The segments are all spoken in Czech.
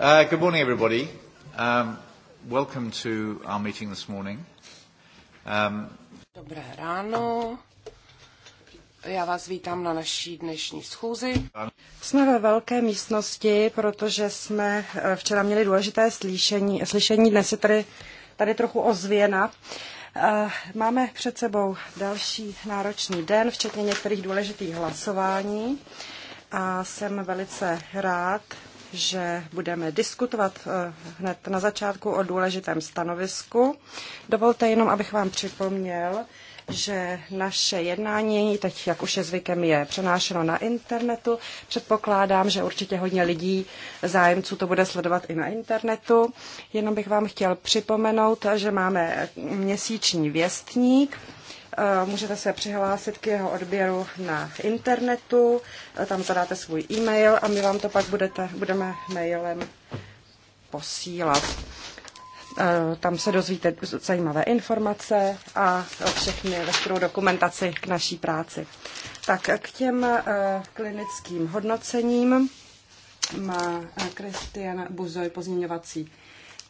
Uh, good morning, everybody. Um, welcome to our meeting this morning. Um, Dobré ráno. Já vás vítám na naší dnešní schůzi. Jsme ve velké místnosti, protože jsme eh, včera měli důležité slyšení. Slyšení dnes je tady, tady trochu ozvěna. Eh, máme před sebou další náročný den, včetně některých důležitých hlasování. A jsem velice rád, že budeme diskutovat eh, hned na začátku o důležitém stanovisku. Dovolte jenom, abych vám připomněl, že naše jednání, teď jak už je zvykem, je přenášeno na internetu. Předpokládám, že určitě hodně lidí, zájemců to bude sledovat i na internetu. Jenom bych vám chtěl připomenout, že máme měsíční věstník, Eh, můžete se přihlásit k jeho odběru na internetu, eh, tam zadáte svůj e-mail a my vám to pak budete, budeme mailem posílat. Eh, tam se dozvíte zajímavé informace a všechny veškerou dokumentaci k naší práci. Tak k těm klinickým hodnocením má Kristian Buzoj pozměňovací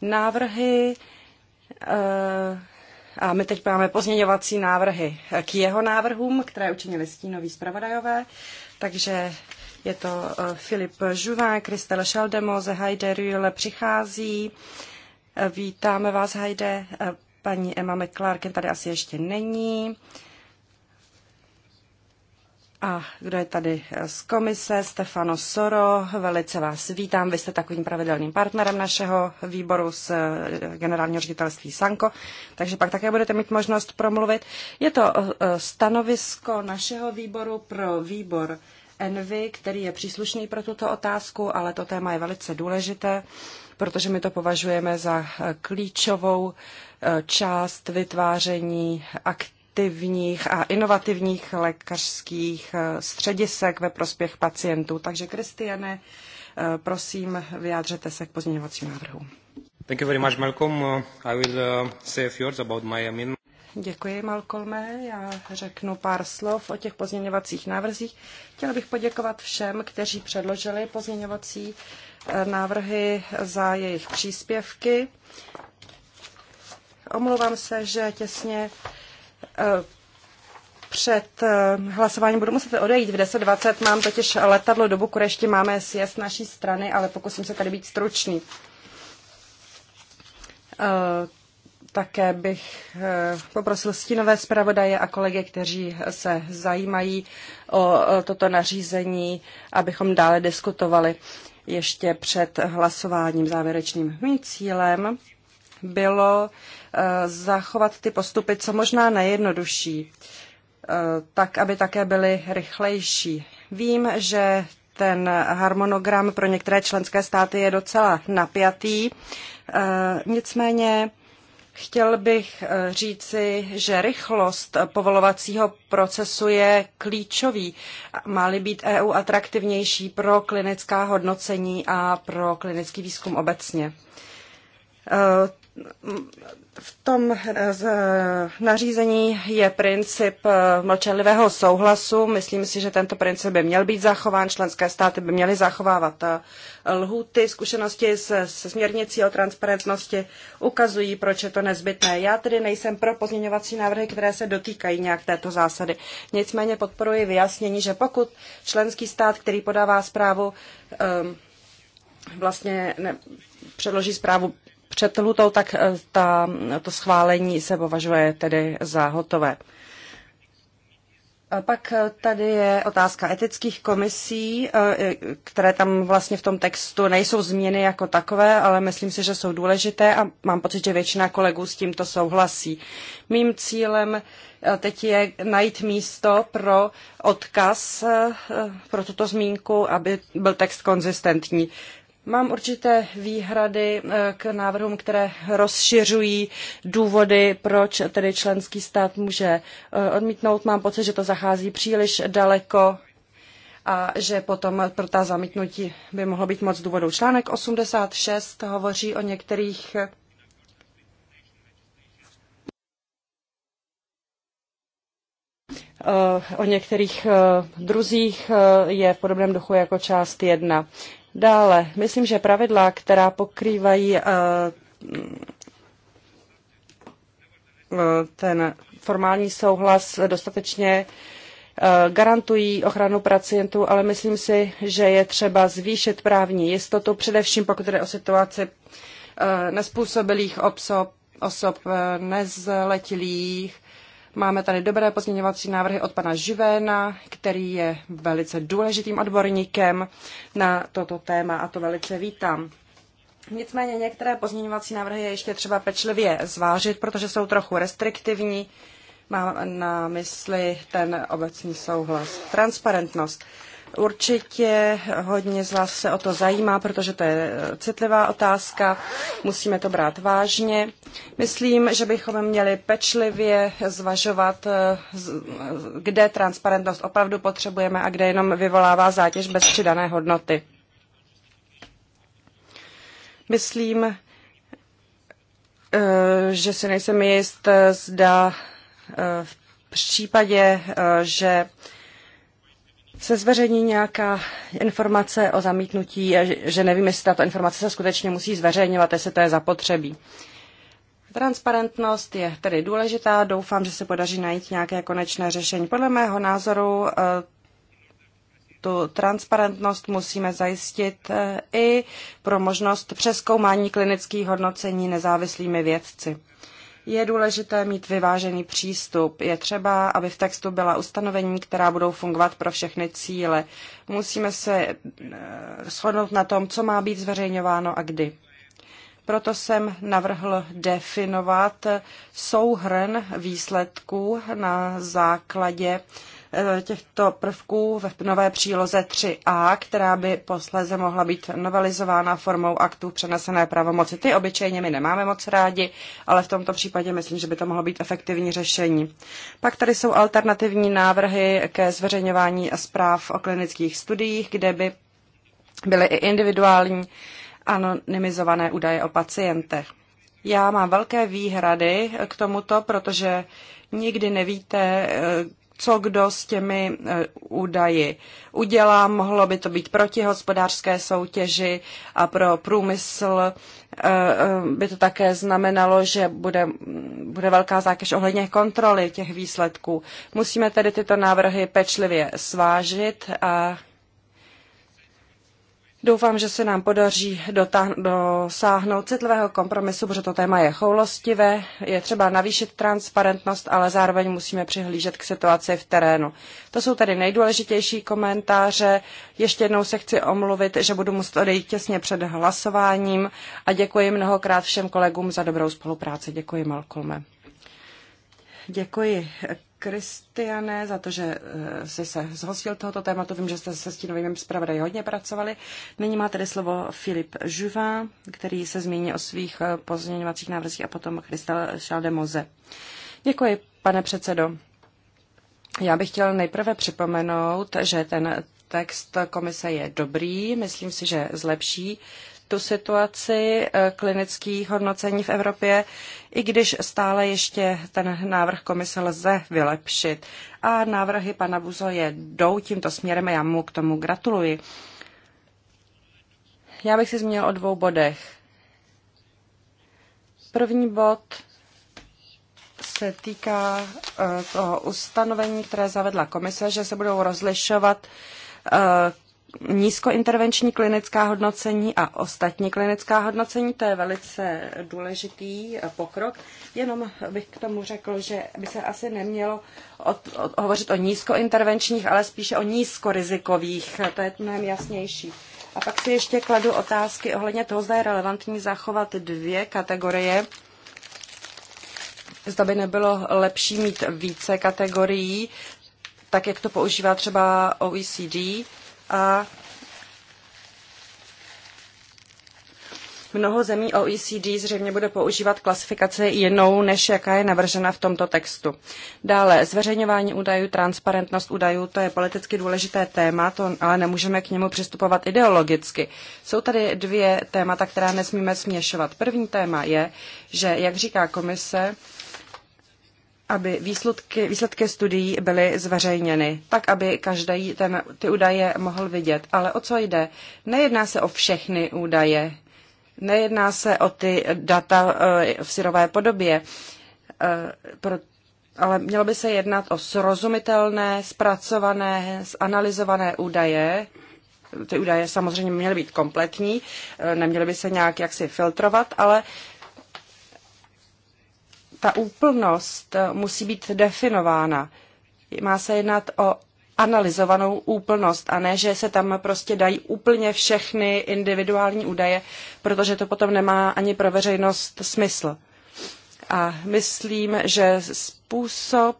návrhy. A my teď máme pozměňovací návrhy k jeho návrhům, které učinili stínoví zpravodajové. Takže je to eh, Filip Žuvin, Kristel ze Heide Rühle přichází. Eh, vítáme vás, Heide. Eh, paní Emma McClarken tady asi ještě není. A kdo je tady eh, z komise? Stefano Soro, velice vás vítám. Vy jste takovým pravidelným partnerem našeho výboru z eh, generálního ředitelství Sanko, takže pak také budete mít možnost promluvit. Je to eh, stanovisko našeho výboru pro výbor Envy, který je příslušný pro tuto otázku, ale to téma je velice důležité, protože my to považujeme za klíčovou část vytváření aktivit kreativních a inovativních lékařských eh, středisek ve prospěch pacientů. Takže Kristiane, eh, prosím, vyjádřete se k pozměňovacím návrhu. Thank you very much, Malcolm. Uh, I will uh, say a few words about my amendment. Děkuji, Malcolme. Já řeknu pár slov o těch pozměňovacích návrzích. Chtěla bych poděkovat všem, kteří předložili pozměňovací eh, návrhy za jejich příspěvky. Omlouvám se, že těsně Eh, před eh, hlasováním budu muset odejít v 10.20, mám totiž letadlo do Bukurešti, máme sjezd naší strany, ale pokusím se tady být stručný. Eh, také bych poprosil stínové zpravodaje a kolegy, kteří se zajímají o toto nařízení, abychom dále diskutovali ještě před hlasováním závěrečným. Mým cílem bylo zachovat ty postupy co možná nejjednodušší, e, tak aby také byly rychlejší. Vím, že ten harmonogram pro některé členské státy je docela napjatý, e, nicméně Chtěl bych e, říci, že rychlost povolovacího procesu je klíčový. Má-li být EU atraktivnější pro klinická hodnocení a pro klinický výzkum obecně. V tom eh, eh, nařízení je princip eh, mlčenlivého souhlasu. Myslím si, že tento princip by měl být zachován. Členské státy by měly zachovávat lhuty. Zkušenosti se, se směrnicí o transparentnosti ukazují, proč je to nezbytné. Já tedy nejsem pro pozměňovací návrhy, které se dotýkají nějak této zásady. Nicméně podporuji vyjasnění, že pokud členský stát, který podává zprávu, ehm, vlastně ne, předloží zprávu před lhutou, tak eh, ta, to schválení se považuje tedy za hotové. A pak eh, tady je otázka etických komisí, eh, které tam vlastně v tom textu nejsou změny jako takové, ale myslím si, že jsou důležité a mám pocit, že většina kolegů s tímto souhlasí. Mým cílem teď je najít místo pro odkaz pro tuto zmínku, aby byl text konzistentní. Mám určité výhrady eh, k návrhům, které rozšiřují důvody, proč tedy členský stát může eh, odmítnout. Mám pocit, že to zachází příliš daleko a že potom pro ta zamítnutí by mohlo být moc důvodů. Článek 86 hovoří o některých eh, o některých druzích je v podobném duchu jako část jedna. Dále, myslím, že pravidla, která pokrývají eh, eh, ten formální souhlas dostatečně eh, garantují ochranu pacientů, ale myslím si, že je třeba zvýšit právní jistotu, především pokud jde o situaci nespůsobilých osob, osob nezletilých, Máme tady dobré pozměňovací návrhy od pana Živéna, který je velice důležitým odborníkem na toto téma a to velice vítám. Nicméně některé pozměňovací návrhy je ještě třeba pečlivě zvážit, protože jsou trochu restriktivní. Mám na mysli ten obecný souhlas. Transparentnost. Určitě hodně z vás se o to zajímá, protože to je eh, citlivá otázka, musíme to brát vážně. Myslím, že bychom měli pečlivě zvažovat, eh, kde transparentnost opravdu potřebujeme a kde jenom vyvolává zátěž bez přidané hodnoty. Myslím, eh, že si nejsem jist, zda v případě, že se zveřejní nějaká informace o zamítnutí, že nevím, jestli tato informace se skutečně musí zveřejňovat, jestli to je zapotřebí. Transparentnost je tedy důležitá, doufám, že se podaří najít nějaké konečné řešení. Podle mého názoru eh, tu transparentnost musíme zajistit eh, i pro možnost přeskoumání klinických hodnocení nezávislými vědci je důležité mít vyvážený přístup. Je třeba, aby v textu byla ustanovení, která budou fungovat pro všechny cíle. Musíme se eh, shodnout na tom, co má být zveřejňováno a kdy. Proto jsem navrhl definovat souhrn výsledků na základě uh, Eh, těchto prvků v nové příloze 3a, která by posléze mohla být novelizována formou aktů přenesené pravomoci. Ty obyčejně my nemáme moc rádi, ale v tomto případě myslím, že by to mohlo být efektivní řešení. Pak tady jsou alternativní návrhy ke zveřejňování zpráv o klinických studiích, kde by byly i individuální anonymizované údaje o pacientech. Já mám velké výhrady k tomuto, protože nikdy nevíte, co kdo s těmi e, údaji udělá. Mohlo by to být proti hospodářské soutěži a pro průmysl e, e, by to také znamenalo, že bude, bude velká zákež ohledně kontroly těch výsledků. Musíme tedy tyto návrhy pečlivě svážit a Doufám, že se nám podaří dosáhnout citlivého kompromisu, protože to téma je choulostivé. Je třeba navýšit transparentnost, ale zároveň musíme přihlížet k situaci v terénu. To jsou tedy nejdůležitější komentáře. Ještě jednou se chci omluvit, že budu muset odejít těsně před hlasováním a děkuji mnohokrát všem kolegům za dobrou spolupráci. Děkuji, Malcolme. Děkuji Kristiane, za to, že eh, jsi se zhostil tohoto tématu. Vím, že jste se novým zpravodaji hodně pracovali. Nyní má tedy slovo Filip Juvin, který se zmíní o svých eh, pozměňovacích návrzích a potom Christel Šaldemoze. Děkuji, pane předsedo. Já bych chtěl nejprve připomenout, že ten text komise je dobrý. Myslím si, že zlepší tu situaci eh, klinických hodnocení v Evropě, i když stále ještě ten návrh komise lze vylepšit. A návrhy pana je jdou tímto směrem a já mu k tomu gratuluji. Já bych si zmínil o dvou bodech. První bod se týká eh, toho ustanovení, které zavedla komise, že se budou rozlišovat eh, nízkointervenční klinická hodnocení a ostatní klinická hodnocení, to je velice důležitý pokrok. Jenom bych k tomu řekl, že by se asi nemělo od, od, hovořit o nízkointervenčních, ale spíše o nízkorizikových, to je mnohem jasnější. A pak si ještě kladu otázky ohledně toho, zda je relevantní zachovat dvě kategorie. Zda by nebylo lepší mít více kategorií, tak jak to používá třeba OECD, a Mnoho zemí OECD zřejmě bude používat klasifikaci jinou, než jaká je navržena v tomto textu. Dále zveřejňování údajů, transparentnost údajů, to je politicky důležité téma, to, ale nemůžeme k němu přistupovat ideologicky. Jsou tady dvě témata, která nesmíme směšovat. První téma je, že, jak říká komise, aby výsledky, výsledky studií byly zveřejněny, tak aby každý ten, ty údaje mohl vidět. Ale o co jde? Nejedná se o všechny údaje, nejedná se o ty data eh, v syrové podobě, eh, ale mělo by se jednat o srozumitelné, zpracované, zanalizované údaje. Ty údaje samozřejmě měly být kompletní, eh, neměly by se nějak jaksi filtrovat, ale ta úplnost eh, musí být definována. Má se jednat o analyzovanou úplnost a ne, že se tam prostě dají úplně všechny individuální údaje, protože to potom nemá ani pro veřejnost smysl. A myslím, že způsob,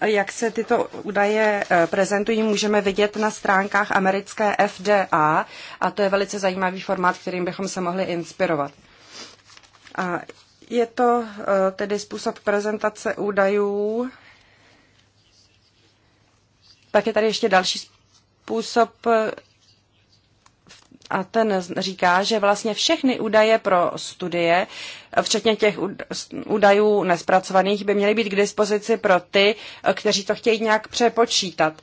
jak se tyto údaje eh, prezentují, můžeme vidět na stránkách americké FDA a to je velice zajímavý formát, kterým bychom se mohli inspirovat. A je to e, tedy způsob prezentace údajů. Pak je tady ještě další způsob e, a ten říká, že vlastně všechny údaje pro studie, e, včetně těch údajů nespracovaných, by měly být k dispozici pro ty, kteří to chtějí nějak přepočítat.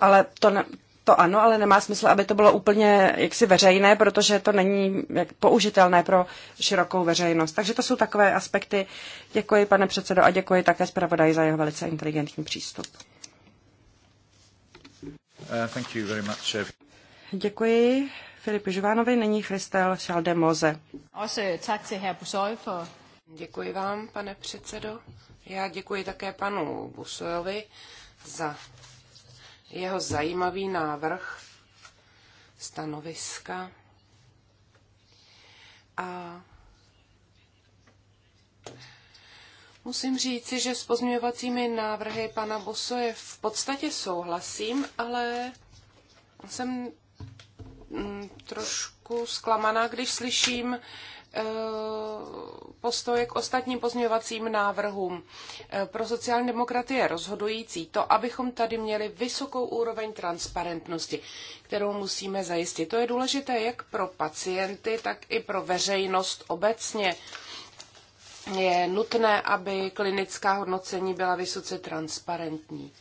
Ale to, to ano, ale nemá smysl, aby to bylo úplně jaksi veřejné, protože to není jak použitelné pro širokou veřejnost. Takže to jsou takové aspekty. Děkuji, pane předsedo, a děkuji také zpravodaji za jeho velice inteligentní přístup. Uh, thank you very much. Uh, děkuji Filipu Žuvánovi, není Christel Moze. Děkuji vám, pane předsedo. Já děkuji také panu Busojovi za jeho zajímavý návrh stanoviska. A musím říci, že s pozměňovacími návrhy pana Bosoje v podstatě souhlasím, ale jsem mm, trošku zklamaná, když slyším, Eh, postoje k ostatním pozměňovacím návrhům. Eh, pro sociální demokraty je rozhodující to, abychom tady měli vysokou úroveň transparentnosti, kterou musíme zajistit. To je důležité jak pro pacienty, tak i pro veřejnost obecně. Je nutné, aby klinická hodnocení byla vysoce transparentní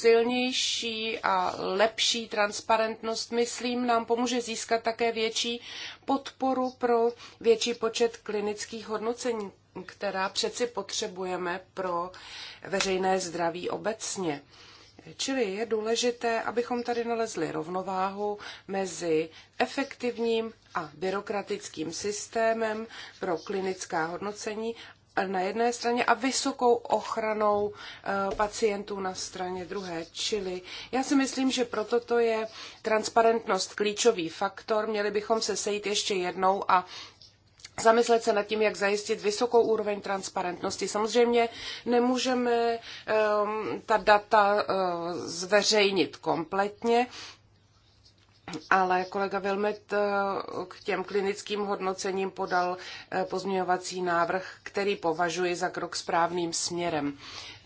silnější a lepší transparentnost, myslím, nám pomůže získat také větší podporu pro větší počet klinických hodnocení, která přeci potřebujeme pro veřejné zdraví obecně. Čili je důležité, abychom tady nalezli rovnováhu mezi efektivním a byrokratickým systémem pro klinická hodnocení na jedné straně a vysokou ochranou eh, pacientů na straně druhé. Čili já si myslím, že proto to je transparentnost klíčový faktor. Měli bychom se sejít ještě jednou a zamyslet se nad tím, jak zajistit vysokou úroveň transparentnosti. Samozřejmě nemůžeme um, ta data uh, zveřejnit kompletně, ale kolega Vilmet eh, k těm klinickým hodnocením podal eh, pozměňovací návrh, který považuji za krok správným směrem.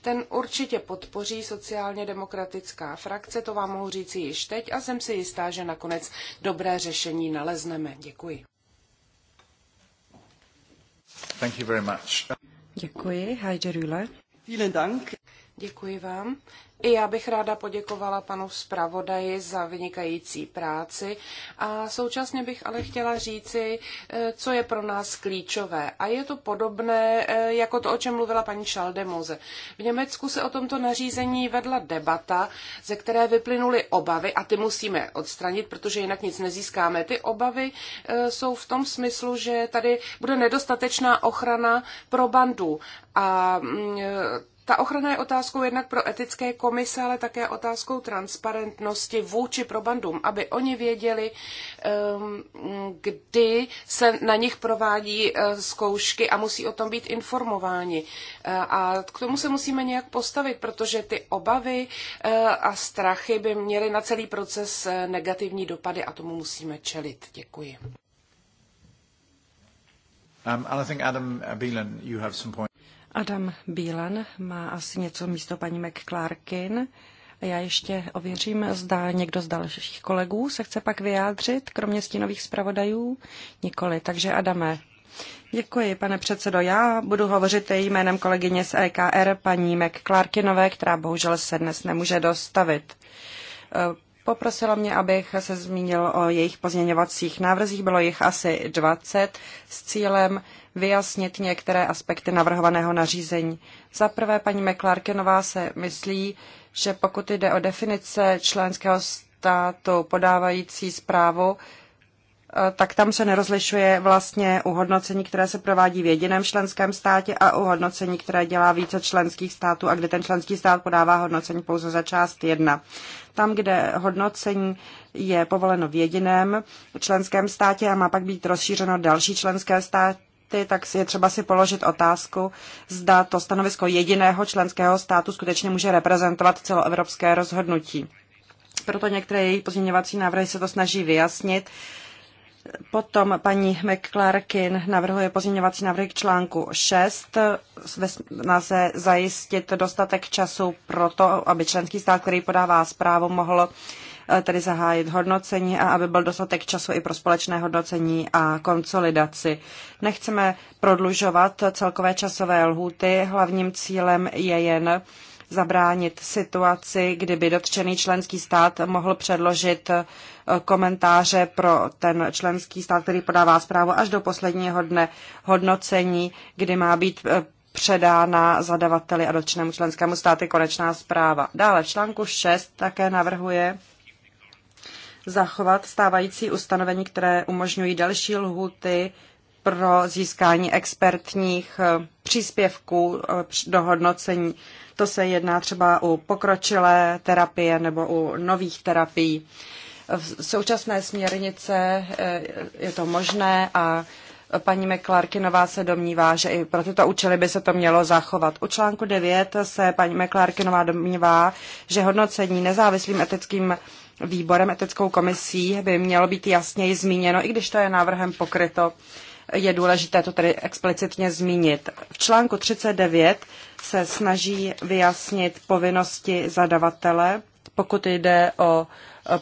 Ten určitě podpoří sociálně demokratická frakce, to vám mohu říci již teď a jsem si jistá, že nakonec dobré řešení nalezneme. Děkuji. Thank you very much. Děkuji, Heidi Rühle. Vielen Dank. Děkuji vám. I já bych ráda poděkovala panu zpravodaji za vynikající práci a současně bych ale chtěla říci, eh, co je pro nás klíčové. A je to podobné eh, jako to, o čem mluvila paní Šaldemoze. V Německu se o tomto nařízení vedla debata, ze které vyplynuly obavy a ty musíme odstranit, protože jinak nic nezískáme. Ty obavy eh, jsou v tom smyslu, že tady bude nedostatečná ochrana pro bandu a mm, ta ochrana je otázkou jednak pro etické komise, ale také otázkou transparentnosti vůči probandům, aby oni věděli, ehm, kdy se na nich provádí eh, zkoušky a musí o tom být informováni. Eh, a k tomu se musíme nějak postavit, protože ty obavy eh, a strachy by měly na celý proces negativní dopady a tomu musíme čelit. Děkuji. Um, and I think Adam Beelan, you have some points. Adam Bílan má asi něco místo paní McClarkin. Já ještě ověřím, zda někdo z dalších kolegů se chce pak vyjádřit, kromě stínových zpravodajů. Nikoli, takže Adame. Děkuji, pane předsedo. Já budu hovořit jménem kolegyně z EKR, paní McClarkinové, která bohužel se dnes nemůže dostavit. Poprosila mě, abych se zmínil o jejich pozměňovacích návrzích. Bylo jich asi 20 s cílem vyjasnit některé aspekty navrhovaného nařízení. Za prvé, paní McClarkenová se myslí, že pokud jde o definice členského státu podávající zprávu, eh, tak tam se nerozlišuje vlastně uhodnocení, které se provádí v jediném členském státě a uhodnocení, které dělá více členských států a kde ten členský stát podává hodnocení pouze za část jedna. Tam, kde hodnocení je povoleno v jediném členském státě a má pak být rozšířeno další členské státy, státy, tak je třeba si položit otázku, zda to stanovisko jediného členského státu skutečně může reprezentovat celoevropské rozhodnutí. Proto některé její pozměňovací návrhy se to snaží vyjasnit. Potom paní McClarkin navrhuje pozměňovací návrh k článku 6 ve snaze zajistit dostatek času pro to, aby členský stát, který podává zprávu, mohl uh, Eh, tedy zahájit hodnocení a aby byl dostatek času i pro společné hodnocení a konsolidaci. Nechceme prodlužovat celkové časové lhuty. Hlavním cílem je jen zabránit situaci, kdyby dotčený členský stát mohl předložit eh, komentáře pro ten členský stát, který podává zprávu až do posledního dne hodnocení, kdy má být eh, předána zadavateli a dotčenému členskému státu konečná zpráva. Dále v článku 6 také navrhuje zachovat stávající ustanovení, které umožňují další lhuty pro získání expertních eh, příspěvků eh, do hodnocení. To se jedná třeba u pokročilé terapie nebo u nových terapií. V současné směrnice eh, je to možné a paní McClarkinová se domnívá, že i pro tyto účely by se to mělo zachovat. U článku 9 se paní McClarkinová domnívá, že hodnocení nezávislým etickým výborem etickou komisí by mělo být jasněji zmíněno, i když to je návrhem pokryto, je důležité to tedy explicitně zmínit. V článku 39 se snaží vyjasnit povinnosti zadavatele, pokud jde o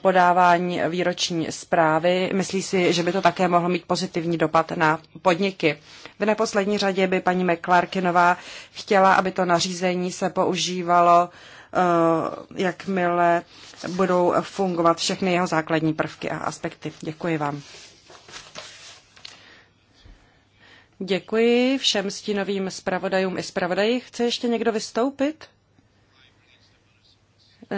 podávání výroční zprávy. Myslí si, že by to také mohlo mít pozitivní dopad na podniky. V neposlední řadě by paní McClarkinová chtěla, aby to nařízení se používalo Eh, jakmile budou fungovat všechny jeho základní prvky a aspekty. Děkuji vám. Děkuji všem stínovým zpravodajům i zpravodaji. Chce ještě někdo vystoupit?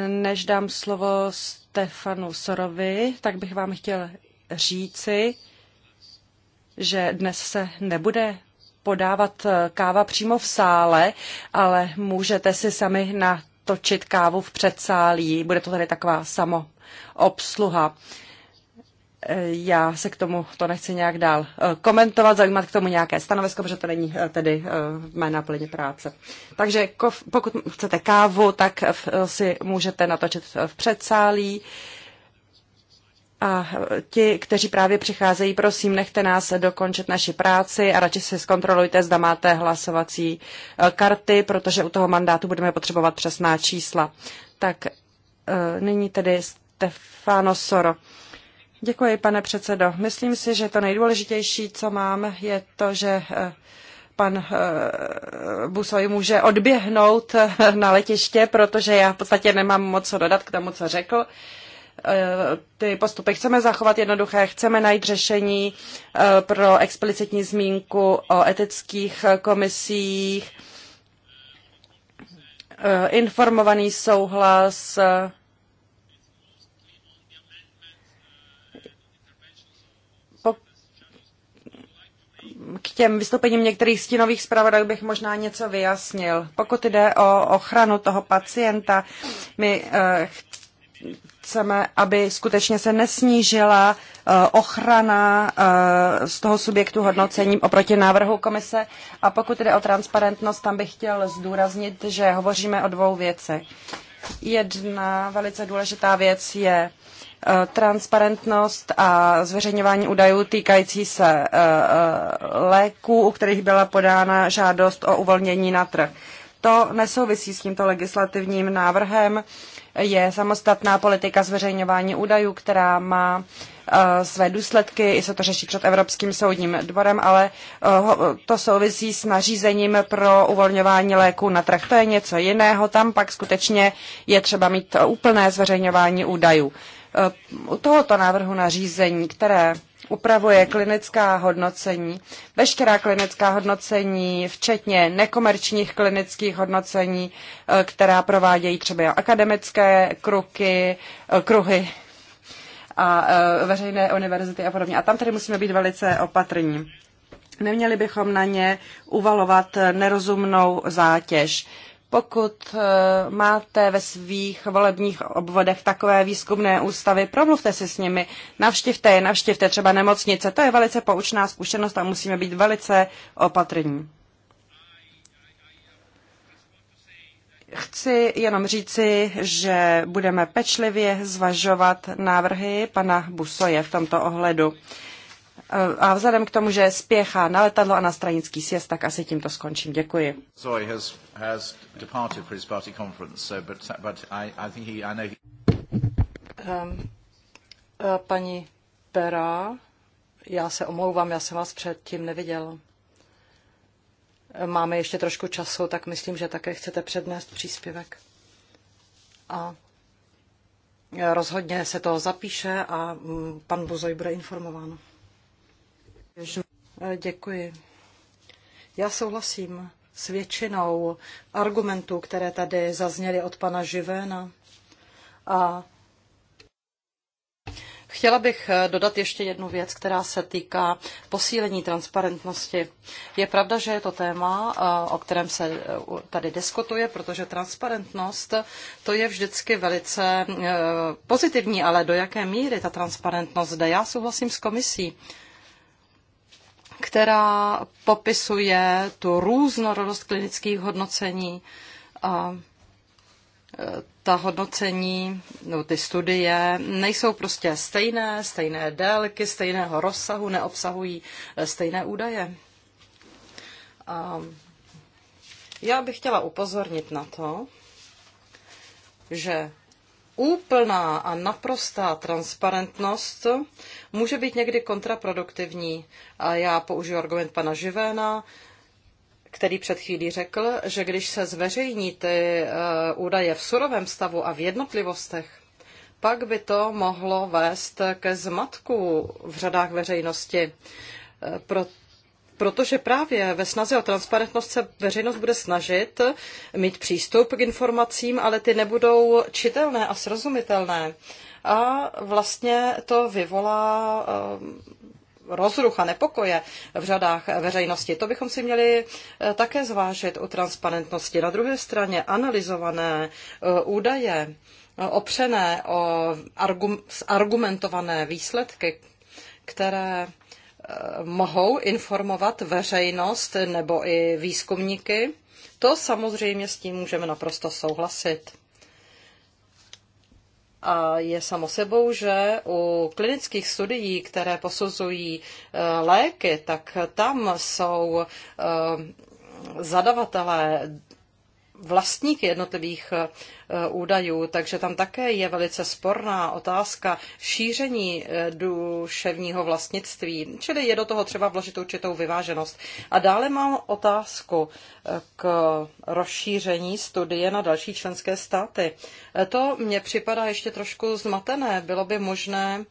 Než dám slovo Stefanu Sorovi, tak bych vám chtěl říci, že dnes se nebude podávat káva přímo v sále, ale můžete si sami na točit kávu v předsálí. Bude to tady taková samoobsluha. E, já se k tomu to nechci nějak dál e, komentovat, zajímat k tomu nějaké stanovisko, protože to není e, tedy mé náplně práce. Takže pokud chcete kávu, tak si můžete natočit v předsálí. A ti, kteří právě přicházejí, prosím, nechte nás dokončit naši práci a radši si zkontrolujte, zda máte hlasovací eh, karty, protože u toho mandátu budeme potřebovat přesná čísla. Tak eh, nyní tedy Stefano Soro. Děkuji, pane předsedo. Myslím si, že to nejdůležitější, co mám, je to, že eh, pan Busoj může odběhnout na letiště, protože já v podstatě nemám moc co dodat k tomu, co řekl. Eh, ty postupy chceme zachovat jednoduché, chceme najít řešení eh, pro explicitní zmínku o etických komisích, eh, informovaný souhlas, k těm vystoupením některých stínových zpravodajů bych možná něco vyjasnil. Pokud jde o ochranu toho pacienta, my chceme, aby skutečně se nesnížila eh, ochrana eh, z toho subjektu hodnocením oproti návrhu komise. A pokud jde o transparentnost, tam bych chtěl zdůraznit, že hovoříme o dvou věcech. Jedna velice důležitá věc je eh, transparentnost a zveřejňování údajů týkající se léků, u kterých byla podána žádost o uvolnění na trh. To nesouvisí s tímto legislativním návrhem. Je samostatná politika zveřejňování údajů, která má eh, své důsledky, i se to řeší před Evropským soudním dvorem, ale eh, to souvisí s nařízením pro uvolňování léků na trh. To je něco jiného, tam pak skutečně je třeba mít úplné zveřejňování údajů. Eh, u tohoto návrhu nařízení, které upravuje klinická hodnocení, veškerá klinická hodnocení, včetně nekomerčních klinických hodnocení, eh, která provádějí třeba akademické kruky, eh, kruhy a eh, veřejné univerzity a podobně. A tam tedy musíme být velice opatrní. Neměli bychom na ně uvalovat nerozumnou zátěž. Pokud eh, máte ve svých volebních obvodech takové výzkumné ústavy, promluvte si s nimi, navštivte je, navštivte třeba nemocnice. To je velice poučná zkušenost a musíme být velice opatrní. Chci jenom říci, že budeme pečlivě zvažovat návrhy pana Busoje v tomto ohledu. A vzhledem k tomu, že spěchá na letadlo a na stranický sjezd, tak asi tímto skončím. Děkuji. paní Pera, já se omlouvám, já jsem vás předtím neviděl. Máme ještě trošku času, tak myslím, že také chcete přednést příspěvek. A e, rozhodně se to zapíše a mm, pan Buzoj bude informován. E, děkuji. Já souhlasím s většinou argumentů, které tady zazněly od pana Živéna. A Chtěla bych e, dodat ještě jednu věc, která se týká posílení transparentnosti. Je pravda, že je to téma, e, o kterém se tady diskutuje, protože transparentnost to je vždycky velice pozitivní, ale do jaké míry ta transparentnost jde? Já souhlasím s komisí která popisuje tu různorodost klinických hodnocení a e, ta hodnocení, no ty studie nejsou prostě stejné, stejné délky, stejného rozsahu, neobsahují e, stejné údaje. A já bych chtěla upozornit na to, že úplná a naprostá transparentnost může být někdy kontraproduktivní. A já použiju argument pana Živéna, který před chvílí řekl, že když se zveřejní ty eh, údaje v surovém stavu a v jednotlivostech, pak by to mohlo vést ke zmatku v řadách veřejnosti, proto eh, protože právě ve snaze o transparentnost se veřejnost bude snažit mít přístup k informacím, ale ty nebudou čitelné a srozumitelné. A vlastně to vyvolá eh, rozruch a nepokoje v řadách veřejnosti. To bychom si měli eh, také zvážit u transparentnosti. Na druhé straně analyzované eh, údaje opřené o argumentované výsledky, které mohou informovat veřejnost nebo i výzkumníky. To samozřejmě s tím můžeme naprosto souhlasit. A je samo sebou, že u klinických studií, které posuzují e, léky, tak tam jsou e, zadavatelé vlastníky jednotlivých eh, údajů, takže tam také je velice sporná otázka šíření eh, duševního vlastnictví, čili je do toho třeba vložit určitou vyváženost. A dále mám otázku eh, k rozšíření studie na další členské státy. To mně připadá ještě trošku zmatené. Bylo by možné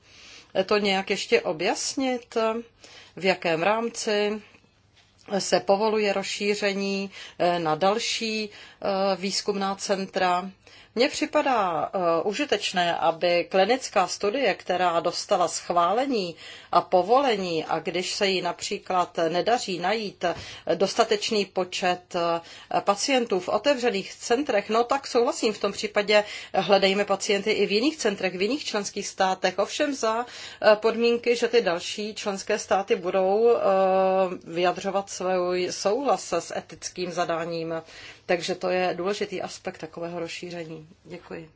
to nějak ještě objasnit, v jakém rámci se povoluje rozšíření eh, na další eh, výzkumná centra mně připadá uh, užitečné, aby klinická studie, která dostala schválení a povolení, a když se jí například nedaří najít dostatečný počet eh, pacientů v otevřených centrech, no tak souhlasím, v tom případě eh, hledejme pacienty i v jiných centrech, v jiných členských státech, ovšem za podmínky, že ty další členské státy budou vyjadřovat svůj souhlas s etickým zadáním. Takže to je důležitý aspekt takového rozšíření. Děkuji.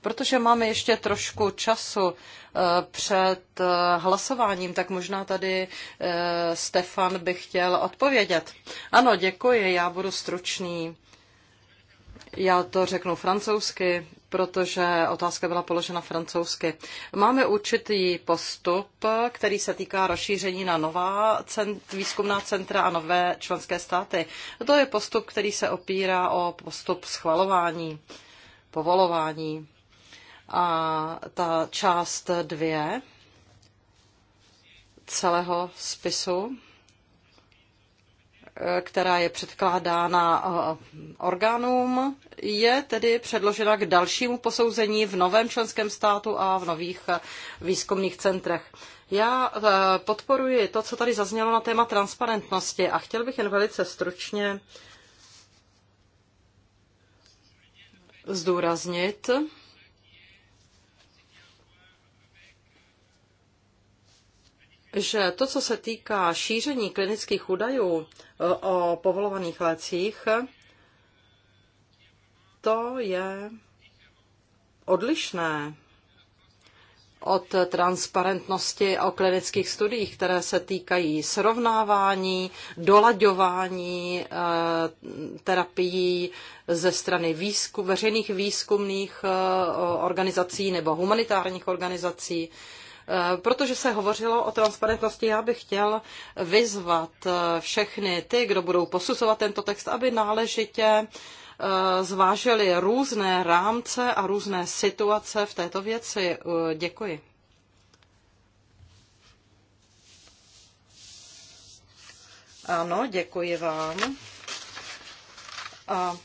Protože máme ještě trošku času eh, před eh, hlasováním, tak možná tady eh, Stefan by chtěl odpovědět. Ano, děkuji, já budu stručný. Já to řeknu francouzsky protože otázka byla položena francouzsky. Máme určitý postup, který se týká rozšíření na nová cent, výzkumná centra a nové členské státy. To je postup, který se opírá o postup schvalování, povolování. A ta část dvě celého spisu která je předkládána eh, orgánům, je tedy předložena k dalšímu posouzení v novém členském státu a v nových eh, výzkumných centrech. Já eh, podporuji to, co tady zaznělo na téma transparentnosti a chtěl bych jen velice stručně zdůraznit, že to, co se týká šíření klinických údajů eh, o povolovaných lécích, to je odlišné od transparentnosti o klinických studiích, které se týkají srovnávání, dolaďování eh, terapií ze strany výzku, veřejných výzkumných eh, organizací nebo humanitárních organizací. Eh, protože se hovořilo o transparentnosti, já bych chtěl vyzvat eh, všechny ty, kdo budou posuzovat tento text, aby náležitě eh, zvážili různé rámce a různé situace v této věci. Děkuji. Ano, děkuji vám. A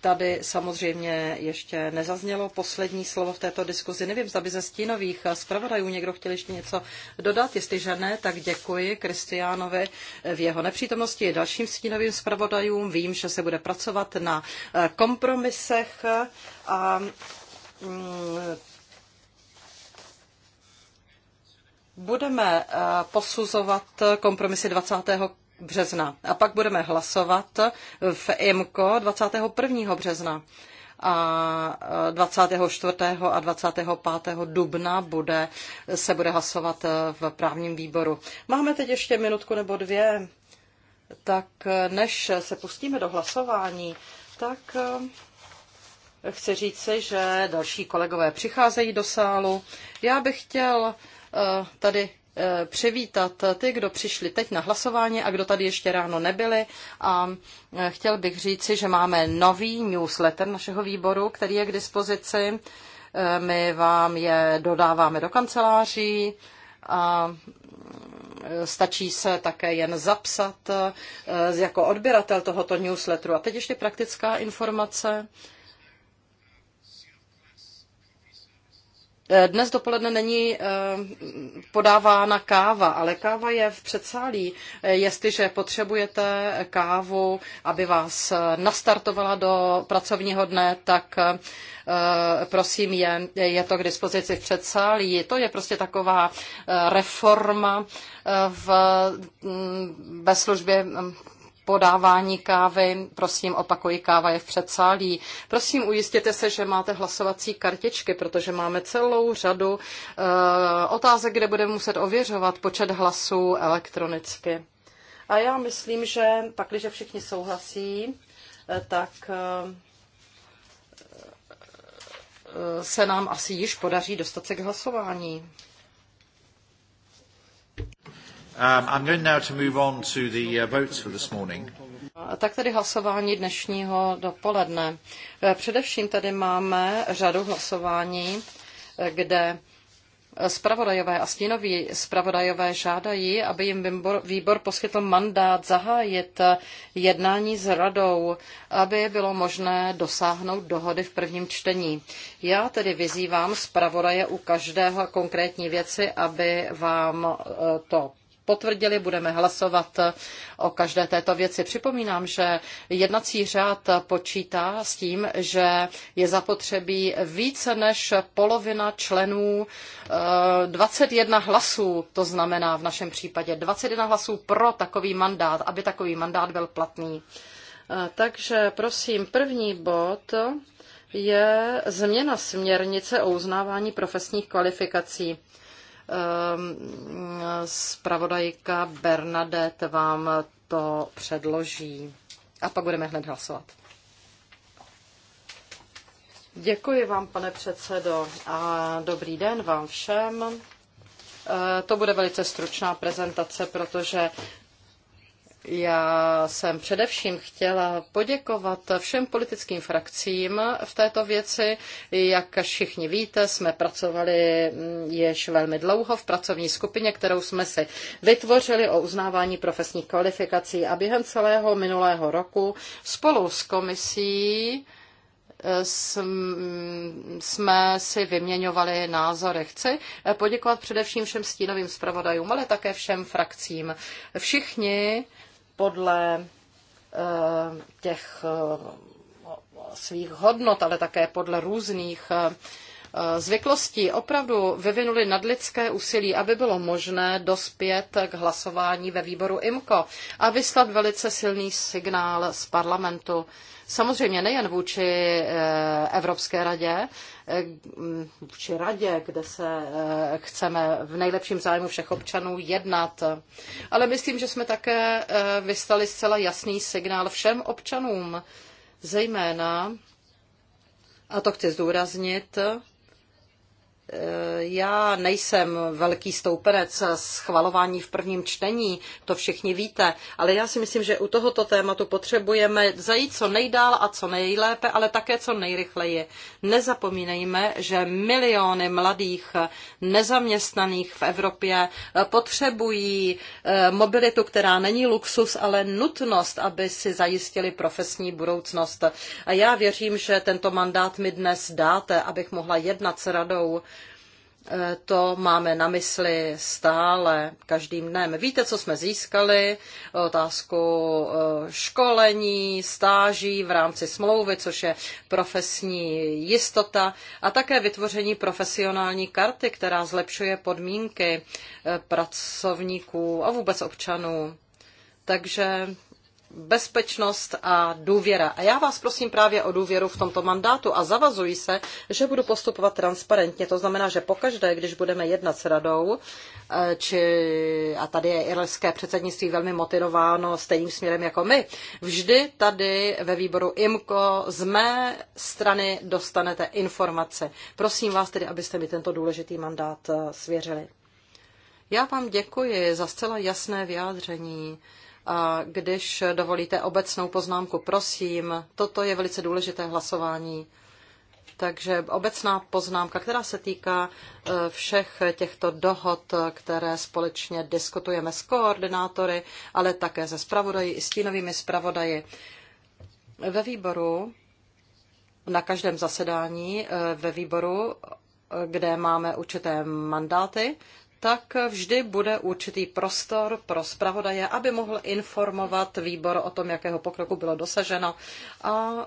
Tady samozřejmě ještě nezaznělo poslední slovo v této diskuzi. Nevím, zda by ze stínových zpravodajů někdo chtěl ještě něco dodat. Jestliže ne, tak děkuji Kristiánovi v jeho nepřítomnosti i dalším stínovým zpravodajům. Vím, že se bude pracovat na kompromisech a mm, budeme eh, posuzovat kompromisy 20 března. A pak budeme hlasovat v IMCO 21. března. A 24. a 25. dubna bude, se bude hlasovat v právním výboru. Máme teď ještě minutku nebo dvě, tak než se pustíme do hlasování, tak eh, chci říci, že další kolegové přicházejí do sálu. Já bych chtěl eh, tady Eh, přivítat ty, kdo přišli teď na hlasování a kdo tady ještě ráno nebyli. A eh, chtěl bych říci, že máme nový newsletter našeho výboru, který je k dispozici. Eh, my vám je dodáváme do kanceláří a stačí se také jen zapsat jako odběratel tohoto newsletteru. A teď ještě praktická informace. Dnes dopoledne není eh, podávána káva, ale káva je v předsálí. Eh, jestliže potřebujete kávu, aby vás eh, nastartovala do pracovního dne, tak prosím je, je to k dispozici v předsálí. To je prostě taková reforma v, mm, ve službě mm, podávání kávy. Prosím, opakuji, káva je v předsálí. Prosím, ujistěte se, že máte hlasovací kartičky, protože máme celou řadu uh, otázek, kde budeme muset ověřovat počet hlasů elektronicky. A já myslím, že pak, když všichni souhlasí, eh, tak eh, se nám asi již podaří dostat se k hlasování. Um, I'm going now to move on to the uh, votes for this morning. Tak tedy hlasování dnešního dopoledne. Eh, především tady máme řadu hlasování, eh, kde Spravodajové a stínoví spravodajové žádají, aby jim výbor, výbor poskytl mandát zahájit eh, jednání s radou, aby bylo možné dosáhnout dohody v prvním čtení. Já tedy vyzývám zpravodaje u každého konkrétní věci, aby vám to potvrdili, budeme hlasovat o každé této věci. Připomínám, že jednací řád počítá s tím, že je zapotřebí více než polovina členů 21 eh, hlasů, to znamená v našem případě 21 hlasů pro takový mandát, aby takový mandát byl platný. Eh, takže prosím, první bod je změna směrnice o uznávání profesních kvalifikací. Spravodajka ehm, Bernadette vám to předloží. A pak budeme hned hlasovat. Děkuji vám, pane předsedo, a dobrý den vám všem. Ehm, to bude velice stručná prezentace, protože já jsem především chtěla poděkovat všem politickým frakcím v této věci. Jak všichni víte, jsme pracovali mm, již velmi dlouho v pracovní skupině, kterou jsme si vytvořili o uznávání profesních kvalifikací a během celého minulého roku spolu s komisí eh, jsme si vyměňovali názory. Chci eh, poděkovat především všem stínovým zpravodajům, ale také všem frakcím. Všichni podle eh, těch eh, svých hodnot, ale také podle různých eh, Eh, zvyklostí opravdu vyvinuli nadlidské úsilí, aby bylo možné dospět k hlasování ve výboru IMCO a vyslat velice silný signál z parlamentu. Samozřejmě nejen vůči eh, Evropské radě, eh, vůči radě, kde se chceme v nejlepším zájmu všech občanů jednat, ale myslím, že jsme také vyslali zcela jasný signál všem občanům, zejména, a to chci zdůraznit, já nejsem velký stoupenec schvalování v prvním čtení, to všichni víte, ale já si myslím, že u tohoto tématu potřebujeme zajít co nejdál a co nejlépe, ale také co nejrychleji. Nezapomínejme, že miliony mladých nezaměstnaných v Evropě eh, potřebují eh, mobilitu, která není luxus, ale nutnost, aby si zajistili profesní budoucnost. A já věřím, že tento mandát mi dnes dáte, abych mohla jednat s radou to máme na mysli stále, každým dnem. Víte, co jsme získali? Otázku e, školení, stáží v rámci smlouvy, což je profesní jistota a také vytvoření profesionální karty, která zlepšuje podmínky e, pracovníků a vůbec občanů. Takže bezpečnost a důvěra. A já vás prosím právě o důvěru v tomto mandátu a zavazuji se, že budu postupovat transparentně. To znamená, že pokaždé, když budeme jednat s radou, eh, či, a tady je irské předsednictví velmi motivováno stejným směrem jako my, vždy tady ve výboru IMCO z mé strany dostanete informace. Prosím vás tedy, abyste mi tento důležitý mandát eh, svěřili. Já vám děkuji za zcela jasné vyjádření. A když dovolíte obecnou poznámku, prosím, toto je velice důležité hlasování. Takže obecná poznámka, která se týká e, všech těchto dohod, které společně diskutujeme s koordinátory, ale také se zpravodaji i stínovými zpravodaji. Ve výboru, na každém zasedání e, ve výboru, e, kde máme určité mandáty, tak vždy bude určitý prostor pro zpravodaje, aby mohl informovat výbor o tom, jakého pokroku bylo dosaženo a eh,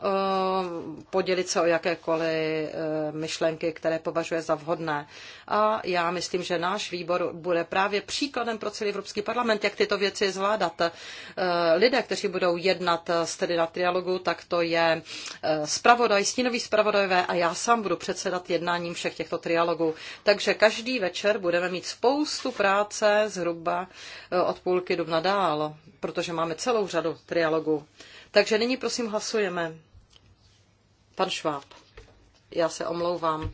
podělit se o jakékoliv eh, myšlenky, které považuje za vhodné. A já myslím, že náš výbor bude právě příkladem pro celý Evropský parlament, jak tyto věci zvládat. Eh, lidé, kteří budou jednat tedy na trialogu, tak to je zpravodaj, stínový zpravodajové a já sám budu předsedat jednáním všech těchto trialogů. Takže každý večer budeme mít spoustu práce zhruba e, od půlky dubna dál, protože máme celou řadu trialogů. Takže nyní prosím hlasujeme. Pan Šváb. Já se omlouvám.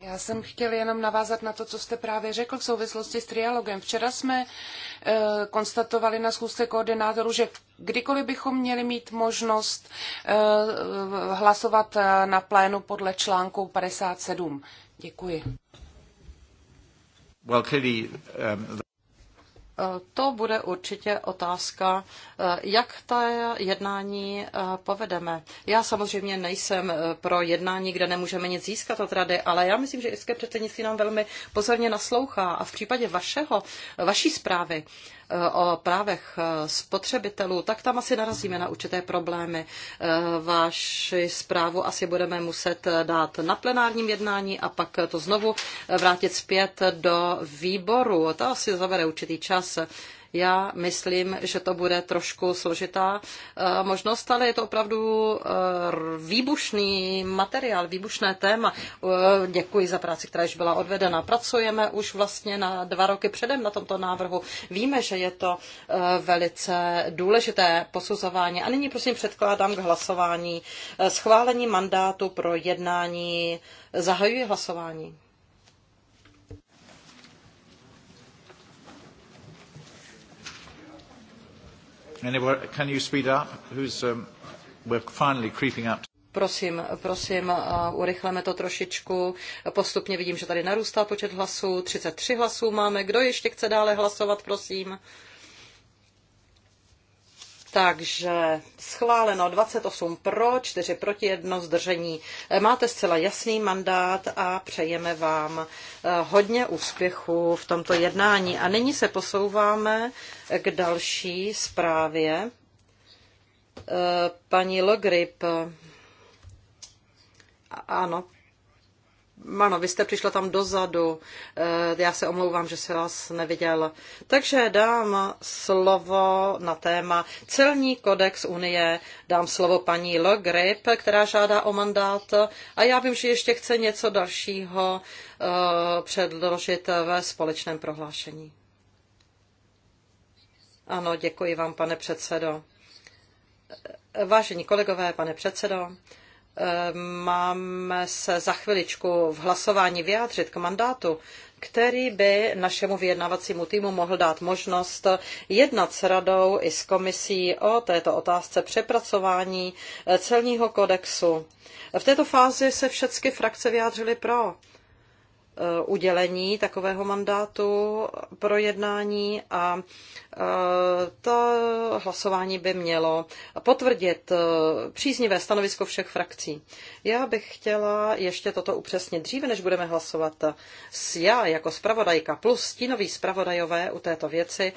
Já jsem chtěl jenom navázat na to, co jste právě řekl v souvislosti s trialogem. Včera jsme e, konstatovali na schůzce koordinátorů, že kdykoliv bychom měli mít možnost e, hlasovat e, na plénu podle článku 57. Děkuji. Um, eh, to bude určitě otázka Eh, jak ta jednání eh, povedeme. Já samozřejmě nejsem eh, pro jednání, kde nemůžeme nic získat od rady, ale já myslím, že irské předsednictví nám velmi pozorně naslouchá a v případě vašeho, vaší zprávy o právech spotřebitelů, tak tam asi narazíme na určité problémy. Váši zprávu asi budeme muset dát na plenárním jednání a pak to znovu vrátit zpět do výboru. To asi zavere určitý čas. Já myslím, že to bude trošku složitá eh, možnost, ale je to opravdu eh, výbušný materiál, výbušné téma. Eh, děkuji za práci, která již byla odvedena. Pracujeme už vlastně na dva roky předem na tomto návrhu. Víme, že je to velice důležité posuzování. A nyní prosím předkládám k hlasování schválení mandátu pro jednání. Zahajuji hlasování. Anywhere, can you speed up? Who's, um, we're finally creeping up. Prosím, prosím, uh, urychleme to trošičku. Postupně vidím, že tady narůstá počet hlasů. 33 hlasů máme. Kdo ještě chce dále hlasovat, prosím? Takže schváleno 28 pro, 4 proti, 1 zdržení. Máte zcela jasný mandát a přejeme vám eh, hodně úspěchu v tomto jednání. A nyní se posouváme k další zprávě. Eh, paní Logrip. Eh, ano, ano, vy jste přišla tam dozadu. Eh, já se omlouvám, že se vás neviděl. Takže dám slovo na téma Celní kodex Unie. Dám slovo paní Le Grip, která žádá o mandát. A já vím, že ještě chce něco dalšího eh, předložit ve společném prohlášení. Ano, děkuji vám, pane předsedo. Vážení kolegové, pane předsedo, Ehm, máme se za chviličku v hlasování vyjádřit k mandátu, který by našemu vyjednavacímu týmu mohl dát možnost jednat s radou i s komisí o této otázce přepracování eh, celního kodexu. V této fázi se všechny frakce vyjádřily pro. Eh, udělení takového mandátu pro jednání a eh, to hlasování by mělo potvrdit eh, příznivé stanovisko všech frakcí. Já bych chtěla ještě toto upřesnit dříve, než budeme hlasovat. Já jako zpravodajka plus stínový zpravodajové u této věci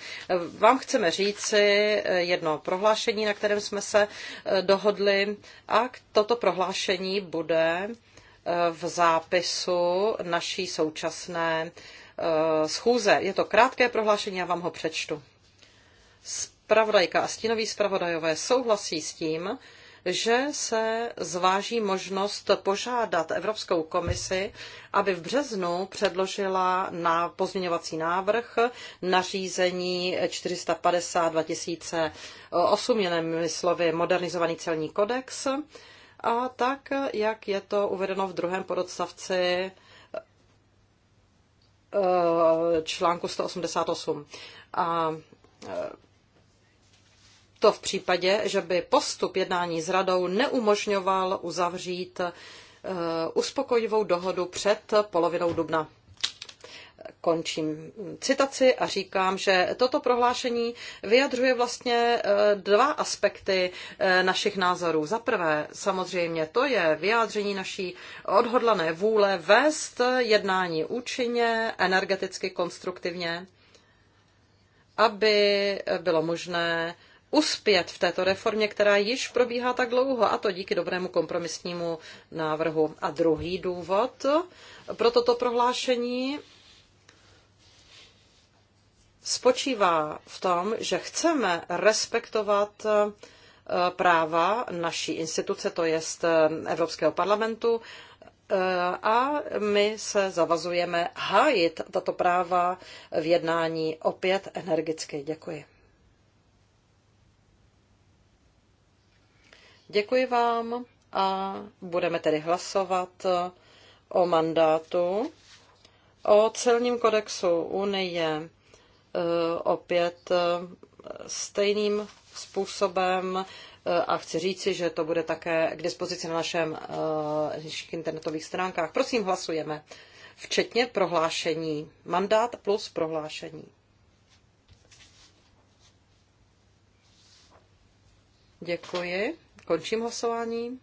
vám chceme říci jedno prohlášení, na kterém jsme se dohodli a toto prohlášení bude v zápisu naší současné eh, schůze. Je to krátké prohlášení, já vám ho přečtu. Spravodajka a stínoví spravodajové souhlasí s tím, že se zváží možnost požádat Evropskou komisi, aby v březnu předložila na pozměňovací návrh nařízení 450 2008, jenom slovy modernizovaný celní kodex, a tak, jak je to uvedeno v druhém pododstavci eh, článku 188. A eh, to v případě, že by postup jednání s radou neumožňoval uzavřít eh, uspokojivou dohodu před polovinou dubna končím citaci a říkám, že toto prohlášení vyjadřuje vlastně eh, dva aspekty eh, našich názorů. Za prvé, samozřejmě, to je vyjádření naší odhodlané vůle vést jednání účinně, energeticky konstruktivně, aby bylo možné uspět v této reformě, která již probíhá tak dlouho, a to díky dobrému kompromisnímu návrhu. A druhý důvod pro toto prohlášení spočívá v tom, že chceme respektovat eh, práva naší instituce, to jest eh, Evropského parlamentu, eh, a my se zavazujeme hájit tato práva v jednání opět energicky. Děkuji. Děkuji vám a budeme tedy hlasovat o mandátu o celním kodexu Unie Eh, opět eh, stejným způsobem eh, a chci říci, že to bude také k dispozici na našem, internetových stránkách. Prosím, hlasujeme. Včetně prohlášení. Mandát plus prohlášení. Děkuji. Končím hlasování.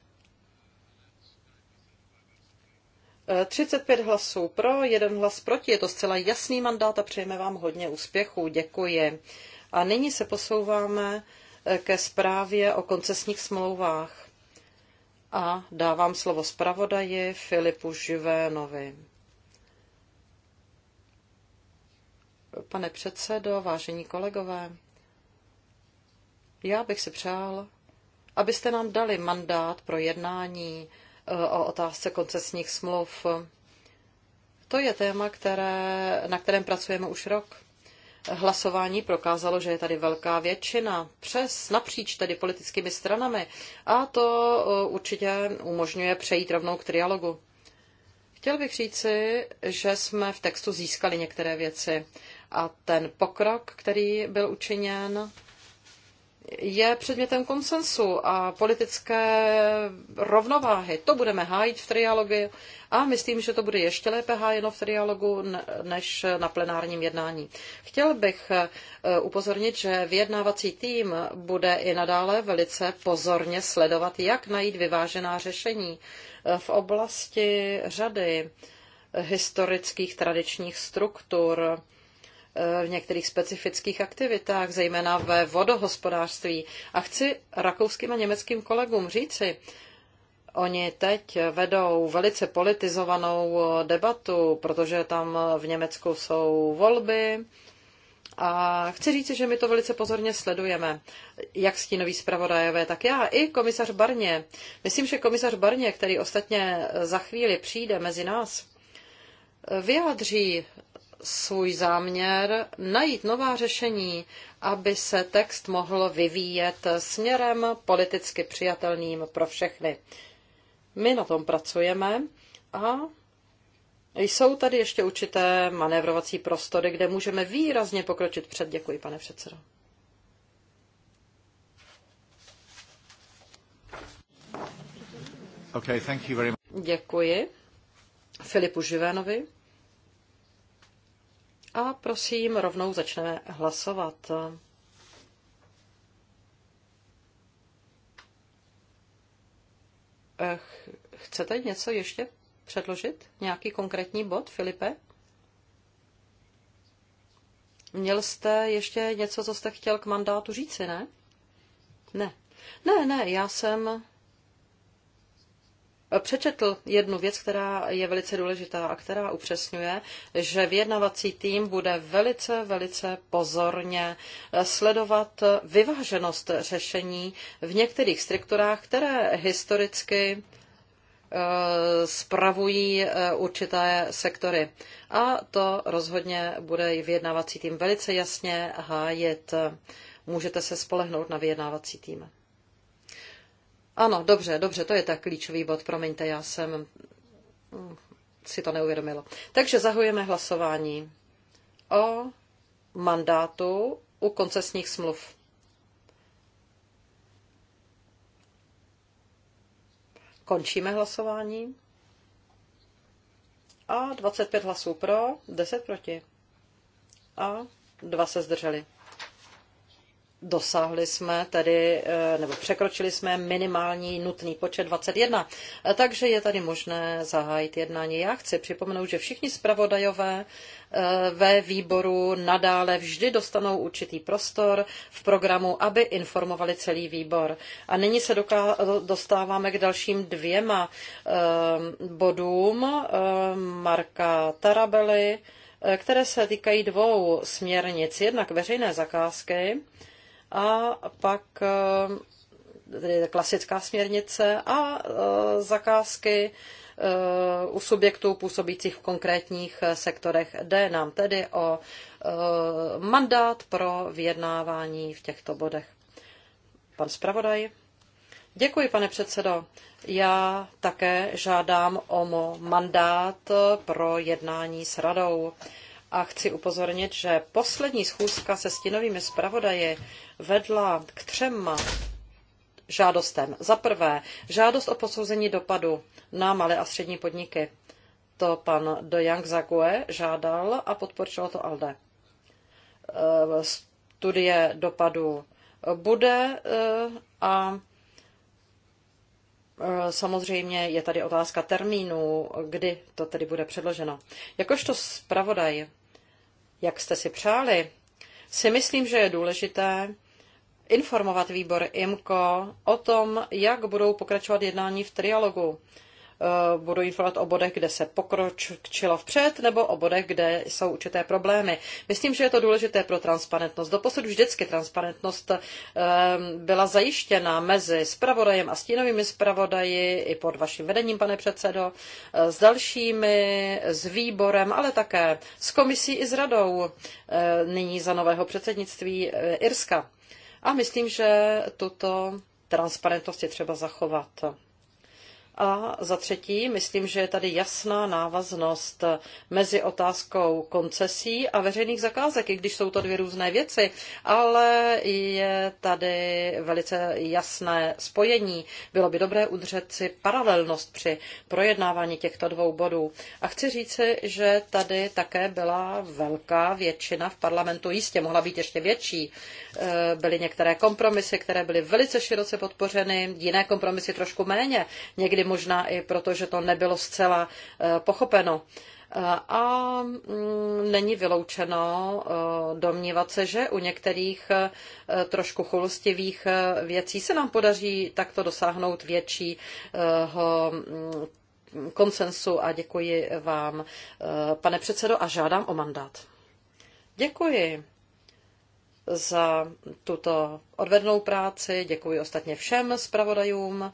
35 hlasů pro, jeden hlas proti. Je to zcela jasný mandát a přejeme vám hodně úspěchů. Děkuji. A nyní se posouváme eh, ke zprávě o koncesních smlouvách. A dávám slovo zpravodaji Filipu Živénovi. Pane předsedo, vážení kolegové, já bych si přál, abyste nám dali mandát pro jednání Eh, o otázce koncesních smluv. To je téma, které, na kterém pracujeme už rok. Hlasování prokázalo, že je tady velká většina přes napříč tedy politickými stranami a to eh, určitě umožňuje přejít rovnou k trialogu. Chtěl bych říci, že jsme v textu získali některé věci a ten pokrok, který byl učiněn, je předmětem konsensu a politické rovnováhy. To budeme hájit v trialogu a myslím, že to bude ještě lépe hájeno v trialogu než na plenárním jednání. Chtěl bych eh, upozornit, že vyjednávací tým bude i nadále velice pozorně sledovat, jak najít vyvážená řešení eh, v oblasti řady eh, historických tradičních struktur, v některých specifických aktivitách, zejména ve vodohospodářství. A chci rakouským a německým kolegům říci, Oni teď vedou velice politizovanou debatu, protože tam v Německu jsou volby. A chci říct, že my to velice pozorně sledujeme, jak stínoví zpravodajové, tak já i komisař Barně. Myslím, že komisař Barně, který ostatně za chvíli přijde mezi nás, vyjádří svůj záměr najít nová řešení, aby se text mohl vyvíjet směrem politicky přijatelným pro všechny. My na tom pracujeme a jsou tady ještě určité manévrovací prostory, kde můžeme výrazně pokročit před. Děkuji, pane předsedo. Okay, thank you very much. Děkuji Filipu Živénovi. A prosím, rovnou začneme hlasovat. Eh, chcete něco ještě předložit? Nějaký konkrétní bod, Filipe? Měl jste ještě něco, co jste chtěl k mandátu říci, ne? Ne. Ne, ne, já jsem přečetl jednu věc, která je velice důležitá a která upřesňuje, že vyjednavací tým bude velice, velice pozorně sledovat vyváženost řešení v některých strukturách, které historicky eh, spravují eh, určité sektory. A to rozhodně bude vyjednávací tým velice jasně hájit. Můžete se spolehnout na vyjednávací tým. Ano, dobře, dobře, to je tak klíčový bod, promiňte, já jsem hm, si to neuvědomila. Takže zahujeme hlasování o mandátu u koncesních smluv. Končíme hlasování. A 25 hlasů pro, 10 proti. A dva se zdrželi dosáhli jsme tedy, eh, nebo překročili jsme minimální nutný počet 21. Eh, takže je tady možné zahájit jednání. Já chci připomenout, že všichni zpravodajové eh, ve výboru nadále vždy dostanou určitý prostor v programu, aby informovali celý výbor. A nyní se dostáváme k dalším dvěma bodům Marka Tarabely, které se týkají dvou směrnic. Jednak veřejné zakázky, a pak eh, tedy klasická směrnice a eh, zakázky eh, u subjektů působících v konkrétních sektorech. Jde nám tedy o mandát pro vyjednávání v těchto bodech. Pan zpravodaj. Děkuji, pane předsedo. Já také žádám o mandát pro jednání s radou. A chci upozornit, že poslední schůzka se stinovými zpravodaji vedla k třema žádostem. Za prvé, žádost o posouzení dopadu na malé a střední podniky. To pan De Jong Zague žádal a podpořilo to ALDE. E, studie dopadu bude e, a e, Samozřejmě je tady otázka termínu, kdy to tedy bude předloženo. Jakožto zpravodaj, jak jste si přáli, si myslím, že je důležité, informovat výbor IMCO o tom, jak budou pokračovat jednání v trialogu. Eh, budu informovat o bodech, kde se pokročilo vpřed, nebo o bodech, kde jsou určité problémy. Myslím, že je to důležité pro transparentnost. Doposud vždycky transparentnost eh, byla zajištěna mezi spravodajem a stínovými spravodaji, i pod vaším vedením, pane předsedo, eh, s dalšími, s výborem, ale také s komisí i s radou nyní za nového předsednictví Irska. A myslím, že tuto transparentnost je třeba zachovat. A za třetí, myslím, že je tady jasná návaznost mezi otázkou koncesí a veřejných zakázek, i když jsou to dvě různé věci, ale je tady velice jasné spojení. Bylo by dobré udržet si paralelnost při projednávání těchto dvou bodů. A chci říci, že tady také byla velká většina v parlamentu, jistě mohla být ještě větší. E, byly některé kompromisy, které byly velice široce podpořeny, jiné kompromisy trošku méně. Někdy možná i proto, že to nebylo zcela eh, pochopeno. Eh, a mm, není vyloučeno eh, domnívat se, že u některých trošku chulostivých věcí se nám podaří takto dosáhnout většího mm, konsensu a děkuji vám, pane předsedo, a žádám o mandát. Děkuji za tuto odvednou práci, děkuji ostatně všem zpravodajům.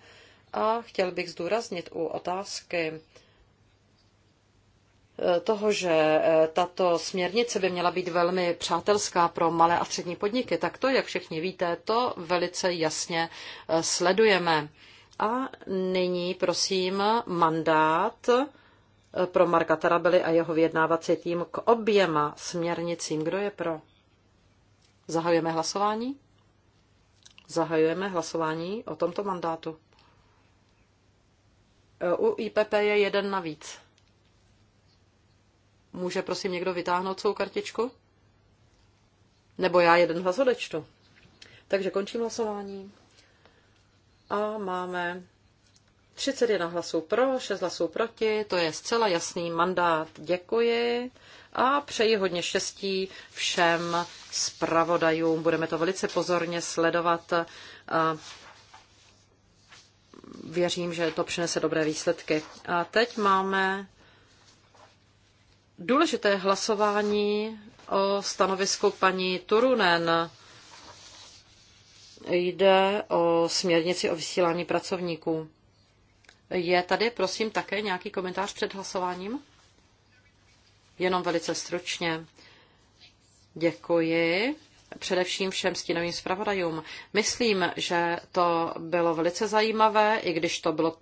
A chtěl bych zdůraznit u otázky eh, toho, že eh, tato směrnice by měla být velmi přátelská pro malé a střední podniky, tak to, jak všichni víte, to velice jasně eh, sledujeme. A nyní, prosím, mandát pro Marka Tarabely a jeho vyjednávací tým k oběma směrnicím. Kdo je pro? Zahajujeme hlasování? Zahajujeme hlasování o tomto mandátu. Eh, u IPP je jeden navíc. Může prosím někdo vytáhnout svou kartičku? Nebo já jeden hlas odečtu. Takže končím hlasování. A máme 31 hlasů pro, 6 hlasů proti, to je zcela jasný mandát. Děkuji a přeji hodně štěstí všem zpravodajům. Budeme to velice pozorně sledovat věřím, že to přinese dobré výsledky. A teď máme důležité hlasování o stanovisku paní Turunen. Jde o směrnici o vysílání pracovníků. Je tady, prosím, také nějaký komentář před hlasováním? Jenom velice stručně. Děkuji především všem stínovým zpravodajům. Myslím, že to bylo velice zajímavé, i když to bylo,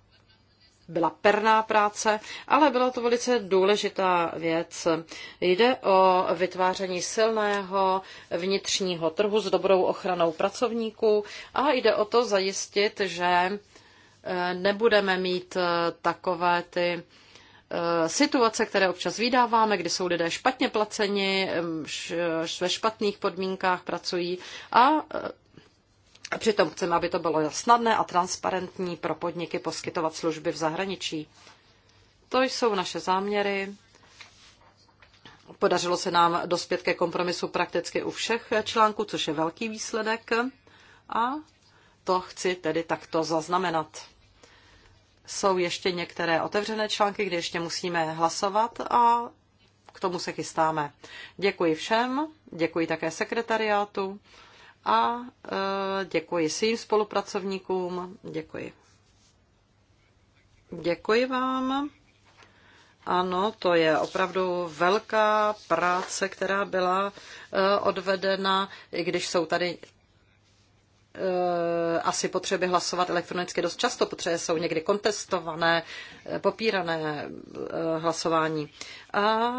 byla perná práce, ale byla to velice důležitá věc. Jde o vytváření silného vnitřního trhu s dobrou ochranou pracovníků a jde o to zajistit, že eh, nebudeme mít eh, takové ty Eh, situace, které občas vydáváme, kdy jsou lidé špatně placeni, ve špatných podmínkách pracují eh, a přitom chceme, aby to bylo snadné a transparentní pro podniky poskytovat služby v zahraničí. To jsou naše záměry. Podařilo se nám dospět ke kompromisu prakticky u všech článků, což je velký výsledek. A to chci tedy takto zaznamenat. Jsou ještě některé otevřené články, kde ještě musíme hlasovat a k tomu se chystáme. Děkuji všem, děkuji také sekretariátu a e, děkuji svým spolupracovníkům. Děkuji. Děkuji vám. Ano, to je opravdu velká práce, která byla e, odvedena, i když jsou tady Eh, asi potřeby hlasovat elektronicky dost často, protože jsou někdy kontestované, eh, popírané eh, hlasování. A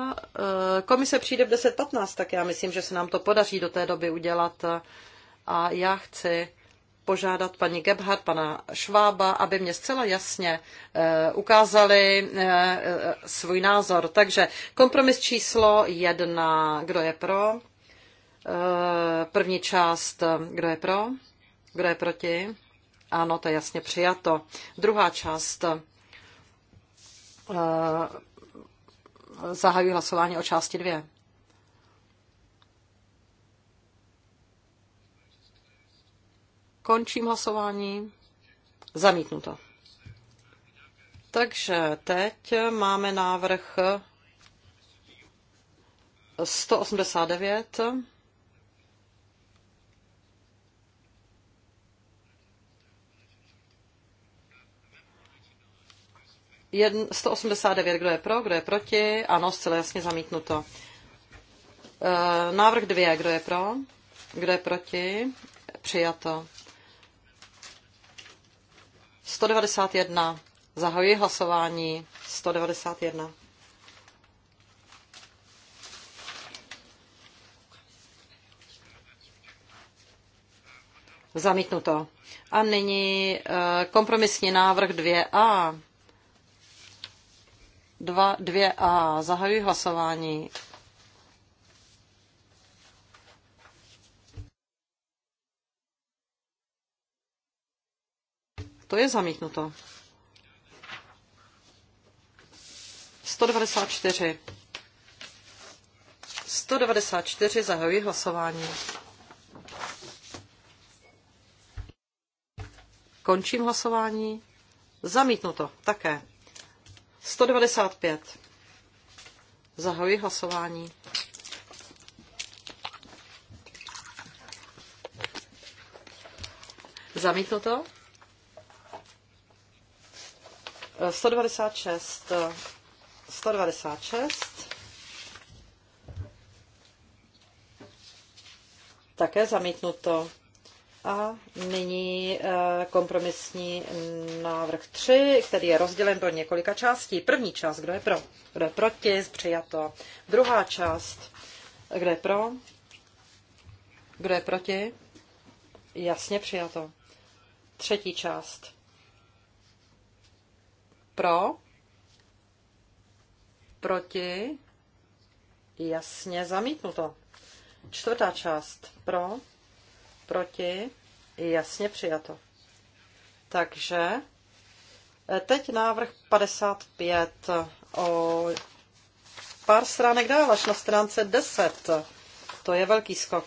komise přijde v 10.15, tak já myslím, že se nám to podaří do té doby udělat. A já chci požádat paní Gebhardt, pana Švába, aby mě zcela jasně ukázali svůj názor. Takže kompromis číslo jedna, kdo je pro? První část, kdo je pro? Kdo je proti? Ano, to je jasně přijato. Druhá část. Eh, zahajuji hlasování o části dvě. Končím hlasování. Zamítnuto. Takže teď máme návrh 189. 189, kdo je pro, kdo je proti, ano, zcela jasně zamítnuto. E, návrh 2, kdo je pro, kdo je proti, přijato. 191, zahajuji hlasování, 191. Zamítnuto. A nyní e, kompromisní návrh 2a. 2, 2a. Zahajuji hlasování. To je zamítnuto. 194. 194 zahajuji hlasování. Končím hlasování. Zamítnuto také. 195. Zahajuji hlasování. Zamítlo to? 196. 196. Také zamítnuto. A nyní eh, kompromisní návrh 3, který je rozdělen do několika částí. První část, kdo je pro, kdo je proti, přijato. Druhá část, kdo je pro, kdo je proti, jasně přijato. Třetí část, pro, proti, jasně zamítnuto. Čtvrtá část, pro, proti, jasně přijato. Takže eh, teď návrh 55 o pár stránek dál, až na stránce 10. To je velký skok.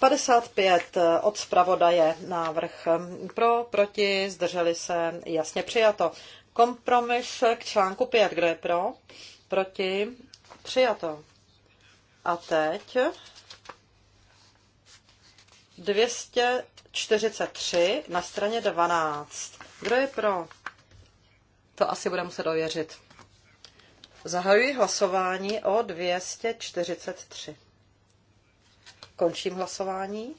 55 eh, od zpravodaje návrh pro, proti, zdrželi se, jasně přijato. Kompromis k článku 5, kdo je pro, proti, přijato. A teď 243 na straně 12. Kdo je pro? To asi bude muset ověřit. Zahajuji hlasování o 243. Končím hlasování.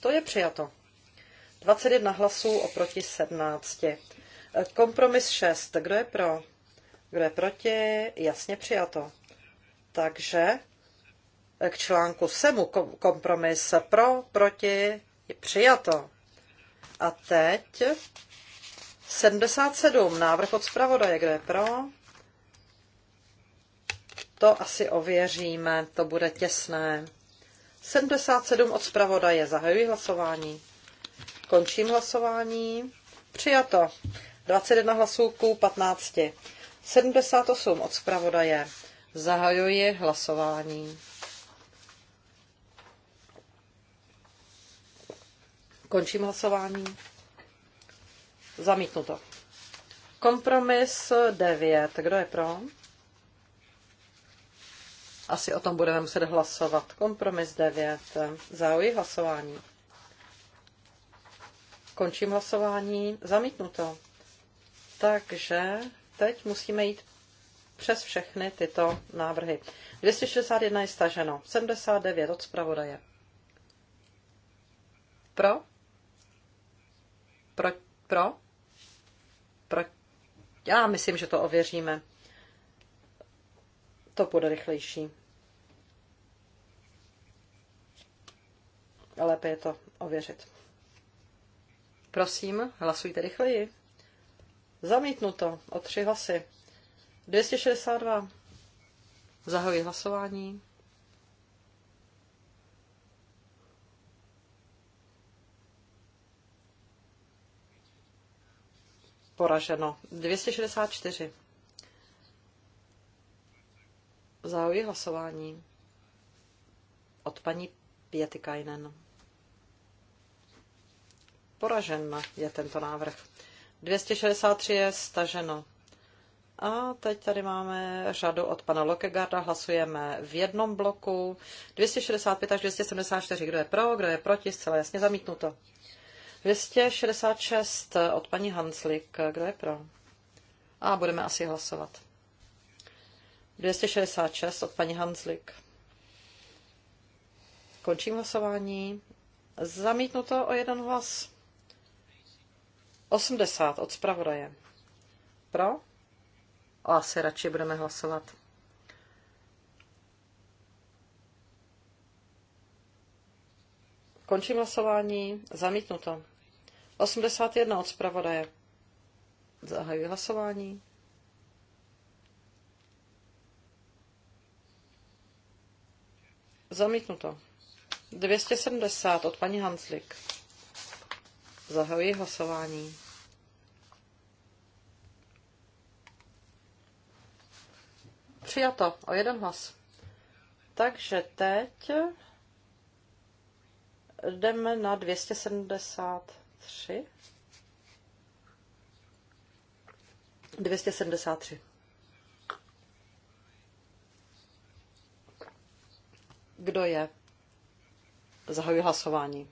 To je přijato. 21 hlasů oproti 17. Kompromis 6. Kdo je pro? Kdo je proti? Jasně přijato. Takže k článku SEMu kompromis pro, proti, je přijato. A teď 77, návrh od zpravodaje, kde je pro. To asi ověříme, to bude těsné. 77 od zpravodaje, zahajuji hlasování. Končím hlasování. Přijato. 21 hlasů ku 15. 78 od zpravodaje. Zahajuji hlasování. Končím hlasování. Zamítnuto. Kompromis 9. Kdo je pro? Asi o tom budeme muset hlasovat. Kompromis 9. Zahuji hlasování. Končím hlasování. Zamítnuto. Takže teď musíme jít přes všechny tyto návrhy. 261 je staženo, 79 od zpravodaje. Pro? Pro? pro? pro já myslím, že to ověříme. To bude rychlejší. Lépe je to ověřit. Prosím, hlasujte rychleji. Zamítnuto o tři hlasy. 262. Zahajuji hlasování. poraženo. 264. Zahajuji hlasování od paní Pietikainen. Poražen je tento návrh. 263 je staženo. A teď tady máme řadu od pana Lokegarda. Hlasujeme v jednom bloku. 265 až 274. Kdo je pro, kdo je proti, zcela jasně zamítnuto. 266 od paní Hanslik. Kdo je pro? A budeme asi hlasovat. 266 od paní Hanslik. Končím hlasování. Zamítnuto o jeden hlas. 80 od zpravodaje. Pro? O asi radši budeme hlasovat. Končím hlasování. Zamítnuto. 81 od zpravodaje. Zahajuji hlasování. Zamítnuto. 270 od paní Hanslik. Zahajuji hlasování. Přijato o jeden hlas. Takže teď jdeme na 270. 273. 273. Kdo je? Zahajuji hlasování.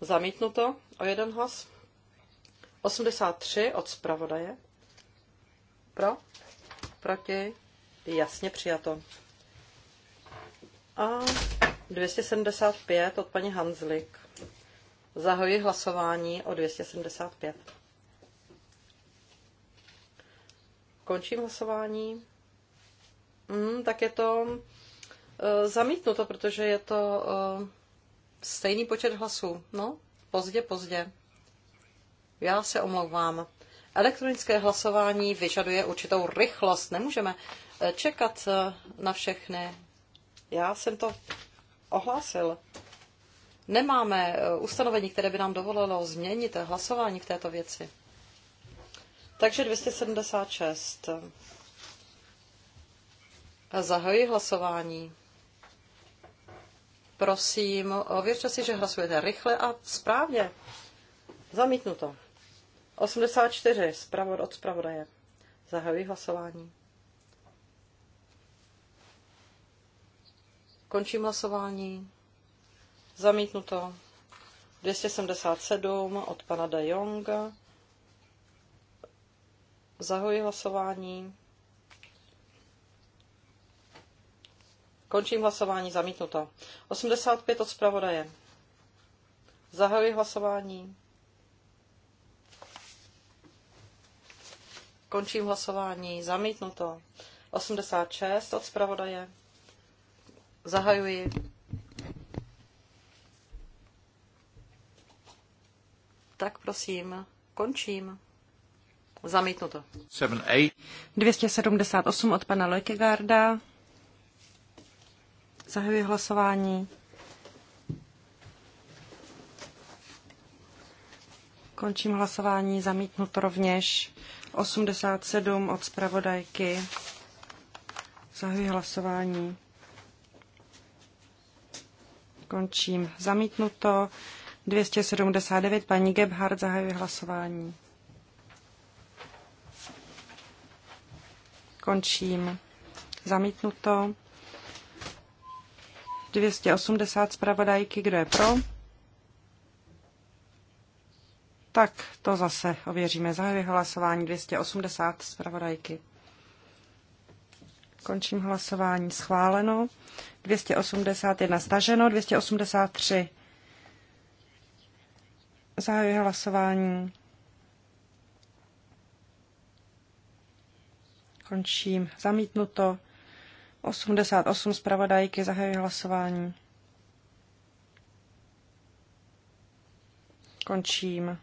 Zamítnuto o jeden hlas. 83 od zpravodaje. Pro? Proti? Jasně přijato. A 275 od paní Hanzlik. Zahoji hlasování o 275. Končím hlasování. Hmm, tak je to uh, zamítnuto, protože je to uh, stejný počet hlasů. No, pozdě, pozdě. Já se omlouvám. Elektronické hlasování vyžaduje určitou rychlost. Nemůžeme eh, čekat na všechny já jsem to ohlásil. Nemáme eh, ustanovení, které by nám dovolilo změnit eh, hlasování v této věci. Takže 276. Zahajuji hlasování. Prosím, ověřte si, že hlasujete rychle a správně. Zamítnuto. 84. Spravod od zpravodaje. Zahajuji hlasování. Končím hlasování. Zamítnuto. 277 od pana De Jonga. Zahoji hlasování. Končím hlasování. Zamítnuto. 85 od zpravodaje. Zahajuji hlasování. Končím hlasování. Zamítnuto. 86 od zpravodaje. Zahajuji. Tak prosím, končím. Zamítnuto. 278 od pana Lekegarda. Zahajuji hlasování. Končím hlasování, zamítnuto rovněž. 87 od zpravodajky. Zahajuji hlasování. Končím. Zamítnuto. 279. Paní Gebhardt zahajuje hlasování. Končím. Zamítnuto. 280 zpravodajky, kdo je pro? Tak to zase ověříme. Zahajuje hlasování 280 zpravodajky. Končím hlasování. Schváleno. 281 staženo. 283. Zahajuji hlasování. Končím. Zamítnuto. 88 zpravodajky. Zahajuji hlasování. Končím.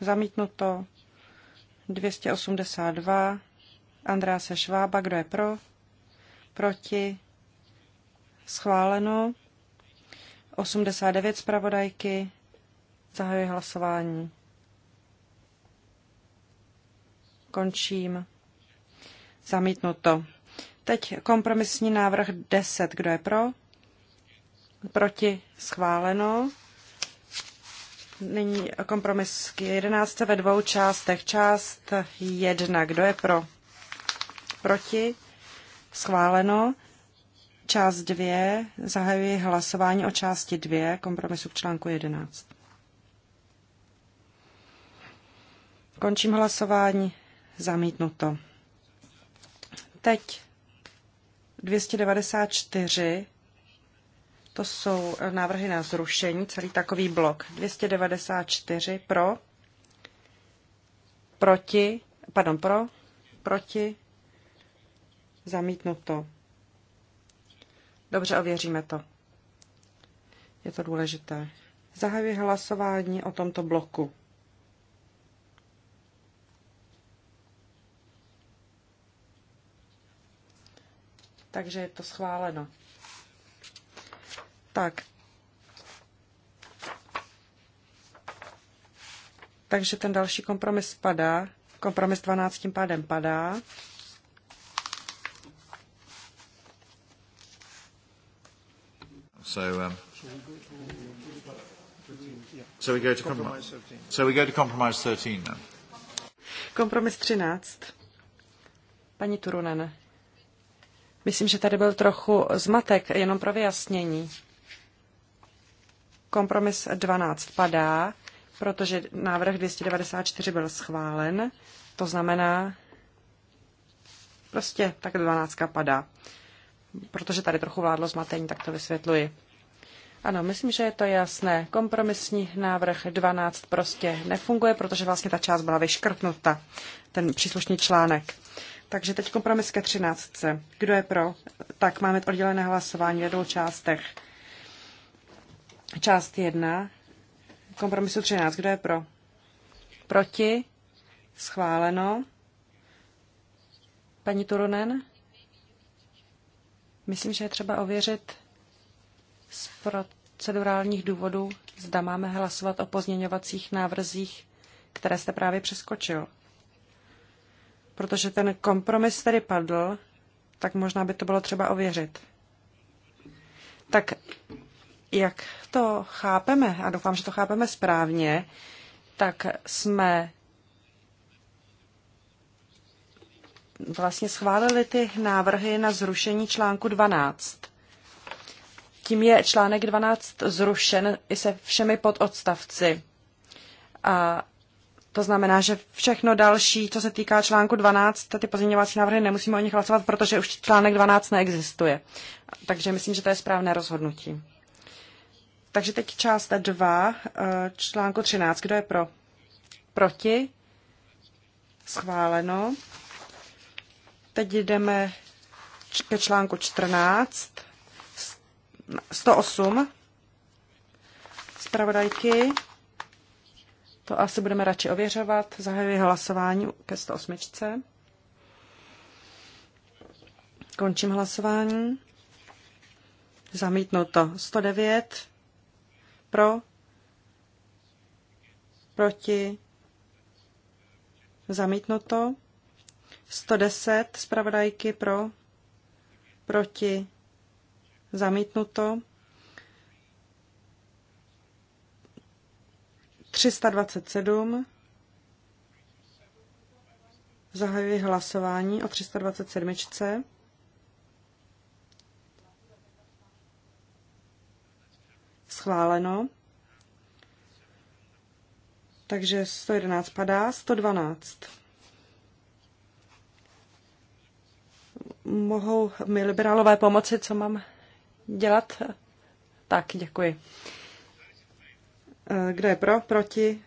Zamítnuto. 282. Andrá se Švába. Kdo je pro? proti, schváleno. 89 zpravodajky, zahajuji hlasování. Končím. Zamítnuto. Teď kompromisní návrh 10. Kdo je pro? Proti schváleno. Nyní kompromis 11 ve dvou částech. Část 1. Kdo je pro? Proti? Schváleno. Část 2. Zahajuji hlasování o části 2 kompromisu k článku 11. Končím hlasování. Zamítnuto. Teď 294. To jsou návrhy na zrušení, celý takový blok. 294 pro, proti, pardon, pro, proti, Zamítnuto. Dobře, ověříme to. Je to důležité. Zahajuji hlasování o tomto bloku. Takže je to schváleno. Tak. Takže ten další kompromis padá. Kompromis 12 tím pádem padá. So, um, so we go to compromise. So we go to compromise 13 now. Kompromis 13. Paní Turunen. Myslím, že tady byl trochu zmatek, jenom pro vyjasnění. Kompromis 12 padá, protože návrh 294 byl schválen. To znamená, prostě tak 12 padá protože tady trochu vládlo zmatení, tak to vysvětluji. Ano, myslím, že je to jasné. Kompromisní návrh 12 prostě nefunguje, protože vlastně ta část byla vyškrtnuta, ten příslušný článek. Takže teď kompromis ke 13. Kdo je pro? Tak máme oddělené hlasování ve dvou částech. Část 1. Kompromisu 13. Kdo je pro? Proti? Schváleno. Paní Turunen? Myslím, že je třeba ověřit z procedurálních důvodů, zda máme hlasovat o pozměňovacích návrzích, které jste právě přeskočil. Protože ten kompromis tedy padl, tak možná by to bylo třeba ověřit. Tak jak to chápeme, a doufám, že to chápeme správně, tak jsme vlastně schválili ty návrhy na zrušení článku 12. Tím je článek 12 zrušen i se všemi pododstavci. A to znamená, že všechno další, co se týká článku 12, ty pozměňovací návrhy nemusíme o nich hlasovat, protože už článek 12 neexistuje. Takže myslím, že to je správné rozhodnutí. Takže teď část 2, eh, článku 13. Kdo je pro? Proti? Schváleno. Teď jdeme ke článku 14, 108 zpravodajky. To asi budeme radši ověřovat. Zahajuji hlasování ke 108. Končím hlasování. Zamítnuto 109. Pro. Proti. Zamítnuto. 110 zpravodajky pro, proti, zamítnuto. 327. Zahajuji hlasování o 327. Schváleno. Takže 111 padá, 112. mohou mi liberálové pomoci, co mám dělat? Tak, děkuji. Eh, kdo je pro, proti,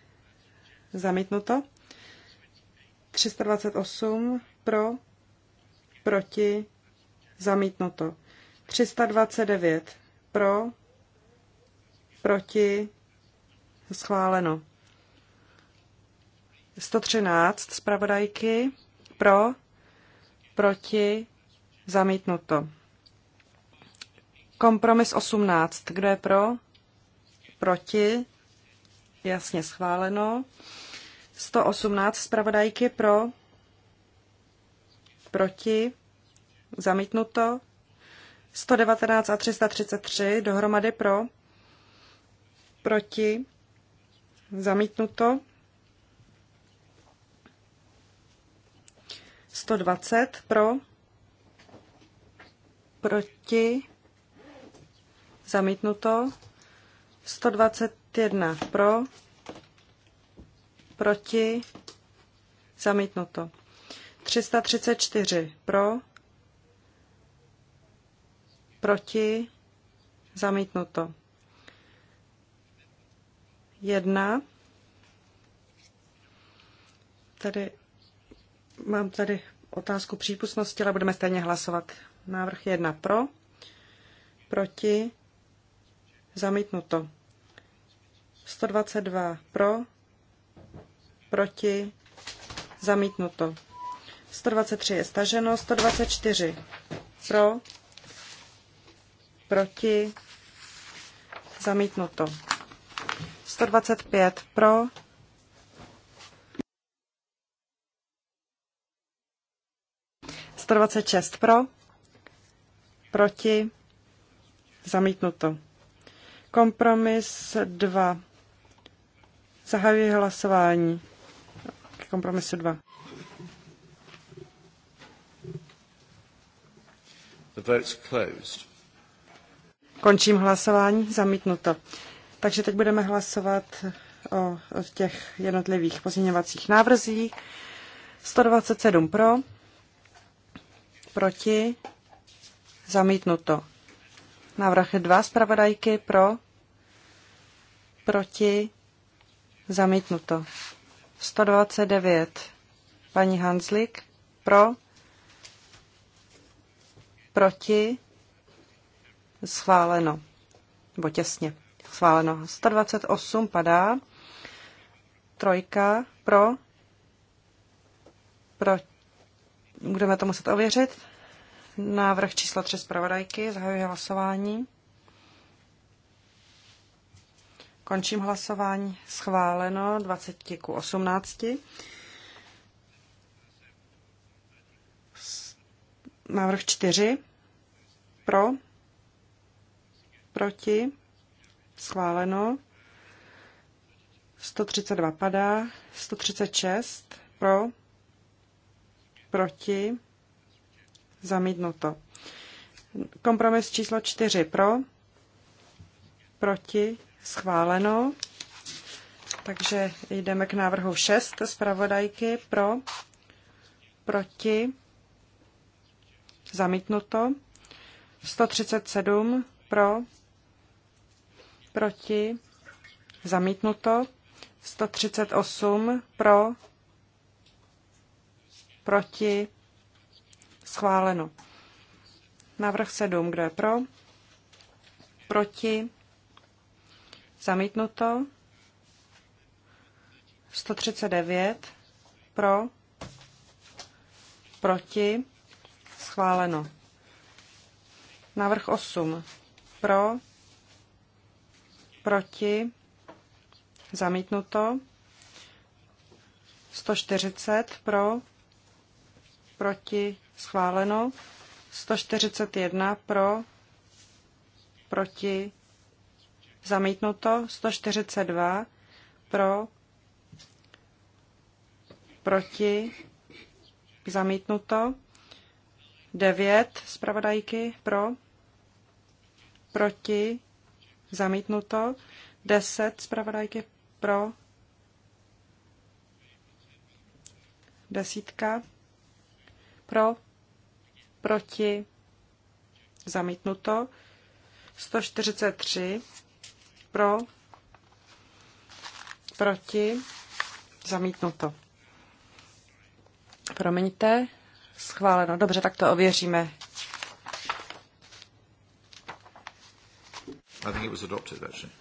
zamítnuto. 328 pro, proti, zamítnuto. 329 pro, proti, schváleno. 113 zpravodajky pro, proti, Zamítnuto. Kompromis 18. Kdo je pro? Proti? Jasně schváleno. 118 zpravodajky pro? Proti? Zamítnuto. 119 a 333 dohromady pro? Proti? Zamítnuto. 120 pro? proti, zamítnuto, 121 pro, proti, zamítnuto, 334 pro, proti, zamítnuto, 1, tady mám tady otázku přípustnosti, ale budeme stejně hlasovat Návrh 1 pro, proti, zamítnuto. 122 pro, proti, zamítnuto. 123 je staženo, 124 pro, proti, zamítnuto. 125 pro, Sto dvacet pro, proti, zamítnuto. Kompromis 2. Zahajuji hlasování k kompromisu 2. The vote's closed. Končím hlasování, zamítnuto. Takže teď budeme hlasovat o, o těch jednotlivých pozměňovacích návrzích. 127 pro, proti, Zamítnuto. Návrh 2 zpravodajky pro, proti, zamítnuto. 129. Paní Hanslik pro, proti, schváleno. Nebo těsně. Schváleno. 128 padá. Trojka pro, pro, budeme to muset ověřit. Návrh číslo 3 zpravodajky. Zahajuji hlasování. Končím hlasování. Schváleno 20 k 18. Návrh 4. Pro. Proti. Schváleno. 132 padá. 136. Pro. Proti Zamítnuto. Kompromis číslo 4 pro, proti, schváleno. Takže jdeme k návrhu 6 zpravodajky pro, proti, zamítnuto. 137 pro, proti, zamítnuto. 138 pro, proti, Schváleno. Návrh 7. Kdo je pro? Proti? Zamítnuto. 139. Pro? Proti? Schváleno. Návrh 8. Pro? Proti? Zamítnuto. 140 pro, proti, Schváleno. 141 pro, proti, zamítnuto. 142 pro, proti, zamítnuto. 9 zpravodajky pro, proti, zamítnuto. 10 zpravodajky pro, desítka pro, proti, zamítnuto. 143 pro, proti, zamítnuto. Promiňte, schváleno. Dobře, tak to ověříme. I think it was adopted, actually.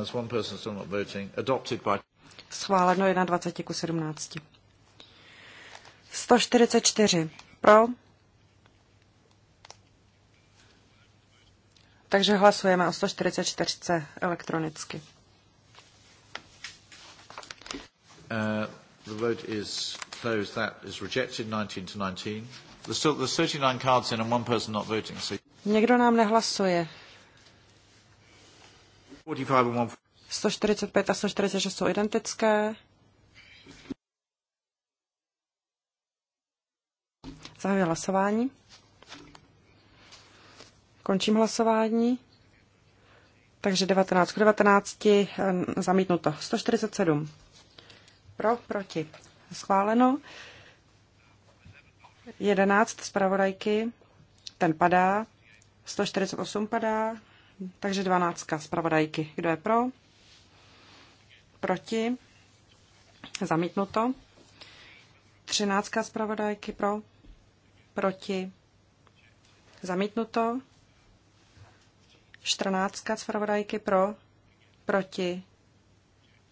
As uh, one person still not voting, adopted by... Schváleno 21 ku 17. 144 pro. Takže hlasujeme o 144 elektronicky. Uh, the vote is closed. That is rejected, 19 to 19. There's still there's 39 cards in and one person not voting. So. Někdo nám nehlasuje. 45 a 145 a 146 jsou identické. Zahajuji hlasování. Končím hlasování. Takže 19 k 19 eh, zamítnuto. 147. Pro, proti. Schváleno. 11 zpravodajky. Ten padá. 148 padá. Takže 12 zpravodajky. Kdo je pro? Proti. Zamítnuto. 13 zpravodajky pro proti, zamítnuto. 14. zpravodajky pro, proti,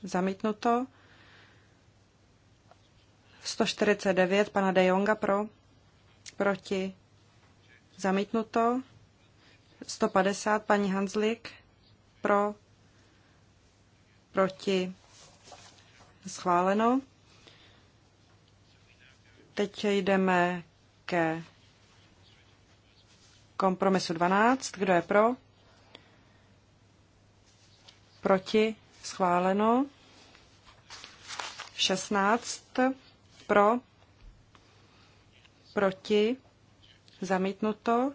zamítnuto. 149 pana De Jonga pro, proti, zamítnuto. 150 paní Hanslik pro, proti, schváleno. Teď jdeme ke kompromisu 12. Kdo je pro? Proti? Schváleno. 16. Pro? Proti? Zamítnuto.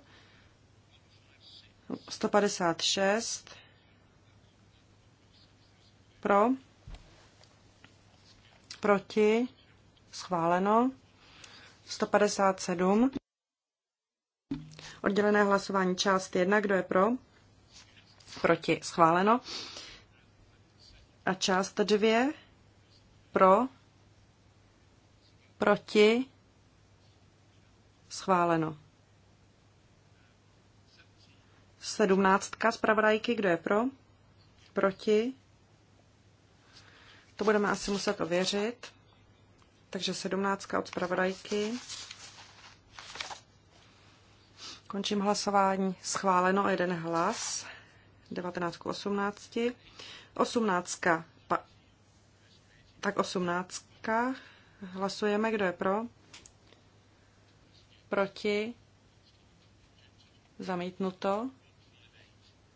156. Pro? Proti? Schváleno. 157. Oddělené hlasování část 1. Kdo je pro? Proti. Schváleno. A část 2. Pro. Proti. Schváleno. Sedmnáctka zpravodajky. Kdo je pro? Proti. To budeme asi muset ověřit takže sedmnáctka od zpravodajky. Končím hlasování. Schváleno o jeden hlas. 19 k 18. 18. Pa, tak 18. Hlasujeme, kdo je pro. Proti. Zamítnuto.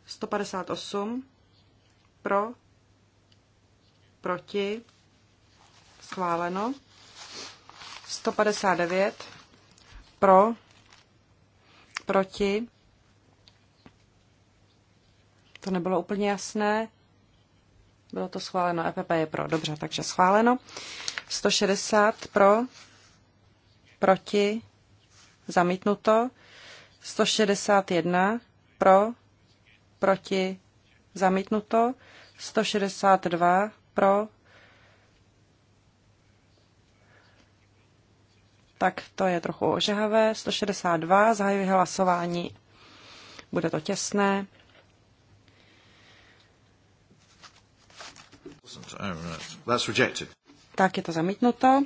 158. Pro. Proti. Schváleno. 159 pro, proti. To nebylo úplně jasné. Bylo to schváleno, EPP je pro, dobře, takže schváleno. 160 pro, proti, zamítnuto. 161 pro, proti, zamítnuto. 162 pro, tak to je trochu ožehavé. 162, zahajuji hlasování. Bude to těsné. Tak je to zamítnuto.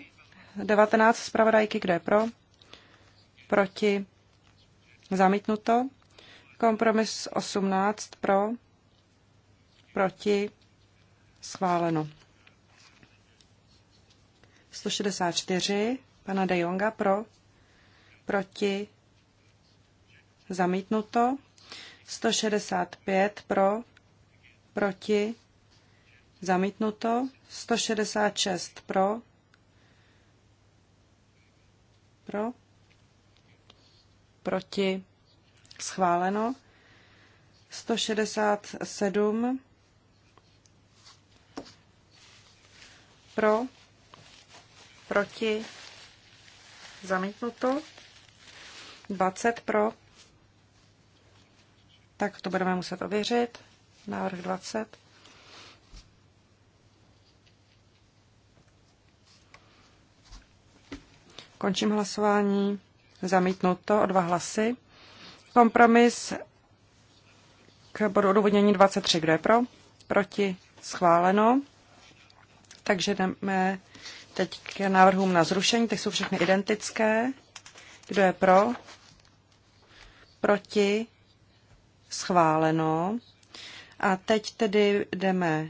19 zpravodajky, kdo je pro? Proti? Zamítnuto. Kompromis 18 pro? Proti? Schváleno. 164 pana De Jonga pro, proti, zamítnuto, 165 pro, proti, zamítnuto, 166 pro, pro, proti, schváleno, 167 pro, proti, Zamítnuto. 20 pro. Tak to budeme muset ověřit. Návrh 20. Končím hlasování. Zamítnuto o dva hlasy. Kompromis k bodu odůvodnění 23. Kdo je pro? Proti? Schváleno. Takže jdeme Teď k návrhům na zrušení, ty jsou všechny identické. Kdo je pro? Proti? Schváleno. A teď tedy jdeme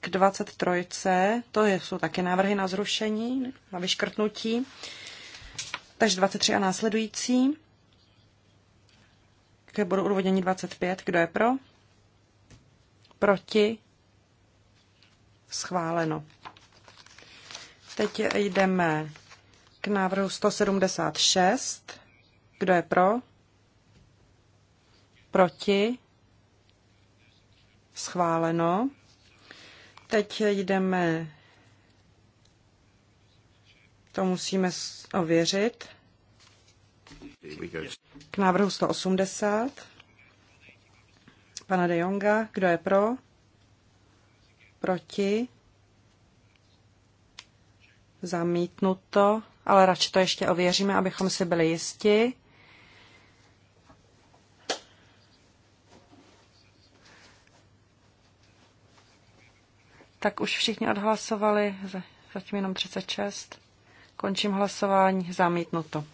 k 23. To jsou taky návrhy na zrušení, na vyškrtnutí. Takže 23 a následující. K bodu odvodění 25. Kdo je pro? Proti? Schváleno. Teď jdeme k návrhu 176. Kdo je pro? Proti? Schváleno. Teď jdeme. To musíme ověřit. K návrhu 180. Pana De Jonga, kdo je pro? Proti? Zamítnuto, ale radši to ještě ověříme, abychom si byli jisti. Tak už všichni odhlasovali, zatím jenom 36. Končím hlasování, zamítnuto.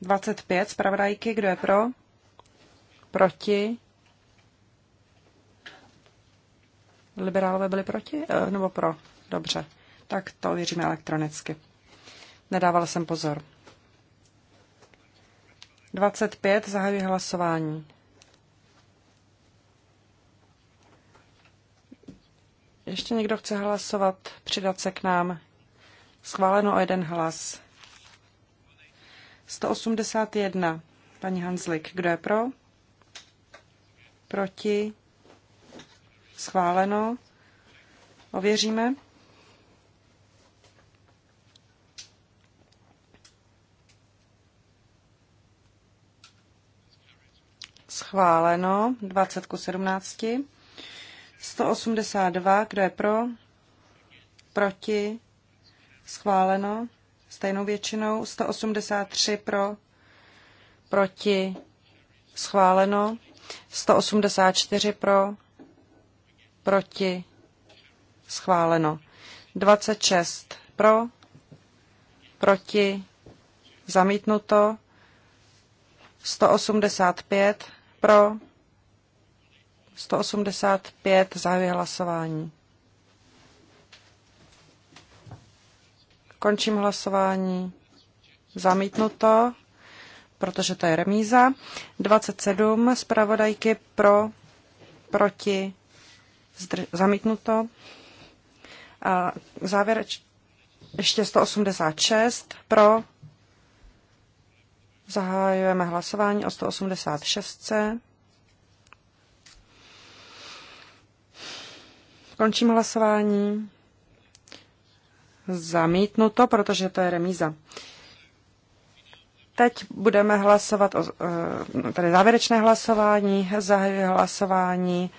25, zpravodajky, kdo je pro? Proti? Liberálové byli proti? Eh, nebo pro? Dobře. Tak to ověříme elektronicky. Nedávala jsem pozor. 25. Zahajuji hlasování. Ještě někdo chce hlasovat, přidat se k nám. Schváleno o jeden hlas. 181. Paní Hanslik, kdo je pro? Proti? Schváleno. Ověříme. Schváleno. 20 ku 17. 182. Kdo je pro? Proti? Schváleno. Stejnou většinou. 183 pro? Proti? Schváleno. 184 pro? proti, schváleno. 26 pro, proti, zamítnuto. 185 pro, 185 zahajuje hlasování. Končím hlasování. Zamítnuto, protože to je remíza. 27 zpravodajky pro, proti, zdr- zamítnuto. A závěr ještě 186 pro. Zahajujeme hlasování o 186. Končím hlasování. Zamítnuto, protože to je remíza. Teď budeme hlasovat o e, tady závěrečné hlasování. Zahajuje hlasování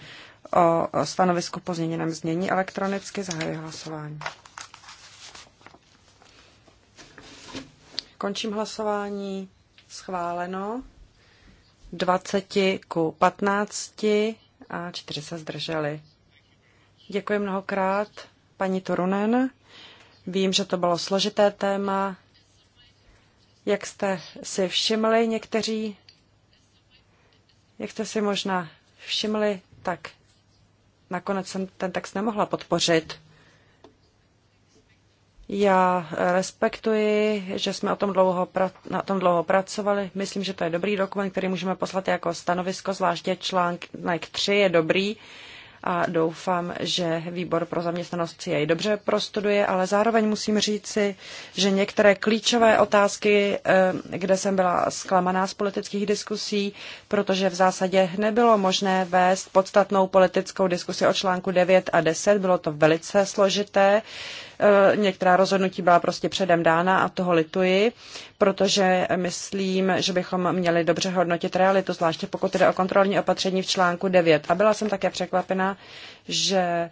o stanovisku pozměněném změněném znění elektronicky. Zahajuji hlasování. Končím hlasování. Schváleno. 20 ku 15 a 4 se zdrželi. Děkuji mnohokrát, paní Turunen. Vím, že to bylo složité téma. Jak jste si všimli někteří, jak jste si možná všimli, tak Nakonec jsem ten text nemohla podpořit. Já respektuji, že jsme o tom dlouho pra- na tom dlouho pracovali. Myslím, že to je dobrý dokument, který můžeme poslat jako stanovisko, zvláště článek 3 je dobrý. Uh, a doufám, že výbor pro zaměstnanost si jej dobře prostuduje, ale zároveň musím říci, že některé klíčové otázky, eh, kde jsem byla zklamaná z politických diskusí, protože v zásadě nebylo možné vést podstatnou politickou diskusi o článku 9 a 10, bylo to velice složité. Eh, některá rozhodnutí byla prostě předem dána a toho lituji, protože myslím, že bychom měli dobře hodnotit realitu, zvláště pokud jde o kontrolní opatření v článku 9. A byla jsem také překvapena, že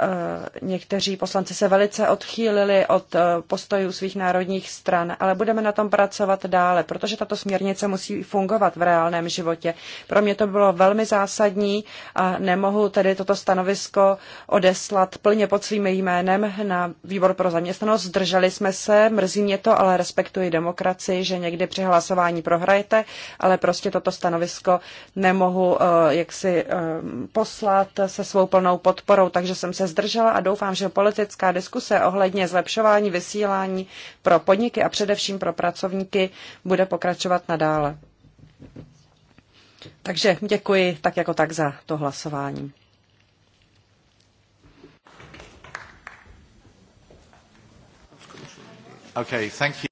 Eh, někteří poslanci se velice odchýlili od eh, postojů svých národních stran, ale budeme na tom pracovat dále, protože tato směrnice musí fungovat v reálném životě. Pro mě to bylo velmi zásadní a nemohu tedy toto stanovisko odeslat plně pod svým jménem na výbor pro zaměstnanost. Zdrželi jsme se, mrzí mě to, ale respektuji demokracii, že někdy při hlasování prohrajete, ale prostě toto stanovisko nemohu eh, jaksi poslat se svou plnou podporou, takže jsem se zdržela a doufám, že politická diskuse ohledně zlepšování vysílání pro podniky a především pro pracovníky bude pokračovat nadále. Takže děkuji tak jako tak za to hlasování. Okay, thank you.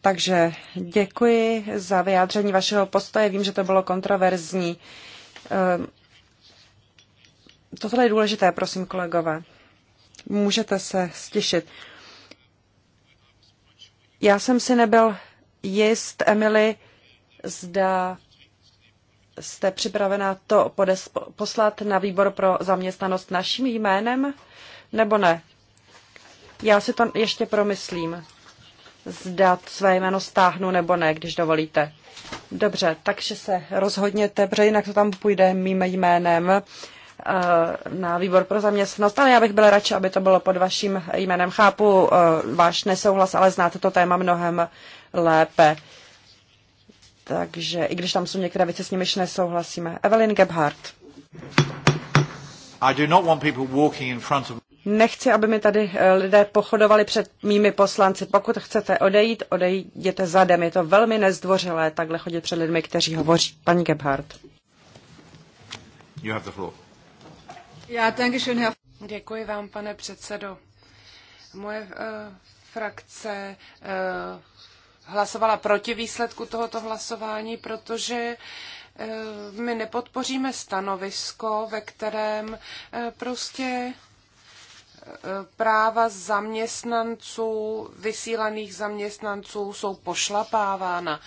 Takže děkuji za vyjádření vašeho postoje. Vím, že to bylo kontroverzní. Ehm, Toto je důležité, prosím, kolegové. Můžete se stěšit. Já jsem si nebyl jist, Emily, zda jste připravena to poslat na výbor pro zaměstnanost naším jménem, nebo ne? Já si to ještě promyslím. Zda své jméno stáhnu nebo ne, když dovolíte. Dobře, takže se rozhodněte, protože jinak to tam půjde mým jménem. Eh, na výbor pro zaměstnanost, ale já bych byla radši, aby to bylo pod vaším jménem. Chápu eh, váš nesouhlas, ale znáte to téma mnohem lépe. Takže i když tam jsou některé věci, s nimiž nesouhlasíme. Evelyn Gebhardt. I do not want people walking in front of... Nechci, aby mi tady eh, lidé pochodovali před mými poslanci. Pokud chcete odejít, odejděte zadem. Je to velmi nezdvořilé takhle chodit před lidmi, kteří hovoří. Paní Gebhardt. You have the floor. Já děkuji, děkuji vám, pane předsedo. Moje uh, frakce uh, hlasovala proti výsledku tohoto hlasování, protože uh, my nepodpoříme stanovisko, ve kterém uh, prostě práva zaměstnanců, vysílaných zaměstnanců jsou pošlapávána.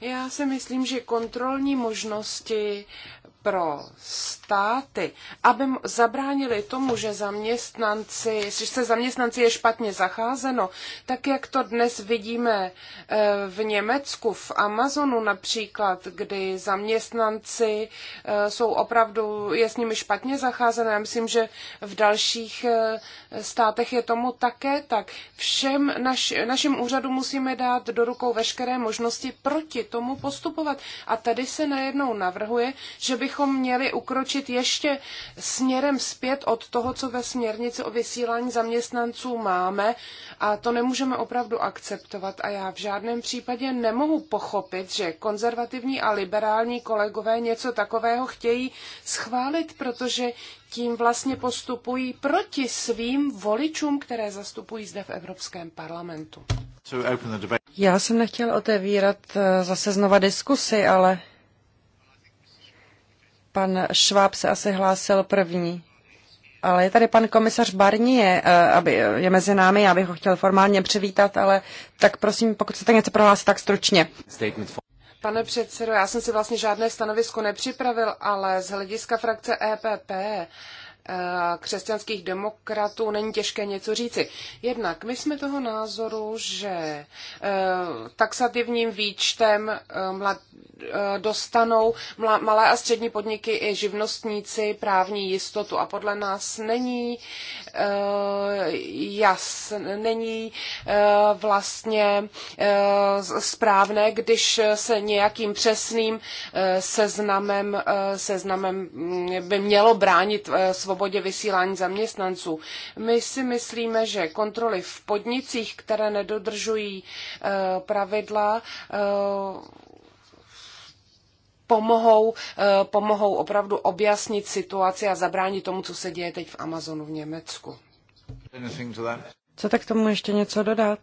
Já si myslím, že kontrolní možnosti pro státy, aby zabránili tomu, že, zaměstnanci, že se zaměstnanci je špatně zacházeno, tak jak to dnes vidíme eh, v Německu, v Amazonu například, kdy zaměstnanci eh, jsou opravdu, je s nimi špatně zacházeno. Já myslím, že v dalších eh, státech je tomu také tak. Všem naš, našim úřadům musíme dát do rukou veškeré možnosti proti tomu postupovat. A tady se najednou navrhuje, že by bychom měli ukročit ještě směrem zpět od toho, co ve směrnici o vysílání zaměstnanců máme a to nemůžeme opravdu akceptovat a já v žádném případě nemohu pochopit, že konzervativní a liberální kolegové něco takového chtějí schválit, protože tím vlastně postupují proti svým voličům, které zastupují zde v Evropském parlamentu. Já jsem nechtěl otevírat eh, zase znova diskusy, ale Pan Šváb se asi hlásil první. Ale je tady pan komisař Barnie, eh, aby je mezi námi, já bych ho chtěl formálně přivítat, ale tak prosím, pokud chcete něco prohlásit, tak stručně. Pane předsedo, já jsem si vlastně žádné stanovisko nepřipravil, ale z hlediska frakce EPP Eh, křesťanských demokratů není těžké něco říci. Jednak my jsme toho názoru, že eh, taxativním výčtem eh, dostanou malé a střední podniky i živnostníci právní jistotu a podle nás není jas, není vlastně správné, když se nějakým přesným seznamem, seznamem mm, by mělo bránit svobodu svobodě vysílání zaměstnanců. My si myslíme, že kontroly v podnicích, které nedodržují e, pravidla, e, pomohou, e, pomohou opravdu objasnit situaci a zabránit tomu, co se děje teď v Amazonu v Německu. Chcete tomu ještě něco dodat?